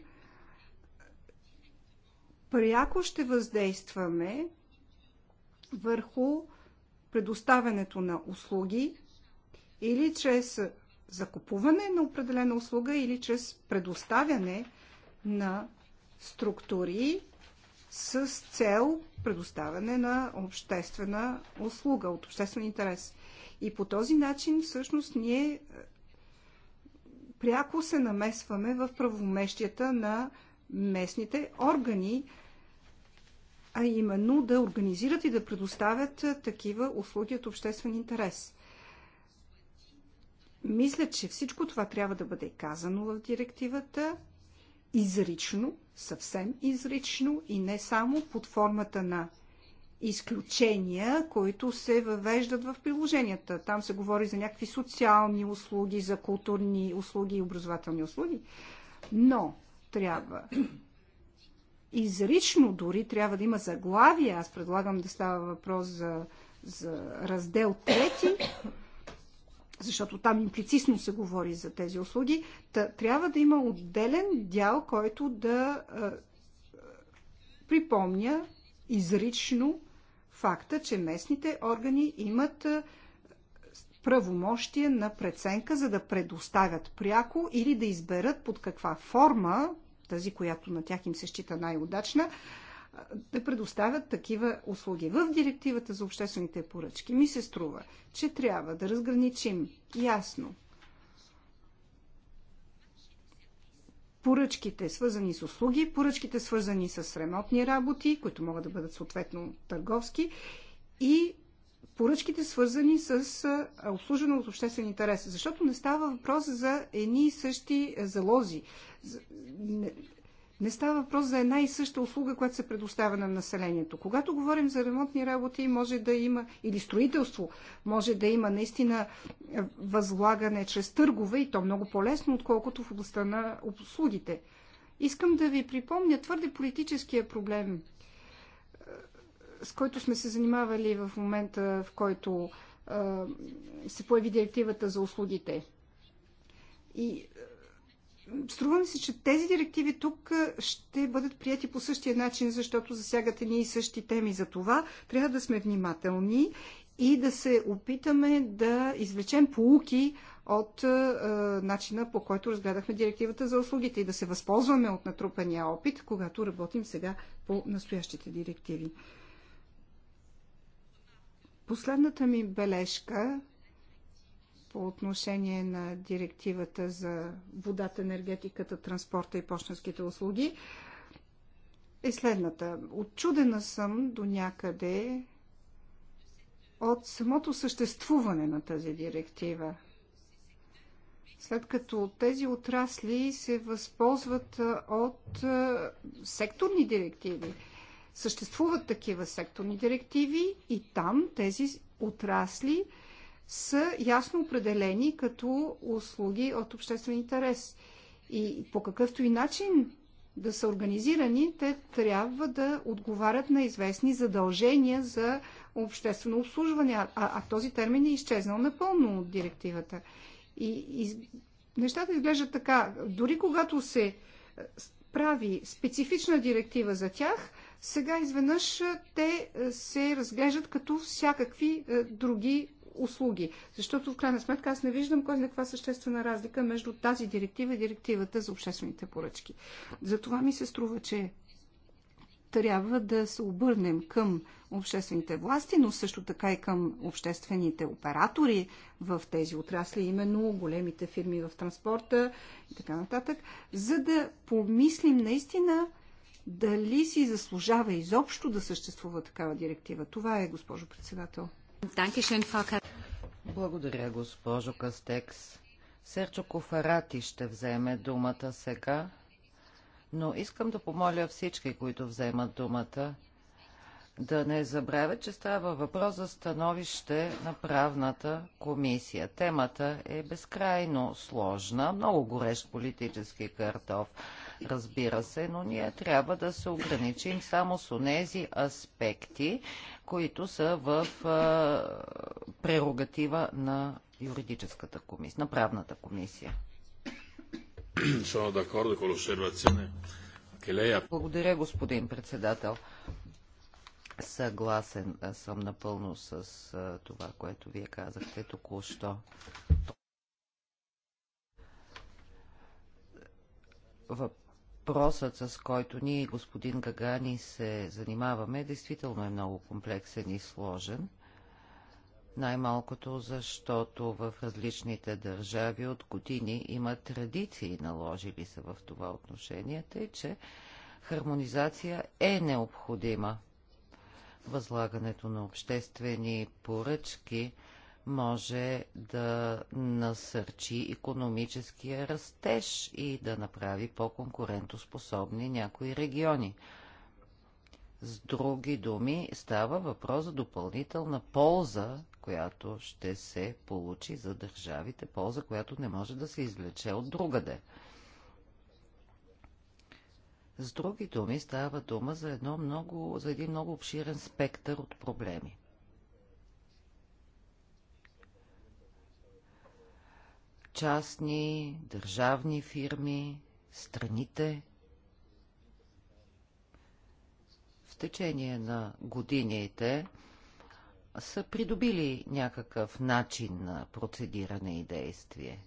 пряко ще въздействаме върху предоставянето на услуги или чрез закупуване на определена услуга или чрез предоставяне на структури с цел предоставяне на обществена услуга от обществен интерес. И по този начин всъщност ние е, пряко се намесваме в правомещията на местните органи, а именно да организират и да предоставят такива услуги от обществен интерес. Мисля, че всичко това трябва да бъде казано в директивата изрично, съвсем изрично и не само под формата на изключения, които се въвеждат в приложенията. Там се говори за някакви социални услуги, за културни услуги и образователни услуги. Но трябва изрично дори трябва да има заглавие. Аз предлагам да става въпрос за, за раздел трети, защото там имплицисно се говори за тези услуги. Та, трябва да има отделен дял, който да а, припомня изрично факта, че местните органи имат правомощие на преценка, за да предоставят пряко или да изберат под каква форма тази, която на тях им се счита най-удачна, да предоставят такива услуги. В директивата за обществените поръчки ми се струва, че трябва да разграничим ясно поръчките свързани с услуги, поръчките свързани с ремонтни работи, които могат да бъдат съответно търговски и поръчките, свързани с обслужване от обществен интерес. Защото не става въпрос за едни и същи залози. Не, става въпрос за една и съща услуга, която се предоставя на населението. Когато говорим за ремонтни работи, може да има, или строителство, може да има наистина възлагане чрез търгове и то много по-лесно, отколкото в областта на услугите. Искам да ви припомня твърде политическия проблем с който сме се занимавали в момента, в който а, се появи директивата за услугите. И струва ми се, че тези директиви тук ще бъдат прияти по същия начин, защото засягат едни и същи теми. За това трябва да сме внимателни и да се опитаме да извлечем полуки от е, начина по който разгледахме директивата за услугите и да се възползваме от натрупания опит, когато работим сега по настоящите директиви. Последната ми бележка по отношение на директивата за водата, енергетиката, транспорта и почтенските услуги е следната. Отчудена съм до някъде от самото съществуване на тази директива. След като тези отрасли се възползват от секторни директиви – Съществуват такива секторни директиви и там тези отрасли са ясно определени като услуги от обществен интерес. И по какъвто и начин да са организирани, те трябва да отговарят на известни задължения за обществено обслужване. А, а този термин е изчезнал напълно от директивата. И, и нещата изглеждат така. Дори когато се прави специфична директива за тях, сега изведнъж те се разглеждат като всякакви други услуги. Защото в крайна сметка аз не виждам кой каква съществена разлика между тази директива и директивата за обществените поръчки. Затова ми се струва, че трябва да се обърнем към обществените власти, но също така и към обществените оператори в тези отрасли, именно големите фирми в транспорта и така нататък, за да помислим наистина дали си заслужава изобщо да съществува такава директива. Това е, госпожо председател. Благодаря, госпожо Кастекс. Серчо Кофарати ще вземе думата сега, но искам да помоля всички, които вземат думата, да не забравят, че става въпрос за становище на правната комисия. Темата е безкрайно сложна, много горещ политически картоф разбира се, но ние трябва да се ограничим само с онези аспекти, които са в прерогатива на юридическата комисия, на правната комисия. Благодаря, господин председател. Съгласен съм напълно с това, което вие казахте току-що. Въп въпросът, с който ние и господин Гагани се занимаваме, действително е много комплексен и сложен. Най-малкото, защото в различните държави от години има традиции, наложили се в това отношение, тъй че хармонизация е необходима. Възлагането на обществени поръчки – може да насърчи економическия растеж и да направи по-конкурентоспособни някои региони. С други думи, става въпрос за допълнителна полза, която ще се получи за държавите, полза, която не може да се извлече от другаде. С други думи, става дума за, едно много, за един много обширен спектър от проблеми. частни, държавни фирми, страните. В течение на годините са придобили някакъв начин на процедиране и действие.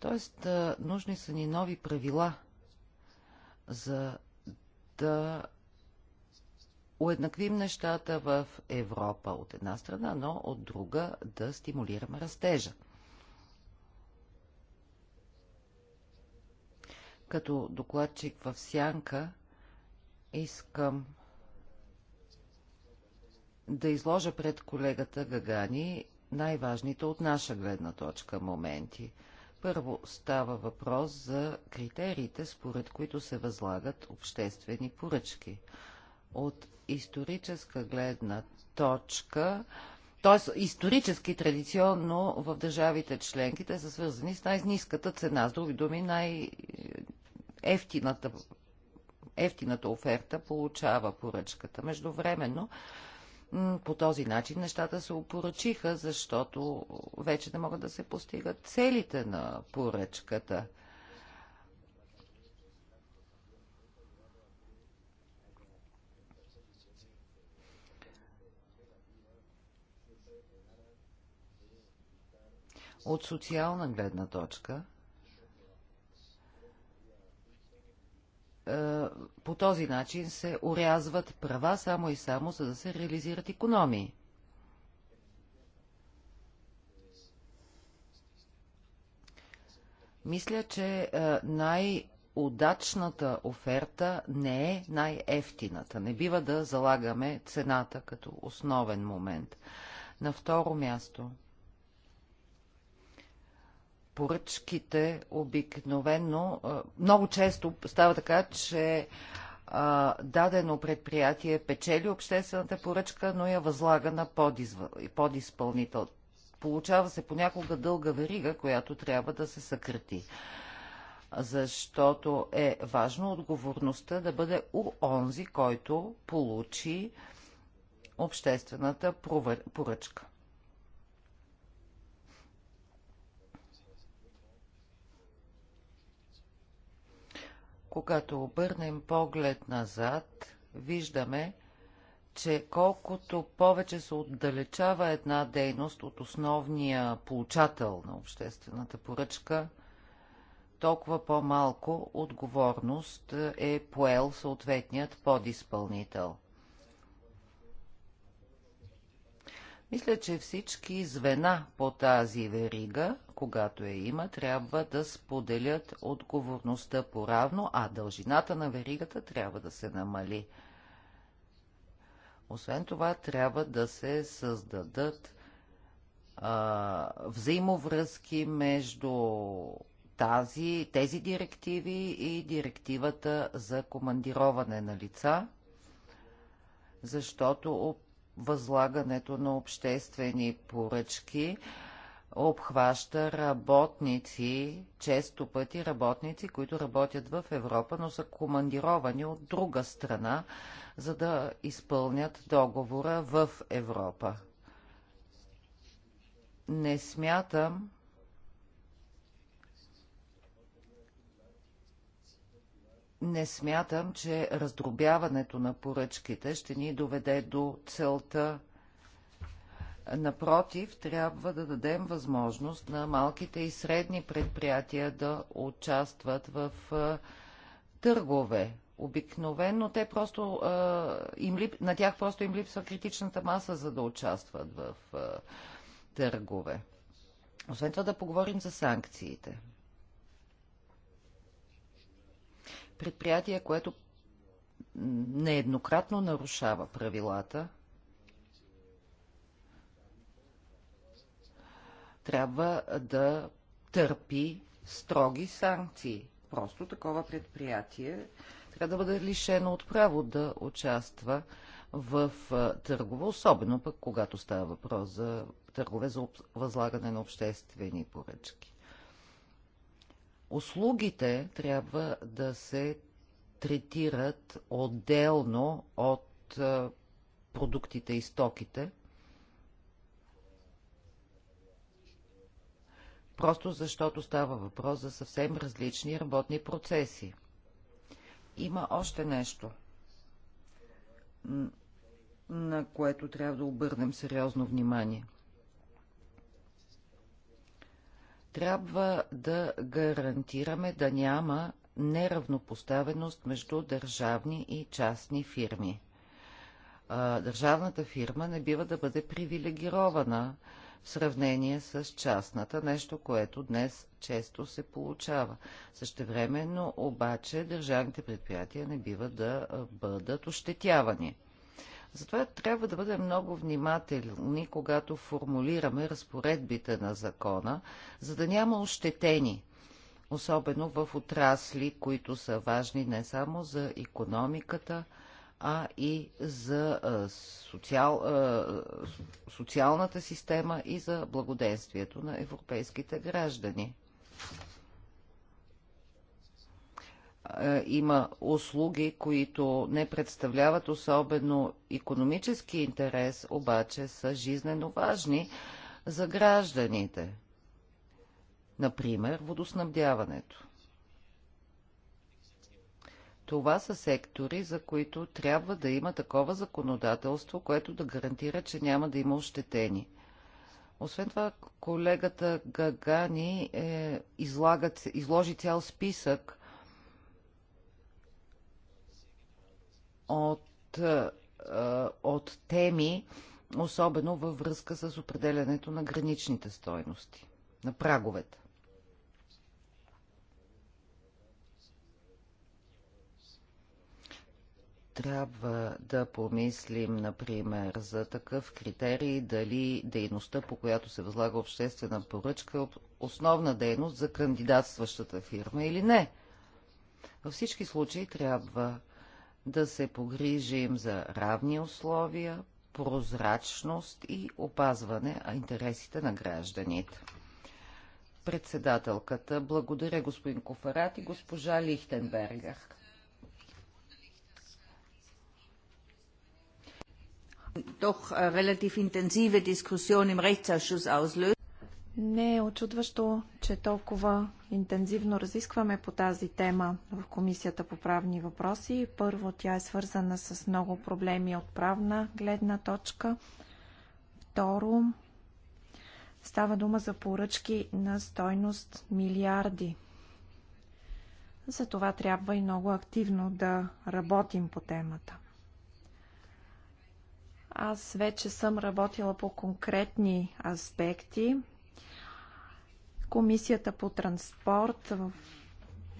Тоест, нужни са ни нови правила, за да уеднаквим нещата в Европа от една страна, но от друга да стимулираме растежа. Като докладчик в Сянка искам да изложа пред колегата Гагани най-важните от наша гледна точка моменти. Първо става въпрос за критериите, според които се възлагат обществени поръчки. От историческа гледна точка, т.е. исторически традиционно в държавите членките са свързани с най-низката цена, с други думи най ефтината, ефтината оферта получава поръчката. Междувременно, по този начин нещата се опоръчиха, защото вече не могат да се постигат целите на поръчката. От социална гледна точка – Е, по този начин се урязват права само и само, за да се реализират економии. Мисля, че е, най-удачната оферта не е най-ефтината. Не бива да залагаме цената като основен момент. На второ място – поръчките обикновено, много често става така, че дадено предприятие печели обществената поръчка, но я възлага на подизпълнител. Получава се понякога дълга верига, която трябва да се съкрати. Защото е важно отговорността да бъде у онзи, който получи обществената поръчка. Когато обърнем поглед назад, виждаме, че колкото повече се отдалечава една дейност от основния получател на обществената поръчка, толкова по-малко отговорност е поел съответният подизпълнител. Мисля, че всички звена по тази верига когато я има, трябва да споделят отговорността по-равно, а дължината на веригата трябва да се намали. Освен това, трябва да се създадат а, взаимовръзки между тази, тези директиви и директивата за командироване на лица, защото възлагането на обществени поръчки обхваща работници, често пъти работници, които работят в Европа, но са командировани от друга страна, за да изпълнят договора в Европа. Не смятам, не смятам, че раздробяването на поръчките ще ни доведе до целта Напротив, трябва да дадем възможност на малките и средни предприятия да участват в търгове. Обикновено те просто, им лип, на тях просто им липсва критичната маса, за да участват в търгове. Освен това да поговорим за санкциите. Предприятие, което нееднократно нарушава правилата, трябва да търпи строги санкции. Просто такова предприятие трябва да бъде лишено от право да участва в търгове, особено пък когато става въпрос за търгове за възлагане на обществени поръчки. Услугите трябва да се третират отделно от продуктите и стоките, просто защото става въпрос за съвсем различни работни процеси. Има още нещо, на което трябва да обърнем сериозно внимание. Трябва да гарантираме да няма неравнопоставеност между държавни и частни фирми. Държавната фирма не бива да бъде привилегирована, в сравнение с частната, нещо, което днес често се получава. Същевременно обаче държавните предприятия не бива да бъдат ощетявани. Затова трябва да бъдем много внимателни, когато формулираме разпоредбите на закона, за да няма ощетени, особено в отрасли, които са важни не само за економиката, а и за социал, социалната система и за благоденствието на европейските граждани. Има услуги, които не представляват особено економически интерес, обаче са жизнено важни за гражданите. Например, водоснабдяването. Това са сектори, за които трябва да има такова законодателство, което да гарантира, че няма да има ощетени. Освен това, колегата Гагани е, излага, изложи цял списък от, е, е, от теми, особено във връзка с определенето на граничните стойности, на праговете. трябва да помислим, например, за такъв критерий дали дейността, по която се възлага обществена поръчка, е основна дейност за кандидатстващата фирма или не. Във всички случаи трябва да се погрижим за равни условия, прозрачност и опазване на интересите на гражданите. Председателката, благодаря господин Кофарат и госпожа Лихтенбергер. doch äh, relativ intensive Diskussion im Rechtsausschuss auslöst. Не е очудващо, че толкова интензивно разискваме по тази тема в Комисията по правни въпроси. Първо, тя е свързана с много проблеми от правна гледна точка. Второ, става дума за поръчки на стойност милиарди. За това трябва и много активно да работим по темата. Аз вече съм работила по конкретни аспекти. Комисията по транспорт в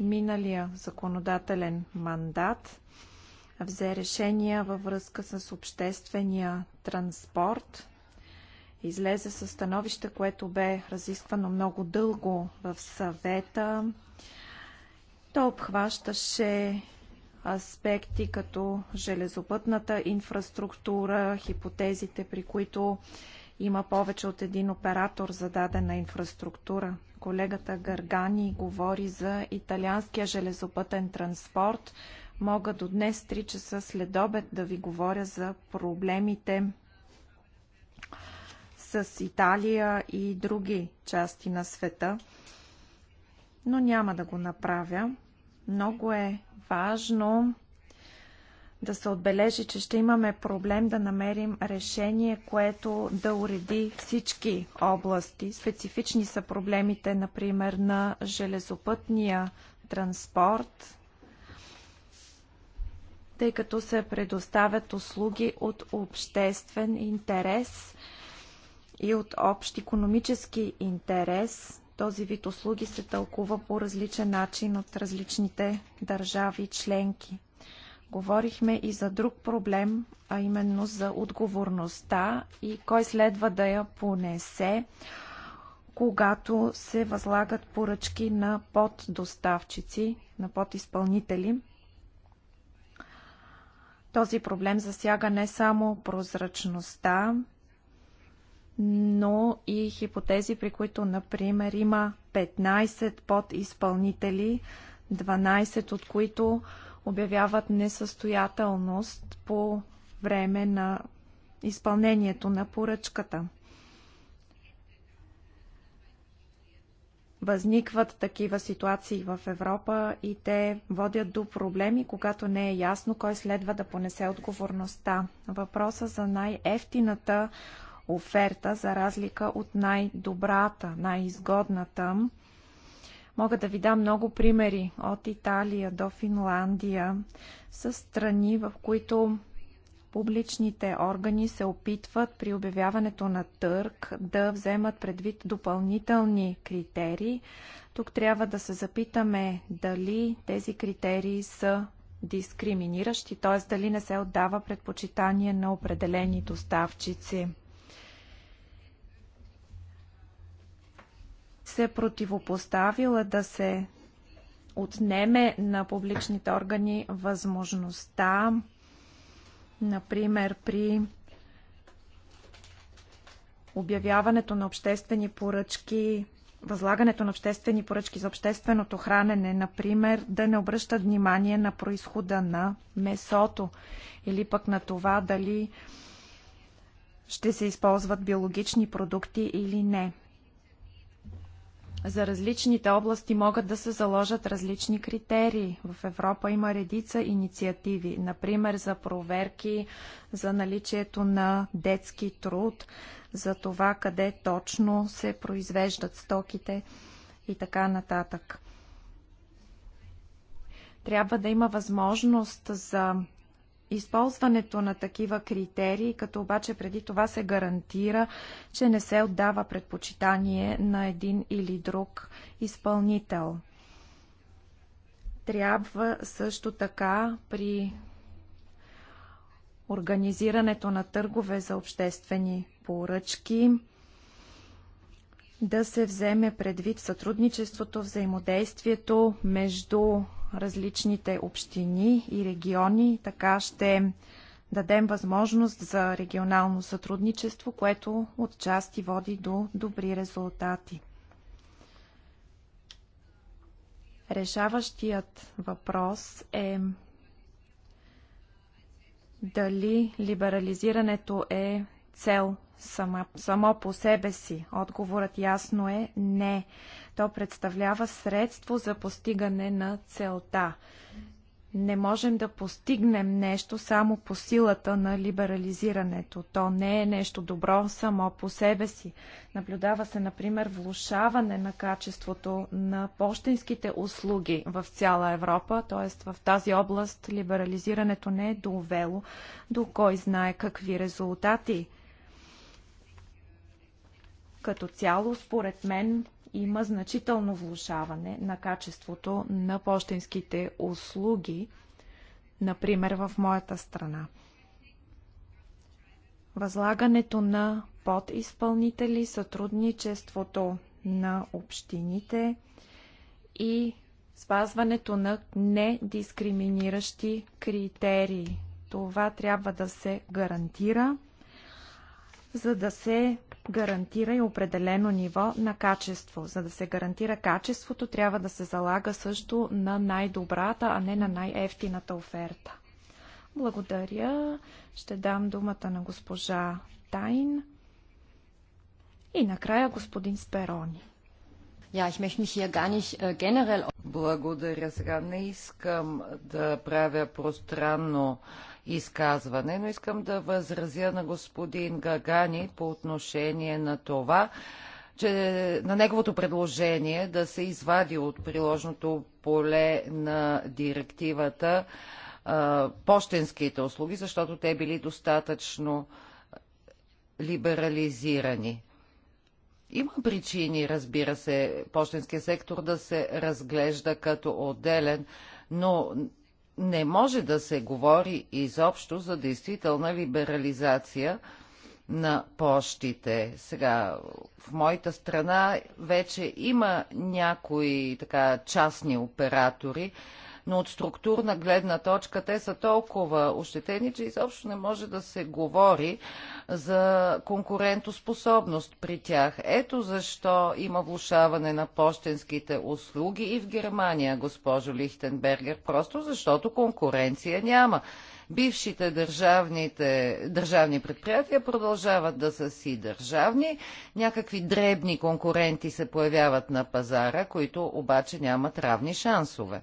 миналия законодателен мандат взе решения във връзка с обществения транспорт. Излезе със становище, което бе разисквано много дълго в съвета. То обхващаше аспекти като железопътната инфраструктура, хипотезите, при които има повече от един оператор за дадена инфраструктура. Колегата Гаргани говори за италианския железопътен транспорт. Мога до днес 3 часа след обед да ви говоря за проблемите с Италия и други части на света, но няма да го направя. Много е важно да се отбележи, че ще имаме проблем да намерим решение, което да уреди всички области. Специфични са проблемите, например, на железопътния транспорт, тъй като се предоставят услуги от обществен интерес и от общ економически интерес този вид услуги се тълкува по различен начин от различните държави членки. Говорихме и за друг проблем, а именно за отговорността и кой следва да я понесе, когато се възлагат поръчки на поддоставчици, на подизпълнители. Този проблем засяга не само прозрачността, но и хипотези, при които, например, има 15 подизпълнители, 12 от които обявяват несъстоятелност по време на изпълнението на поръчката. Възникват такива ситуации в Европа и те водят до проблеми, когато не е ясно кой следва да понесе отговорността. Въпроса за най-ефтината оферта, за разлика от най-добрата, най-изгодната. Мога да ви дам много примери от Италия до Финландия с страни, в които публичните органи се опитват при обявяването на търг да вземат предвид допълнителни критерии. Тук трябва да се запитаме дали тези критерии са дискриминиращи, т.е. дали не се отдава предпочитание на определени доставчици. се противопоставила да се отнеме на публичните органи възможността, например при обявяването на обществени поръчки, възлагането на обществени поръчки за общественото хранене, например, да не обръщат внимание на происхода на месото или пък на това дали ще се използват биологични продукти или не за различните области могат да се заложат различни критерии. В Европа има редица инициативи, например за проверки, за наличието на детски труд, за това къде точно се произвеждат стоките и така нататък. Трябва да има възможност за използването на такива критерии, като обаче преди това се гарантира, че не се отдава предпочитание на един или друг изпълнител. Трябва също така при организирането на търгове за обществени поръчки да се вземе предвид сътрудничеството, взаимодействието между различните общини и региони. Така ще дадем възможност за регионално сътрудничество, което отчасти води до добри резултати. Решаващият въпрос е дали либерализирането е цел само по себе си. Отговорът ясно е не. То представлява средство за постигане на целта. Не можем да постигнем нещо само по силата на либерализирането. То не е нещо добро само по себе си. Наблюдава се, например, влушаване на качеството на почтенските услуги в цяла Европа, т.е. в тази област либерализирането не е довело до кой знае какви резултати като цяло, според мен, има значително влушаване на качеството на почтенските услуги, например в моята страна. Възлагането на подизпълнители, сътрудничеството на общините и спазването на недискриминиращи критерии. Това трябва да се гарантира, за да се гарантира и определено ниво на качество. За да се гарантира качеството, трябва да се залага също на най-добрата, а не на най-ефтината оферта. Благодаря. Ще дам думата на госпожа Тайн. И накрая господин Сперони. Ja, ich möchte mich hier gar nicht äh, generell... Благодаря. Сега не искам да правя пространно изказване, но искам да възразя на господин Гагани по отношение на това, че на неговото предложение да се извади от приложното поле на директивата пощенските почтенските услуги, защото те били достатъчно либерализирани. Има причини, разбира се, почтенския сектор да се разглежда като отделен, но не може да се говори изобщо за действителна либерализация на почтите. Сега, в моята страна вече има някои така частни оператори, но от структурна гледна точка те са толкова ощетени, че изобщо не може да се говори за конкурентоспособност при тях. Ето защо има влушаване на почтенските услуги и в Германия, госпожо Лихтенбергер, просто защото конкуренция няма. Бившите държавните, държавни предприятия продължават да са си държавни. Някакви дребни конкуренти се появяват на пазара, които обаче нямат равни шансове.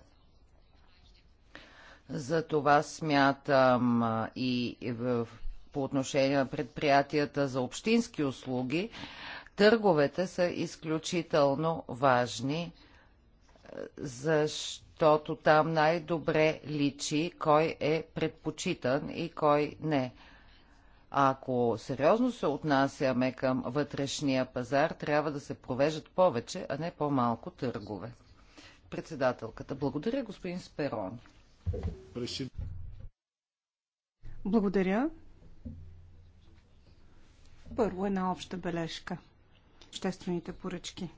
За това смятам и в, по отношение на предприятията за общински услуги, търговете са изключително важни, защото там най-добре личи кой е предпочитан и кой не. Ако сериозно се отнасяме към вътрешния пазар, трябва да се провеждат повече, а не по-малко търгове. Председателката. Благодаря, господин Сперони. Благодаря. Първо една обща бележка. Обществените поръчки.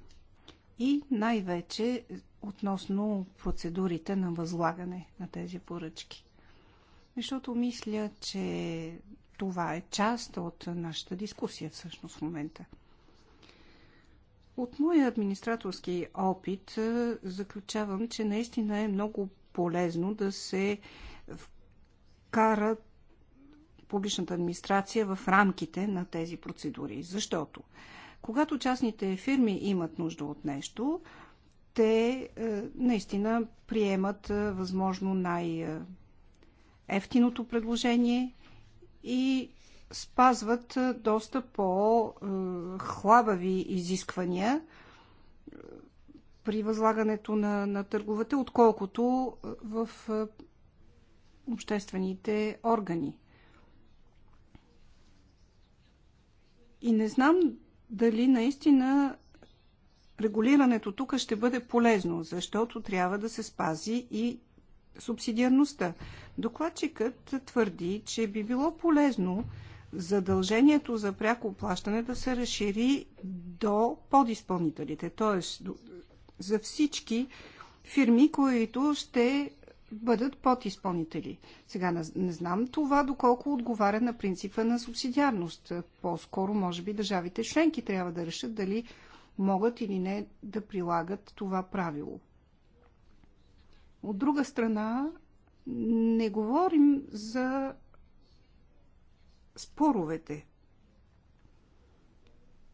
И най-вече относно процедурите на възлагане на тези поръчки. Защото мисля, че това е част от нашата дискусия всъщност в момента. От моя администраторски опит заключавам, че наистина е много полезно да се вкара публичната администрация в рамките на тези процедури. Защото когато частните фирми имат нужда от нещо, те е, наистина приемат е, възможно най-ефтиното предложение и спазват е, доста по-хлабави изисквания, при възлагането на, на търговете, отколкото е, в е, обществените органи. И не знам дали наистина регулирането тук ще бъде полезно, защото трябва да се спази и субсидиарността. Докладчикът твърди, че би било полезно задължението за пряко плащане да се разшири до подизпълнителите, т.е за всички фирми, които ще бъдат подизпълнители. Сега не знам това доколко отговаря на принципа на субсидиарност. По-скоро, може би, държавите членки трябва да решат дали могат или не да прилагат това правило. От друга страна, не говорим за споровете.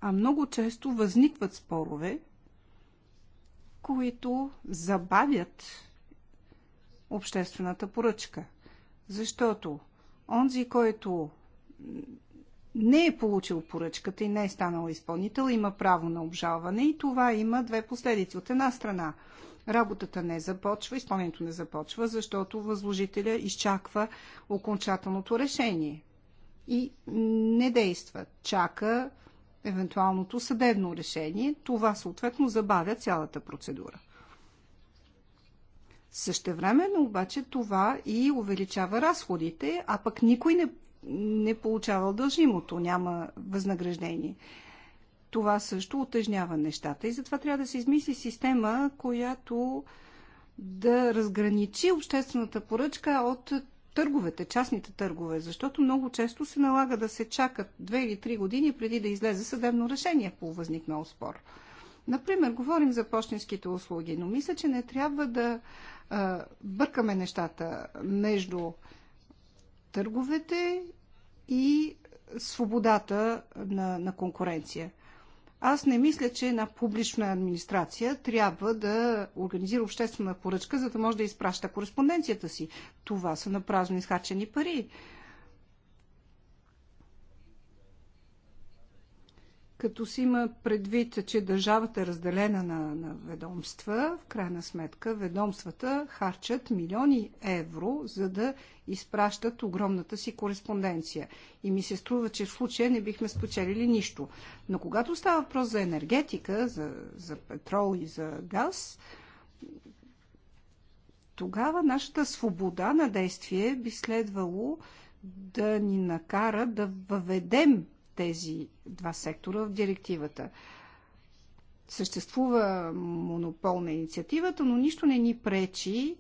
А много често възникват спорове – които забавят обществената поръчка. Защото онзи, който не е получил поръчката и не е станал изпълнител, има право на обжалване и това има две последици. От една страна, работата не започва, изпълнението не започва, защото възложителя изчаква окончателното решение и не действа. Чака евентуалното съдебно решение. Това съответно забавя цялата процедура. Същевременно обаче това и увеличава разходите, а пък никой не, не получава дължимото, няма възнаграждение. Това също отъжнява нещата и затова трябва да се измисли система, която да разграничи обществената поръчка от търговете, частните търгове, защото много често се налага да се чакат две или три години преди да излезе съдебно решение по възникнал спор. Например, говорим за почтенските услуги, но мисля, че не трябва да а, бъркаме нещата между търговете и свободата на, на конкуренция – аз не мисля, че една публична администрация трябва да организира обществена поръчка, за да може да изпраща кореспонденцията си. Това са напразно изхарчени пари. Като си има предвид, че държавата е разделена на, на ведомства, в крайна сметка ведомствата харчат милиони евро, за да изпращат огромната си кореспонденция. И ми се струва, че в случая не бихме спечелили нищо. Но когато става въпрос за енергетика, за, за петрол и за газ, тогава нашата свобода на действие би следвало да ни накара да въведем тези два сектора в директивата. Съществува монопол на инициативата, но нищо не ни пречи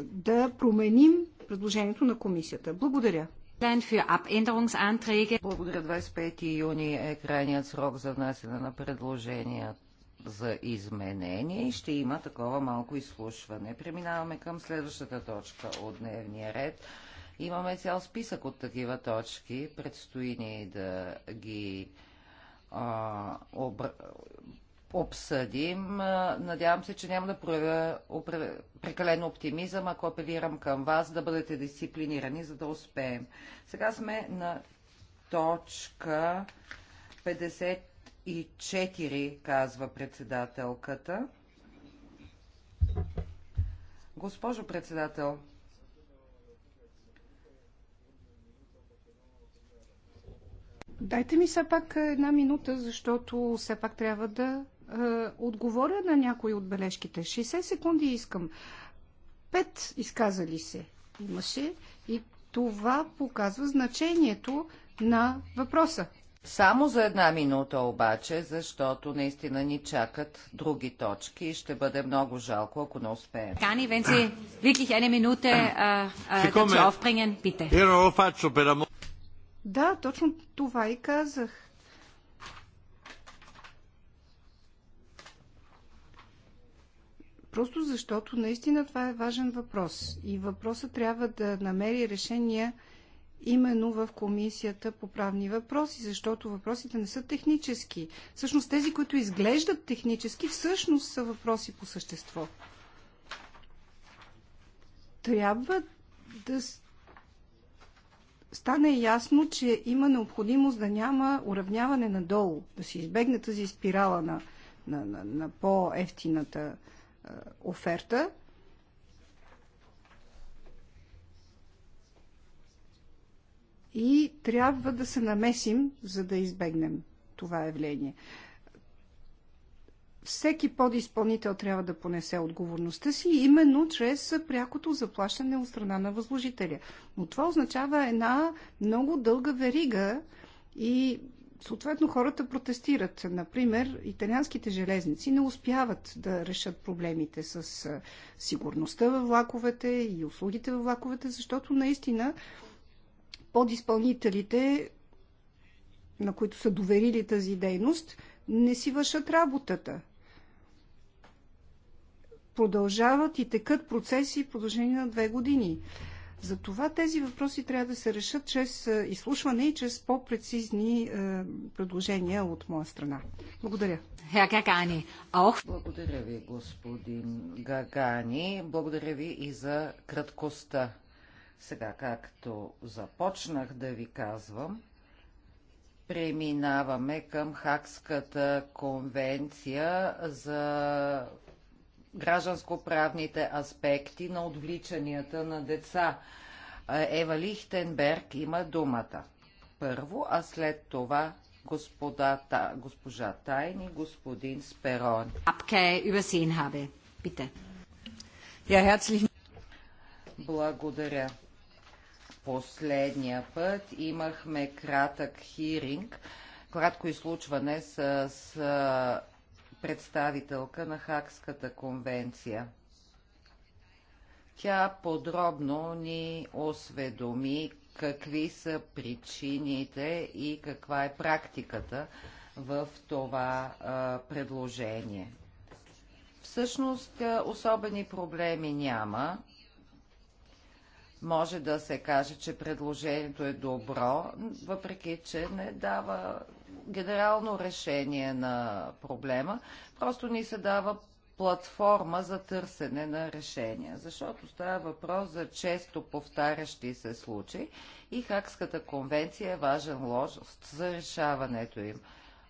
да променим предложението на комисията. Благодаря. Благодаря. 25 юни е крайният срок за внасяне на предложения за изменение и ще има такова малко изслушване. Преминаваме към следващата точка от дневния ред. Имаме цял списък от такива точки. Предстои ни да ги а, обр... обсъдим. Надявам се, че няма да проявя опр... прекалено оптимизъм, ако апелирам към вас да бъдете дисциплинирани, за да успеем. Сега сме на точка 54, казва председателката. Госпожо председател, Дайте ми все пак една минута, защото все пак трябва да е, отговоря на някои от бележките. 60 секунди искам. Пет изказали се имаше и това показва значението на въпроса. Само за една минута обаче, защото наистина ни чакат други точки и ще бъде много жалко, ако не успеем. Кани, wenn Sie една минута, да се aufbringen, да, точно това и казах. Просто защото наистина това е важен въпрос. И въпросът трябва да намери решение именно в комисията по правни въпроси, защото въпросите не са технически. Всъщност тези, които изглеждат технически, всъщност са въпроси по същество. Трябва да стана ясно, че има необходимост да няма уравняване надолу, да се избегне тази спирала на, на, на, на по-ефтината е, оферта. И трябва да се намесим, за да избегнем това явление всеки подиспълнител трябва да понесе отговорността си, именно чрез прякото заплащане от страна на възложителя. Но това означава една много дълга верига и съответно хората протестират. Например, италианските железници не успяват да решат проблемите с сигурността във влаковете и услугите във влаковете, защото наистина подиспълнителите, на които са доверили тази дейност, не си вършат работата продължават и текат процеси в продължение на две години. Затова тези въпроси трябва да се решат чрез е, изслушване и чрез по-прецизни е, предложения от моя страна. Благодаря. Гагани. Ох. Благодаря ви, господин Гагани. Благодаря ви и за краткостта. Сега, както започнах да ви казвам, преминаваме към Хакската конвенция за гражданско-правните аспекти на отвличанията на деца. Ева Лихтенберг има думата. Първо, а след това господата, госпожа Тайни, господин Сперон. Апке, übersehen habe. Bitte. Ja, благодаря. Последния път имахме кратък хиринг, кратко изслучване с, с представителка на Хакската конвенция. Тя подробно ни осведоми какви са причините и каква е практиката в това а, предложение. Всъщност особени проблеми няма. Може да се каже, че предложението е добро, въпреки че не дава генерално решение на проблема, просто ни се дава платформа за търсене на решения, защото става въпрос за често повтарящи се случаи и Хакската конвенция е важен лост за решаването им.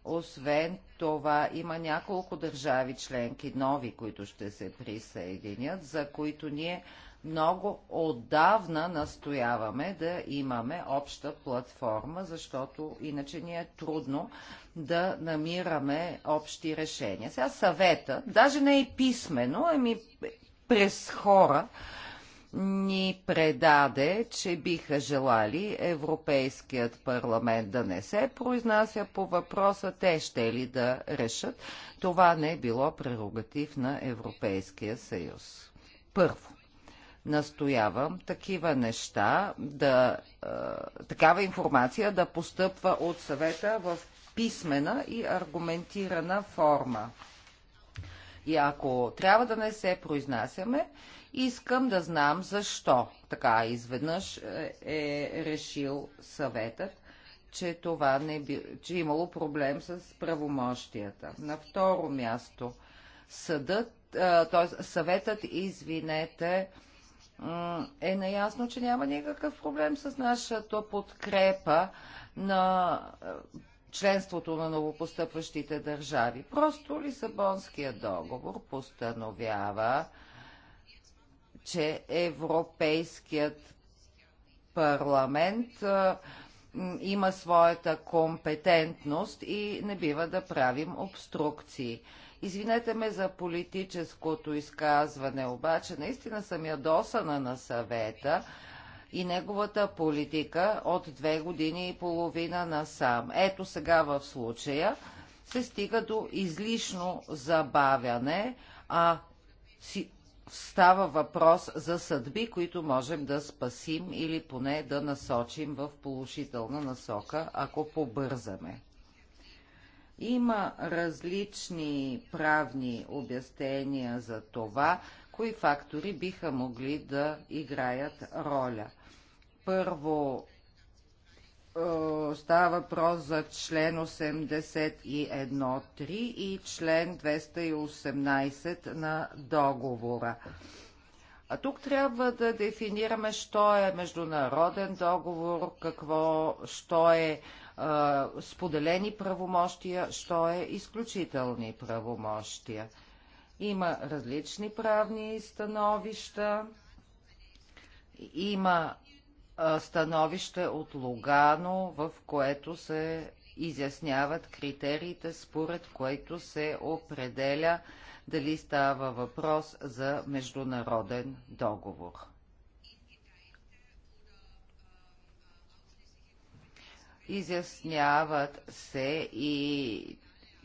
Освен това, има няколко държави членки нови, които ще се присъединят, за които ние много отдавна настояваме да имаме обща платформа, защото иначе ни е трудно да намираме общи решения. Сега съвета, даже не и писмено, ами през хора, ни предаде, че биха желали Европейският парламент да не се произнася по въпроса, те ще ли да решат. Това не е било прерогатив на Европейския съюз. Първо настоявам такива неща, да, е, такава информация да постъпва от съвета в писмена и аргументирана форма. И ако трябва да не се произнасяме, искам да знам защо така изведнъж е, е решил съветът, че това не би, че е имало проблем с правомощията. На второ място, съдът, т.е. съветът, извинете, е наясно, че няма никакъв проблем с нашата подкрепа на е, членството на новопостъпващите държави. Просто Лисабонският договор постановява, че Европейският парламент е, има своята компетентност и не бива да правим обструкции. Извинете ме за политическото изказване, обаче наистина съм ядосана на съвета и неговата политика от две години и половина насам. Ето сега в случая се стига до излишно забавяне, а си, става въпрос за съдби, които можем да спасим или поне да насочим в положителна насока, ако побързаме. Има различни правни обяснения за това, кои фактори биха могли да играят роля. Първо, е, става въпрос за член 81.3 и член 218 на договора. А тук трябва да дефинираме, що е международен договор, какво, що е споделени правомощия, що е изключителни правомощия. Има различни правни становища, има становище от Лугано, в което се изясняват критериите, според които се определя дали става въпрос за международен договор. изясняват се и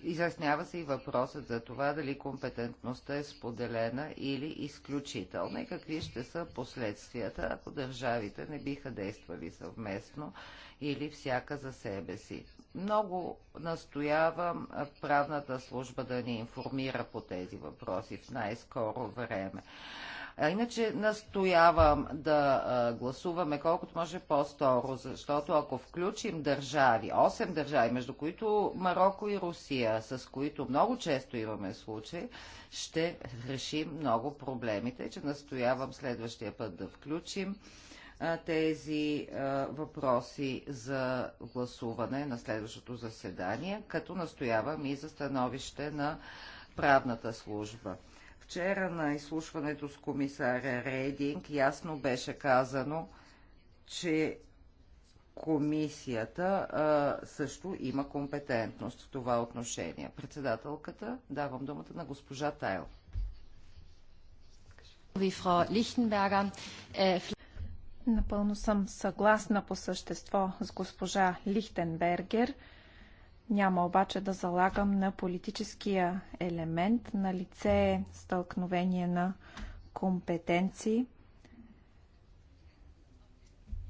Изяснява се и въпросът за това дали компетентността е споделена или изключителна и какви ще са последствията, ако държавите не биха действали съвместно или всяка за себе си. Много настоявам правната служба да ни информира по тези въпроси в най-скоро време. А иначе настоявам да гласуваме колкото може по-скоро, защото ако включим държави, 8 държави, между които Марокко и Русия, с които много често имаме случаи, ще решим много проблемите, че настоявам следващия път да включим тези въпроси за гласуване на следващото заседание, като настоявам и за становище на правната служба. Вчера на изслушването с комисаря Рейдинг ясно беше казано, че комисията а, също има компетентност в това отношение. Председателката, давам думата на госпожа Тайл. Е, Напълно съм съгласна по същество с госпожа Лихтенбергер – няма обаче да залагам на политическия елемент. На лице е стълкновение на компетенции.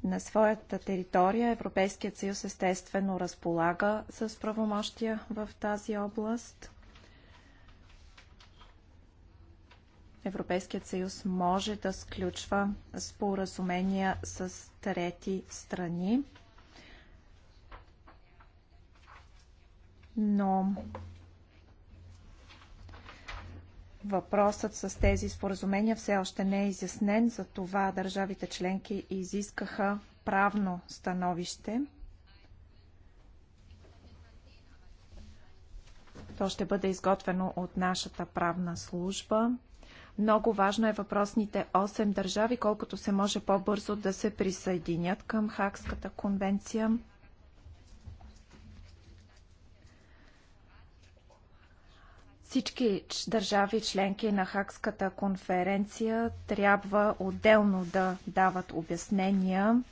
На своята територия Европейският съюз естествено разполага с правомощия в тази област. Европейският съюз може да сключва споразумения с трети страни. но въпросът с тези споразумения все още не е изяснен, за това държавите членки изискаха правно становище. То ще бъде изготвено от нашата правна служба. Много важно е въпросните 8 държави, колкото се може по-бързо да се присъединят към Хакската конвенция. Всички държави членки на Хакската конференция трябва отделно да дават обяснения,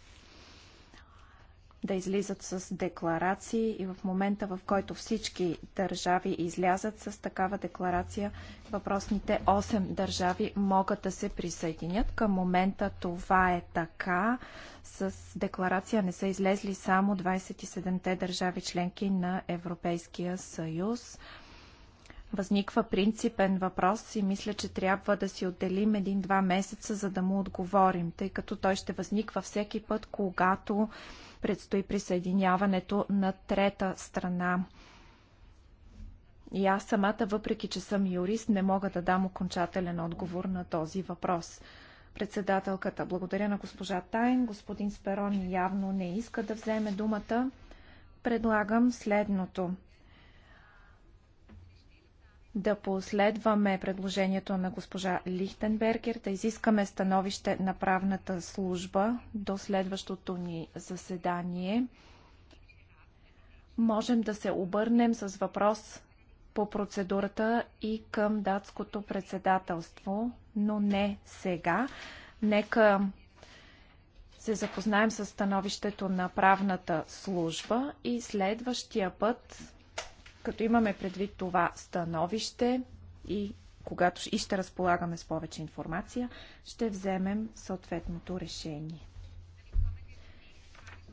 да излизат с декларации и в момента, в който всички държави излязат с такава декларация, въпросните 8 държави могат да се присъединят. Към момента това е така. С декларация не са излезли само 27-те държави членки на Европейския съюз. Възниква принципен въпрос и мисля, че трябва да си отделим един-два месеца, за да му отговорим, тъй като той ще възниква всеки път, когато предстои присъединяването на трета страна. И аз самата, въпреки че съм юрист, не мога да дам окончателен отговор на този въпрос. Председателката, благодаря на госпожа Тайн. Господин Сперони явно не иска да вземе думата. Предлагам следното да последваме предложението на госпожа Лихтенбергер, да изискаме становище на правната служба до следващото ни заседание. Можем да се обърнем с въпрос по процедурата и към датското председателство, но не сега. Нека се запознаем с становището на правната служба и следващия път като имаме предвид това становище и когато и ще разполагаме с повече информация, ще вземем съответното решение.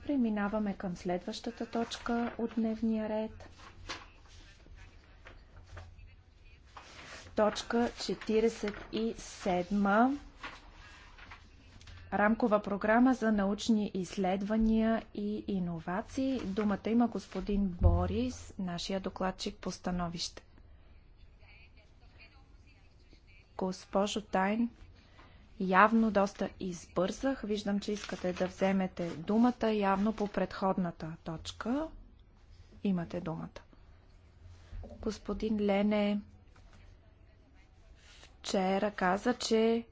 Преминаваме към следващата точка от дневния ред. Точка 47 рамкова програма за научни изследвания и иновации. Думата има господин Борис, нашия докладчик по становище. Госпожо Тайн, явно доста избързах. Виждам, че искате да вземете думата явно по предходната точка. Имате думата. Господин Лене вчера каза, че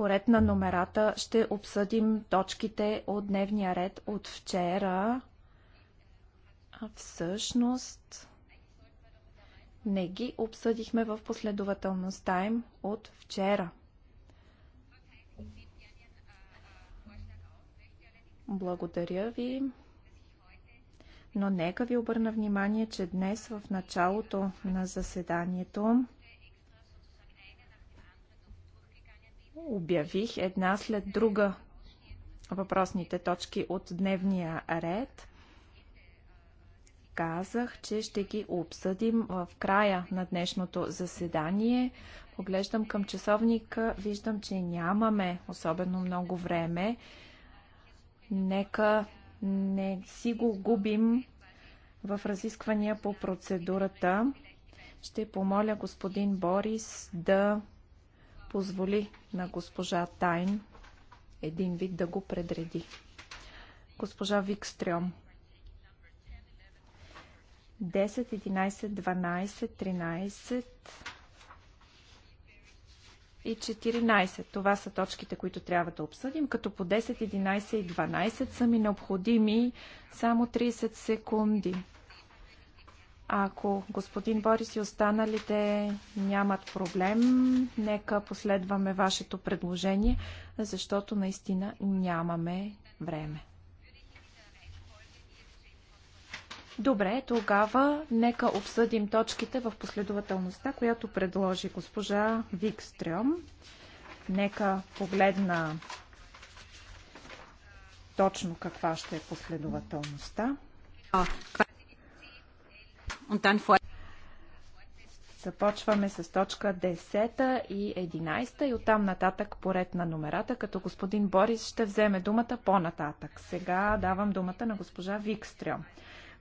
поред на номерата ще обсъдим точките от дневния ред от вчера. А всъщност не ги обсъдихме в последователността им от вчера. Благодаря ви. Но нека ви обърна внимание, че днес в началото на заседанието обявих една след друга въпросните точки от дневния ред. Казах, че ще ги обсъдим в края на днешното заседание. Поглеждам към часовника, виждам, че нямаме особено много време. Нека не си го губим в разисквания по процедурата. Ще помоля господин Борис да позволи на госпожа Тайн един вид да го предреди. Госпожа Викстрем. 10, 11, 12, 13 и 14. Това са точките, които трябва да обсъдим, като по 10, 11 и 12 са ми необходими само 30 секунди. Ако господин Борис и останалите нямат проблем, нека последваме вашето предложение, защото наистина нямаме време. Добре, тогава нека обсъдим точките в последователността, която предложи госпожа Викстрем. Нека погледна точно каква ще е последователността. Започваме с точка 10 и 11 и оттам нататък поред на номерата, като господин Борис ще вземе думата по-нататък. Сега давам думата на госпожа Викстрем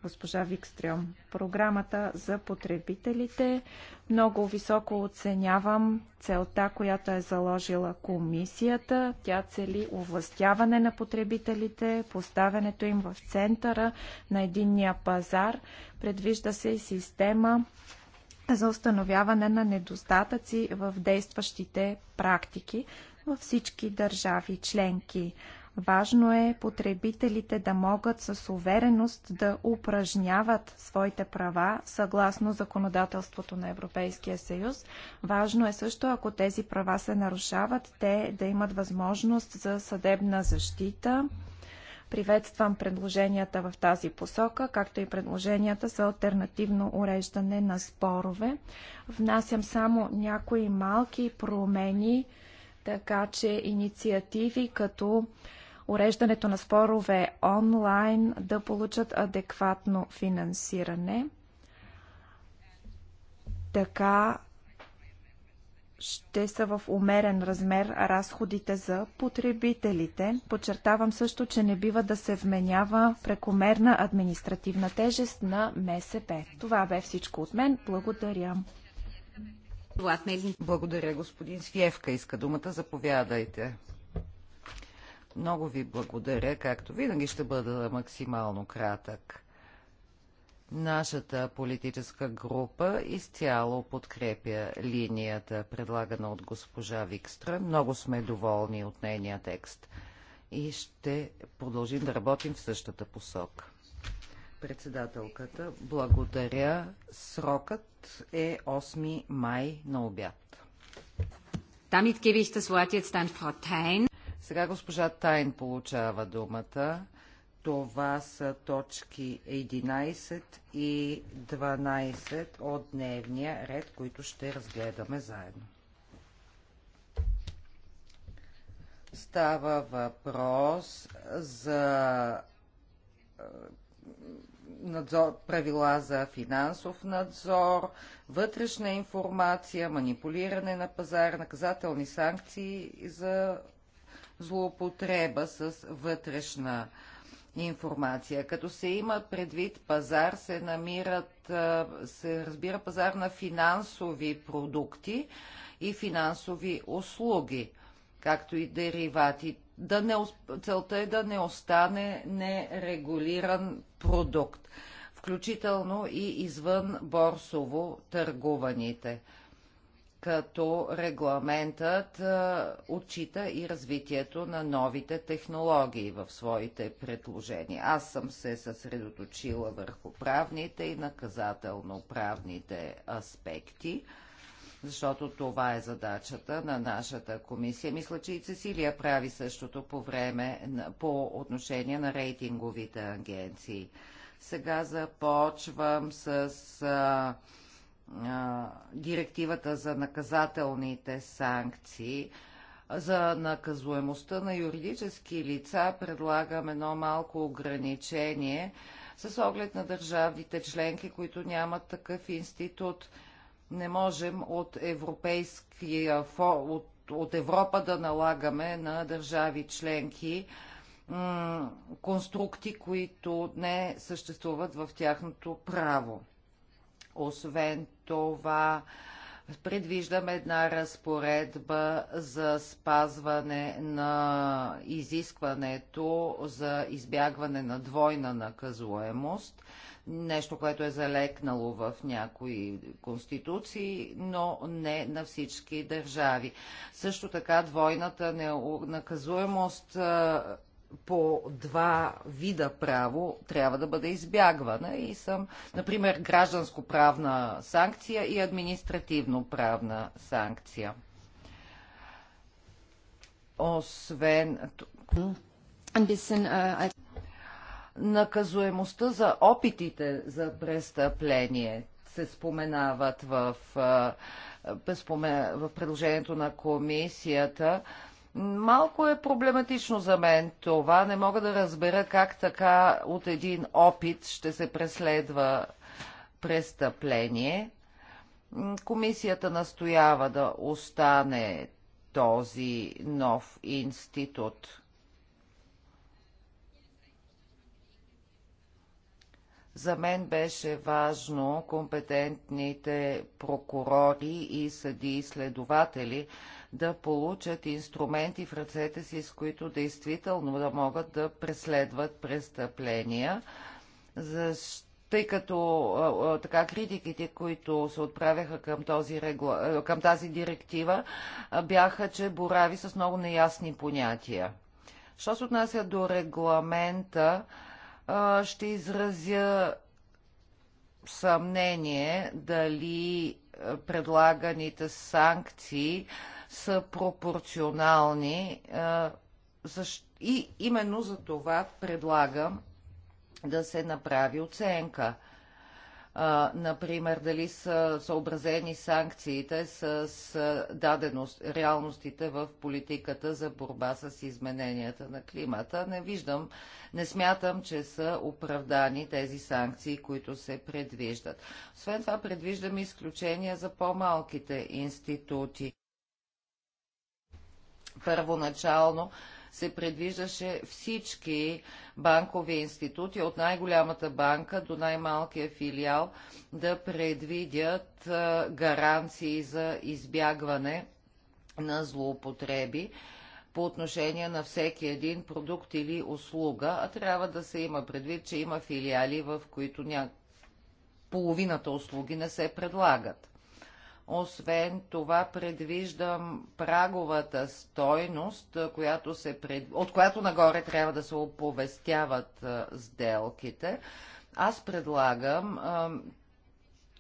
госпожа Викстрем. Програмата за потребителите. Много високо оценявам целта, която е заложила комисията. Тя цели овластяване на потребителите, поставянето им в центъра на единния пазар. Предвижда се и система за установяване на недостатъци в действащите практики във всички държави членки. Важно е потребителите да могат с увереност да упражняват своите права съгласно законодателството на Европейския съюз. Важно е също, ако тези права се нарушават, те да имат възможност за съдебна защита. Приветствам предложенията в тази посока, както и предложенията за альтернативно уреждане на спорове. Внасям само някои малки промени, така че инициативи като уреждането на спорове онлайн да получат адекватно финансиране. Така ще са в умерен размер разходите за потребителите. Подчертавам също, че не бива да се вменява прекомерна административна тежест на МСП. Това бе всичко от мен. Благодаря. Благодаря, господин Свиевка. Иска думата. Заповядайте. Много ви благодаря. Както винаги ще бъда максимално кратък. Нашата политическа група изцяло подкрепя линията, предлагана от госпожа Викстра. Много сме доволни от нейния текст и ще продължим да работим в същата посока. Председателката, благодаря. Срокът е 8 май на обяд. Damit gebe ich das Wort jetzt an Frau Tein. Сега госпожа Тайн получава думата. Това са точки 11 и 12 от дневния ред, които ще разгледаме заедно. Става въпрос за е, надзор, правила за финансов надзор, вътрешна информация, манипулиране на пазар, наказателни санкции за злоупотреба с вътрешна информация. Като се има предвид пазар, се намират, се разбира пазар на финансови продукти и финансови услуги, както и деривати. Да не, целта е да не остане нерегулиран продукт, включително и извън борсово търгуваните като регламентът отчита и развитието на новите технологии в своите предложения. Аз съм се съсредоточила върху правните и наказателно-правните аспекти, защото това е задачата на нашата комисия. Мисля, че и Цесилия прави същото по, време, по отношение на рейтинговите агенции. Сега започвам с директивата за наказателните санкции, за наказуемостта на юридически лица предлагам едно малко ограничение с оглед на държавите членки, които нямат такъв институт. Не можем от, европейския, от, от Европа да налагаме на държави членки конструкти, които не съществуват в тяхното право. Освен това, предвиждаме една разпоредба за спазване на изискването за избягване на двойна наказуемост, нещо, което е залекнало в някои конституции, но не на всички държави. Също така двойната наказуемост по два вида право трябва да бъде избягвана и съм, например, гражданско-правна санкция и административно-правна санкция. Освен... Uh, Наказуемостта за опитите за престъпление се споменават в, в предложението на комисията Малко е проблематично за мен това. Не мога да разбера как така от един опит ще се преследва престъпление. Комисията настоява да остане този нов институт. За мен беше важно компетентните прокурори и съдии следователи да получат инструменти в ръцете си, с които действително да могат да преследват престъпления, защото тъй като така критиките, които се отправяха към, този регла... към тази директива, бяха, че борави с много неясни понятия. Що се отнася до регламента, ще изразя съмнение дали предлаганите санкции са пропорционални и именно за това предлагам да се направи оценка. Например, дали са съобразени санкциите с даденост, реалностите в политиката за борба с измененията на климата. Не виждам, не смятам, че са оправдани тези санкции, които се предвиждат. Освен това, предвиждам изключения за по-малките институти първоначално се предвиждаше всички банкови институти, от най-голямата банка до най-малкия филиал, да предвидят гаранции за избягване на злоупотреби по отношение на всеки един продукт или услуга, а трябва да се има предвид, че има филиали, в които ня... половината услуги не се предлагат. Освен това предвиждам праговата стойност, която се пред... от която нагоре трябва да се оповестяват сделките. Аз предлагам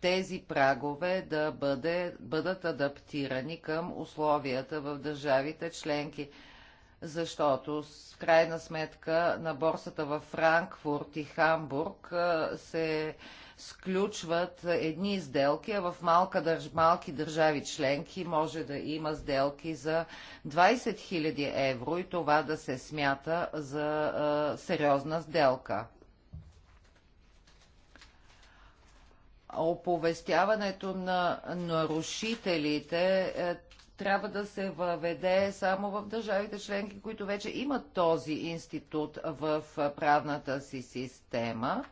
тези прагове да бъде, бъдат адаптирани към условията в държавите членки защото в крайна сметка на борсата във Франкфурт и Хамбург се сключват едни сделки. а в малка, държ, малки държави членки може да има сделки за 20 000 евро и това да се смята за а, сериозна сделка. Оповестяването на нарушителите е, трябва да се въведе само в държавите членки, които вече имат този институт в правната си система,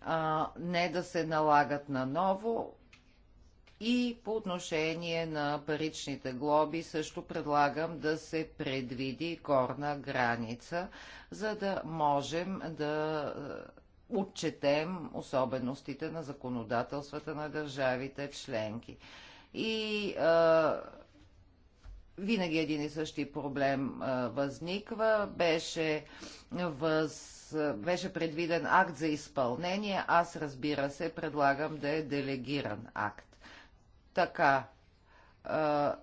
а, не да се налагат наново. И по отношение на паричните глоби също предлагам да се предвиди горна граница, за да можем да е, отчетем особеностите на законодателствата на държавите членки и а, винаги един и същи проблем а, възниква. Беше, въз, беше предвиден акт за изпълнение. Аз, разбира се, предлагам да е делегиран акт. Така, а,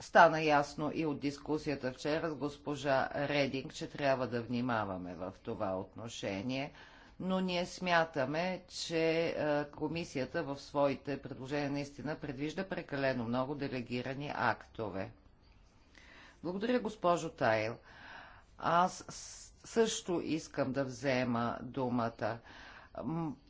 стана ясно и от дискусията вчера с госпожа Рединг, че трябва да внимаваме в това отношение – но ние смятаме, че комисията в своите предложения наистина предвижда прекалено много делегирани актове. Благодаря, госпожо Тайл. Аз също искам да взема думата.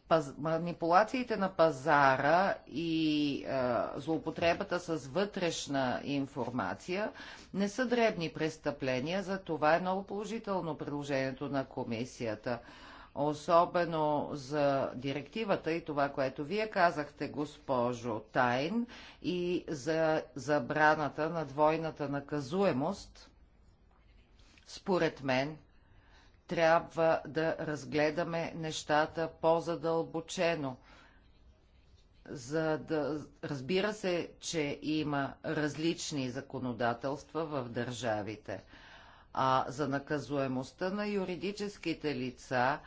Паз... Манипулациите на пазара и а, злоупотребата с вътрешна информация не са дребни престъпления, за това е много положително предложението на комисията особено за директивата и това, което вие казахте, госпожо Тайн, и за забраната на двойната наказуемост, според мен, трябва да разгледаме нещата по-задълбочено. За да... Разбира се, че има различни законодателства в държавите, а за наказуемостта на юридическите лица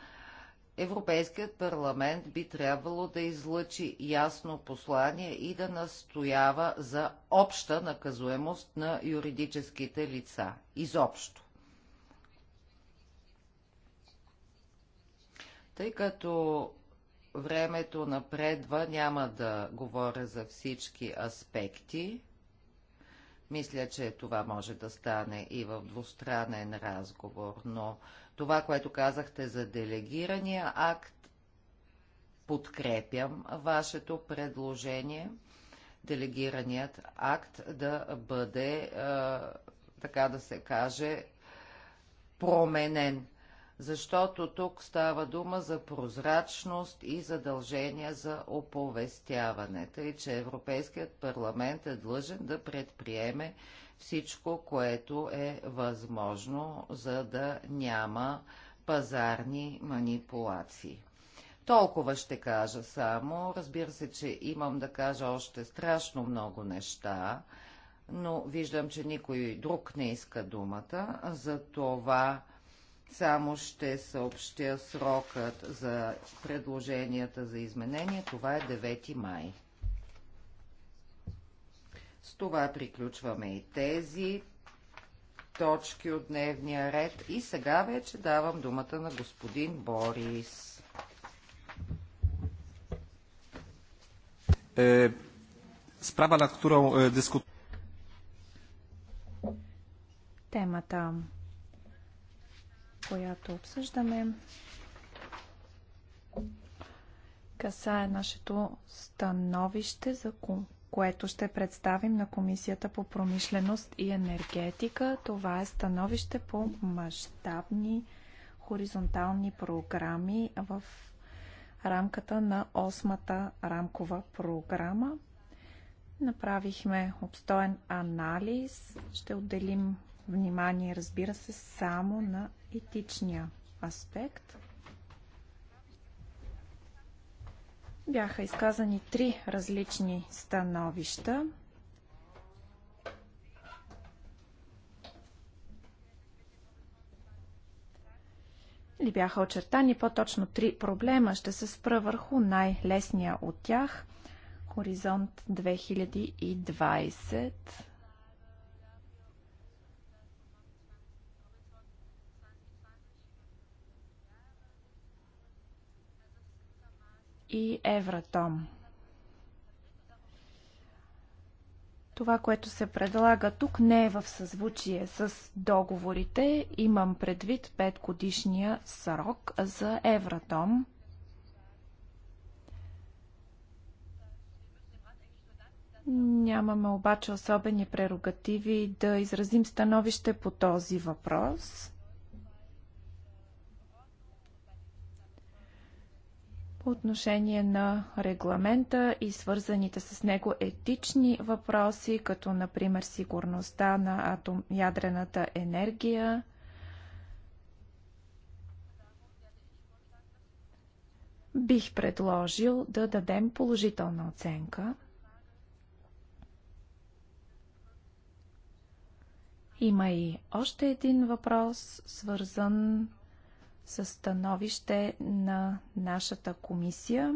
Европейският парламент би трябвало да излъчи ясно послание и да настоява за обща наказуемост на юридическите лица. Изобщо. Тъй като времето напредва, няма да говоря за всички аспекти. Мисля, че това може да стане и в двустранен разговор, но това, което казахте за делегирания акт, подкрепям вашето предложение делегираният акт да бъде, е, така да се каже, променен. Защото тук става дума за прозрачност и задължения за оповестяване, тъй че Европейският парламент е длъжен да предприеме всичко, което е възможно, за да няма пазарни манипулации. Толкова ще кажа само. Разбира се, че имам да кажа още страшно много неща, но виждам, че никой друг не иска думата. За това само ще съобщя срокът за предложенията за изменение. Това е 9 май. С това приключваме и тези точки от дневния ред. И сега вече давам думата на господин Борис. Е, справа, на която е, дискут... Темата, която обсъждаме, касае нашето становище за конкурс което ще представим на Комисията по промишленост и енергетика. Това е становище по мащабни хоризонтални програми в рамката на осмата рамкова програма. Направихме обстоен анализ. Ще отделим внимание, разбира се, само на етичния аспект. Бяха изказани три различни становища. Или бяха очертани по-точно три проблема. Ще се спра върху най-лесния от тях. Хоризонт 2020 и Евратом. Това, което се предлага тук, не е в съзвучие с договорите. Имам предвид 5 годишния срок за Евратом. Нямаме обаче особени прерогативи да изразим становище по този въпрос. по отношение на регламента и свързаните с него етични въпроси, като например сигурността на атом, ядрената енергия. Бих предложил да дадем положителна оценка. Има и още един въпрос, свързан със становище на нашата комисия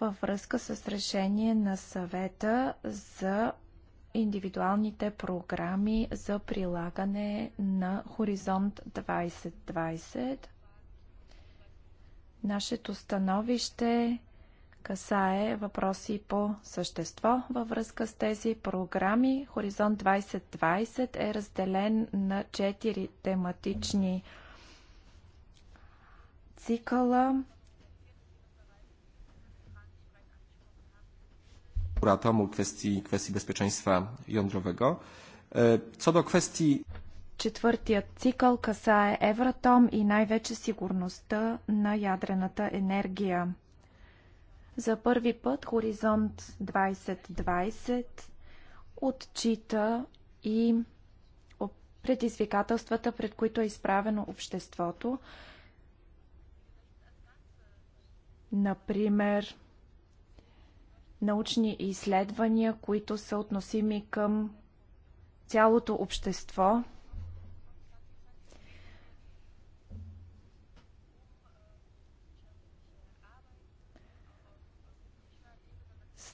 във връзка с решение на съвета за индивидуалните програми за прилагане на Хоризонт 2020. Нашето становище касае въпроси по същество във връзка с тези програми. Хоризонт 2020 е разделен на 4 тематични цикъла. Uratomu kwestii, kwestii bezpieczeństwa jądrowego. Е, co do kwestii Четвъртият цикъл касае Евратом и най-вече сигурността на ядрената енергия. За първи път Хоризонт 2020 отчита и предизвикателствата, пред които е изправено обществото. Например, научни изследвания, които са относими към цялото общество,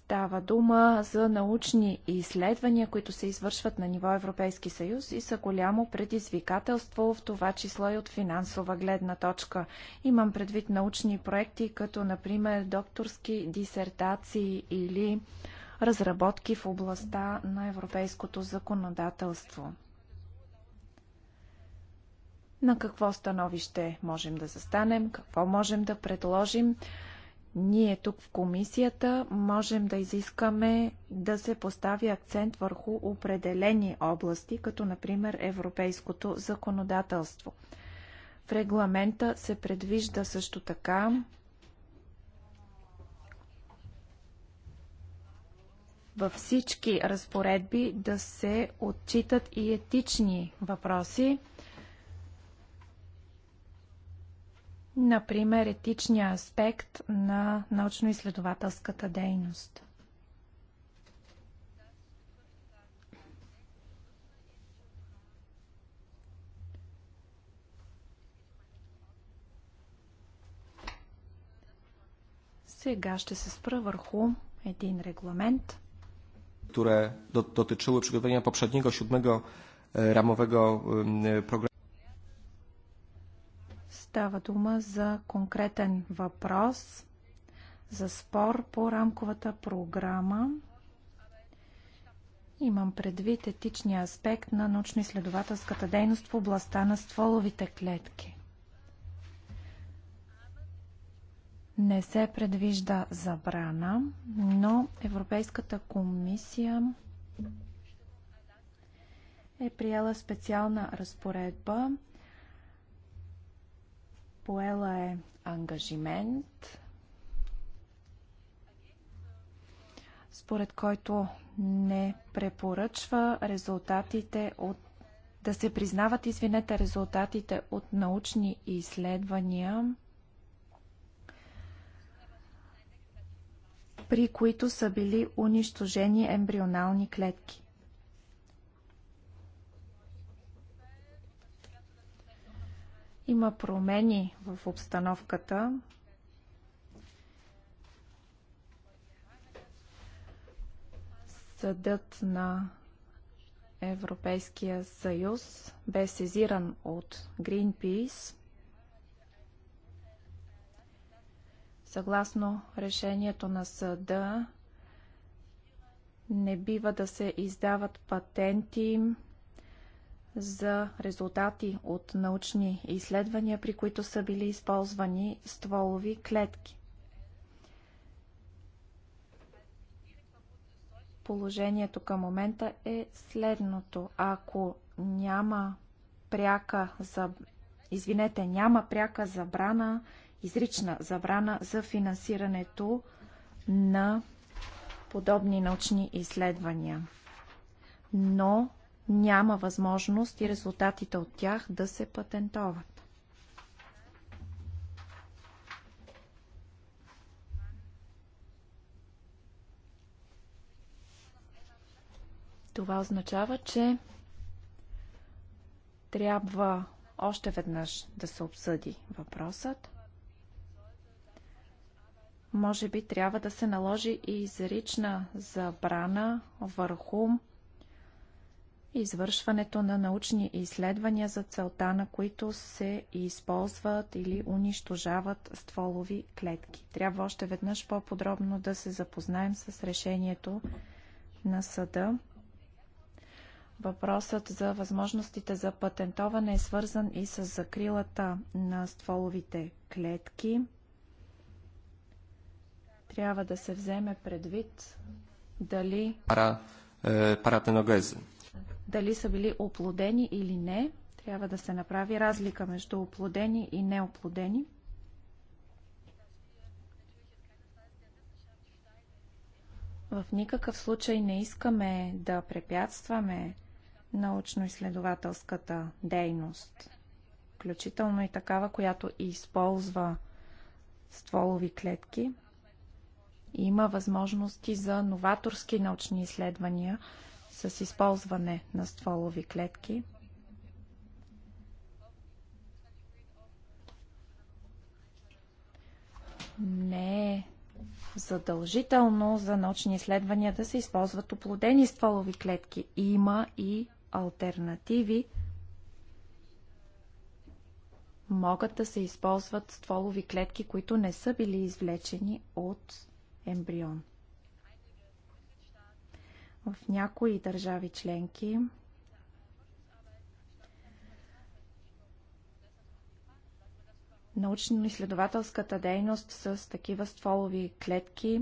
Става дума за научни изследвания, които се извършват на ниво Европейски съюз и са голямо предизвикателство, в това число и от финансова гледна точка. Имам предвид научни проекти, като например докторски дисертации или разработки в областта на европейското законодателство. На какво становище можем да застанем, какво можем да предложим? Ние тук в комисията можем да изискаме да се постави акцент върху определени области, като например европейското законодателство. В регламента се предвижда също така във всички разпоредби да се отчитат и етични въпроси. Например, етичния аспект на научно-изследователската дейност. Сега ще се спра върху един регламент. Które dotyczyły przygotowania poprzedniego, siódmego e, ramowego e, programu Става дума за конкретен въпрос, за спор по рамковата програма. Имам предвид етичния аспект на научно-изследователската дейност в областта на стволовите клетки. Не се предвижда забрана, но Европейската комисия е приела специална разпоредба, Поела е ангажимент, според който не препоръчва резултатите от да се признават, извинете, резултатите от научни изследвания, при които са били унищожени ембрионални клетки. Има промени в обстановката. Съдът на Европейския съюз бе сезиран от Greenpeace. Съгласно решението на съда, не бива да се издават патенти за резултати от научни изследвания, при които са били използвани стволови клетки. Положението към момента е следното. Ако няма пряка за... Извинете, няма пряка забрана, изрична забрана за финансирането на подобни научни изследвания. Но няма възможност и резултатите от тях да се патентоват. Това означава, че трябва още веднъж да се обсъди въпросът. Може би трябва да се наложи и изрична забрана върху извършването на научни изследвания за целта, на които се използват или унищожават стволови клетки. Трябва още веднъж по-подробно да се запознаем с решението на съда. Въпросът за възможностите за патентоване е свързан и с закрилата на стволовите клетки. Трябва да се вземе предвид дали... Пара, е, дали са били оплодени или не. Трябва да се направи разлика между оплодени и неоплодени. В никакъв случай не искаме да препятстваме научно-изследователската дейност, включително и такава, която използва стволови клетки. Има възможности за новаторски научни изследвания – с използване на стволови клетки. Не е задължително за научни изследвания да се използват оплодени стволови клетки. Има и альтернативи. Могат да се използват стволови клетки, които не са били извлечени от ембрион. В някои държави членки научно-изследователската дейност с такива стволови клетки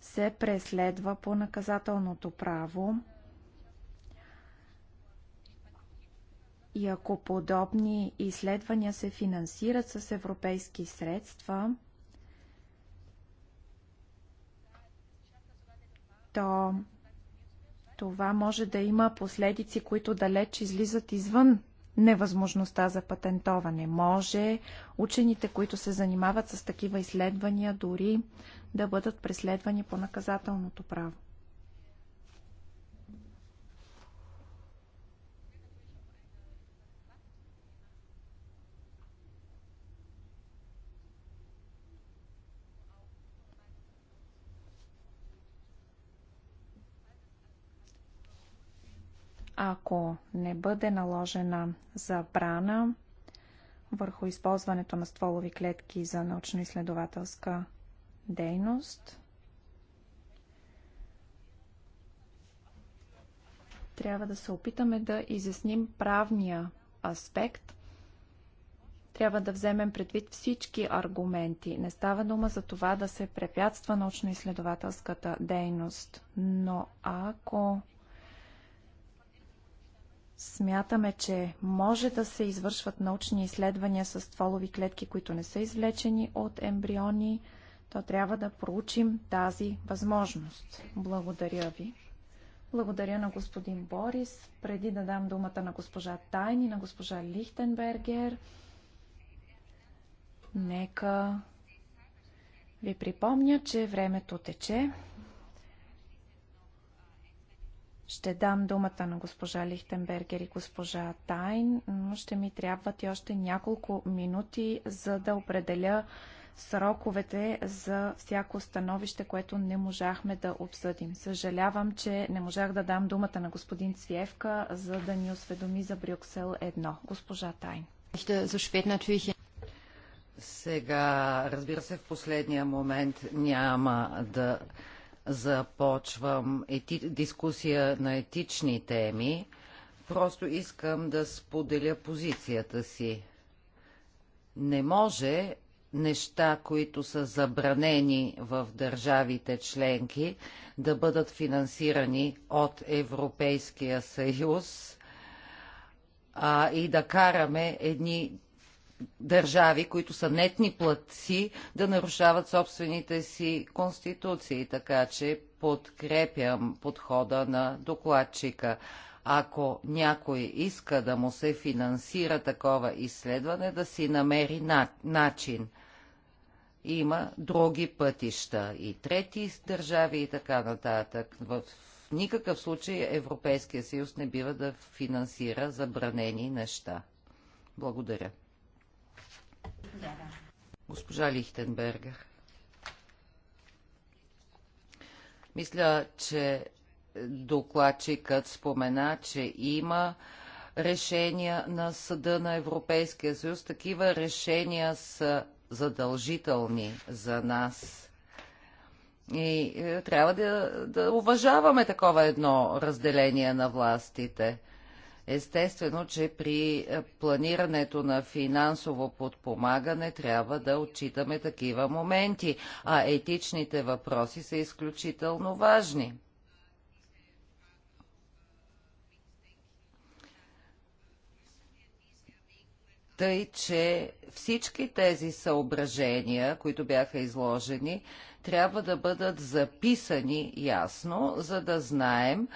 се преследва по наказателното право. И ако подобни изследвания се финансират с европейски средства, то това може да има последици, които далеч излизат извън невъзможността за патентоване. Може учените, които се занимават с такива изследвания, дори да бъдат преследвани по наказателното право. Ако не бъде наложена забрана върху използването на стволови клетки за научно-изследователска дейност, трябва да се опитаме да изясним правния аспект. Трябва да вземем предвид всички аргументи. Не става дума за това да се препятства научно-изследователската дейност, но ако Смятаме, че може да се извършват научни изследвания с стволови клетки, които не са извлечени от ембриони, то трябва да проучим тази възможност. Благодаря ви. Благодаря на господин Борис. Преди да дам думата на госпожа Тайни, на госпожа Лихтенбергер, нека ви припомня, че времето тече. Ще дам думата на госпожа Лихтенбергер и госпожа Тайн, но ще ми трябват и още няколко минути, за да определя сроковете за всяко становище, което не можахме да обсъдим. Съжалявам, че не можах да дам думата на господин Цвевка, за да ни осведоми за Брюксел едно. Госпожа Тайн. Сега, разбира се, в последния момент няма да започвам ети... дискусия на етични теми. Просто искам да споделя позицията си. Не може неща, които са забранени в държавите членки, да бъдат финансирани от Европейския съюз а, и да караме едни държави, които са нетни платци, да нарушават собствените си конституции. Така че подкрепям подхода на докладчика. Ако някой иска да му се финансира такова изследване, да си намери на, начин. Има други пътища и трети държави и така нататък. В никакъв случай Европейския съюз не бива да финансира забранени неща. Благодаря. Госпожа Лихтенбергер. Мисля, че докладчикът спомена, че има решения на Съда на Европейския съюз. Такива решения са задължителни за нас. И е, трябва да, да уважаваме такова едно разделение на властите. Естествено, че при е, планирането на финансово подпомагане трябва да отчитаме такива моменти, а етичните въпроси са изключително важни. Тъй, че всички тези съображения, които бяха изложени, трябва да бъдат записани ясно, за да знаем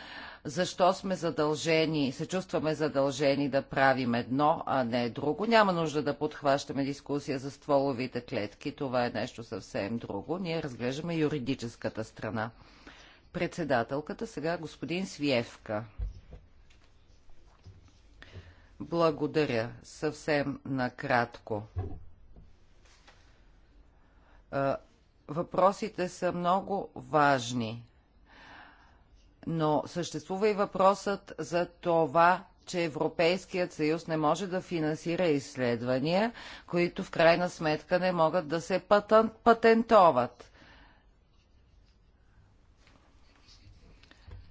защо сме задължени, се чувстваме задължени да правим едно, а не друго. Няма нужда да подхващаме дискусия за стволовите клетки, това е нещо съвсем друго. Ние разглеждаме юридическата страна. Председателката сега господин Свиевка. Благодаря. Съвсем накратко. Въпросите са много важни. Но съществува и въпросът за това, че Европейският съюз не може да финансира изследвания, които в крайна сметка не могат да се патентоват.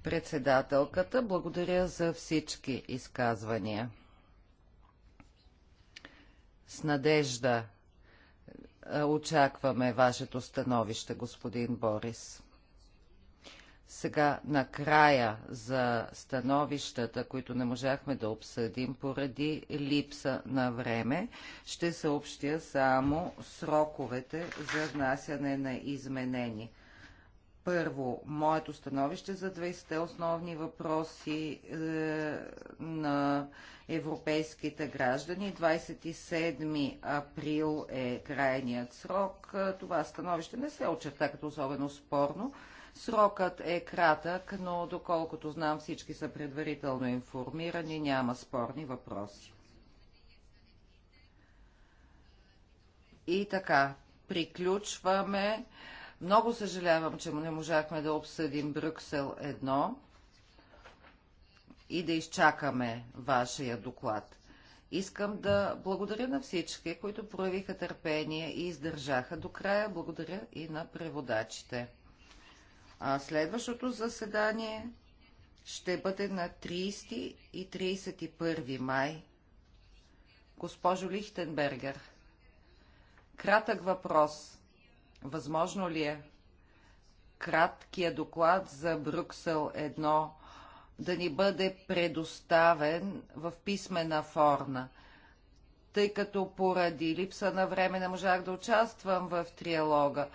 Председателката, благодаря за всички изказвания. С надежда очакваме вашето становище, господин Борис. Сега накрая за становищата, които не можахме да обсъдим поради липса на време, ще съобщя само сроковете за внасяне на изменени. Първо, моето становище за 20-те основни въпроси е, на европейските граждани. 27 април е крайният срок. Е, това становище не се очерта като особено спорно Срокът е кратък, но доколкото знам всички са предварително информирани, няма спорни въпроси. И така, приключваме. Много съжалявам, че не можахме да обсъдим Брюксел 1 и да изчакаме вашия доклад. Искам да благодаря на всички, които проявиха търпение и издържаха до края. Благодаря и на преводачите. А следващото заседание ще бъде на 30 и 31 май. Госпожо Лихтенбергер, кратък въпрос. Възможно ли е краткия доклад за Брюксел 1 да ни бъде предоставен в писмена форма? Тъй като поради липса на време не можах да участвам в триалога.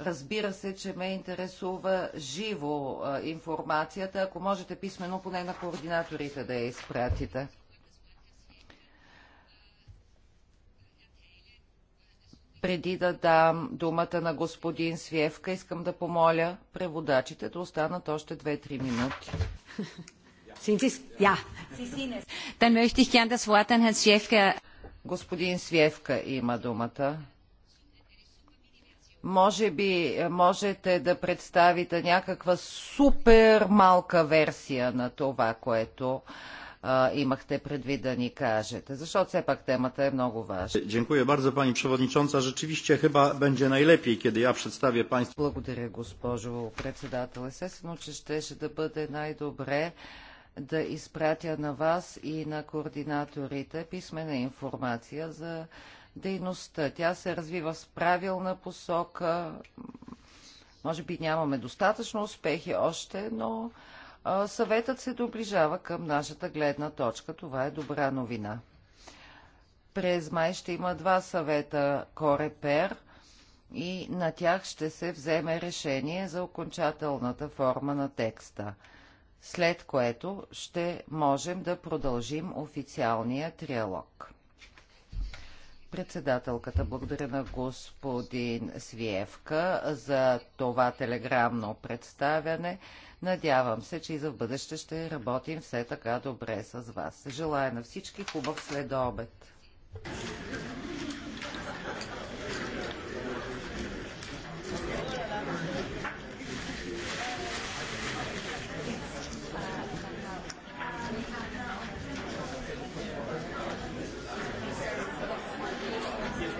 Разбира се, че ме интересува живо а, информацията. Ако можете писменно, поне на координаторите да я изпратите. Преди да дам думата на господин Свиевка, искам да помоля преводачите да останат още 2-3 минути. Господин Свиевка има думата. Може би е, можете да представите някаква супер малка версия на това, което а, имахте предвид да ни кажете, защото все пак темата е много важна. Dziękuję bardzo pani Речевище, Rzeczywiście бъде най-лепи, kiedy я представя państwu. Благодаря, госпожо председател. Естествено, че щеше да бъде най-добре да изпратя на вас и на координаторите писмена информация за дейността. Тя се развива с правилна посока. Може би нямаме достатъчно успехи още, но съветът се доближава към нашата гледна точка. Това е добра новина. През май ще има два съвета Корепер и на тях ще се вземе решение за окончателната форма на текста, след което ще можем да продължим официалния триалог. Председателката, благодаря на господин Свиевка за това телеграмно представяне. Надявам се, че и за в бъдеще ще работим все така добре с вас. Желая на всички хубав следобед.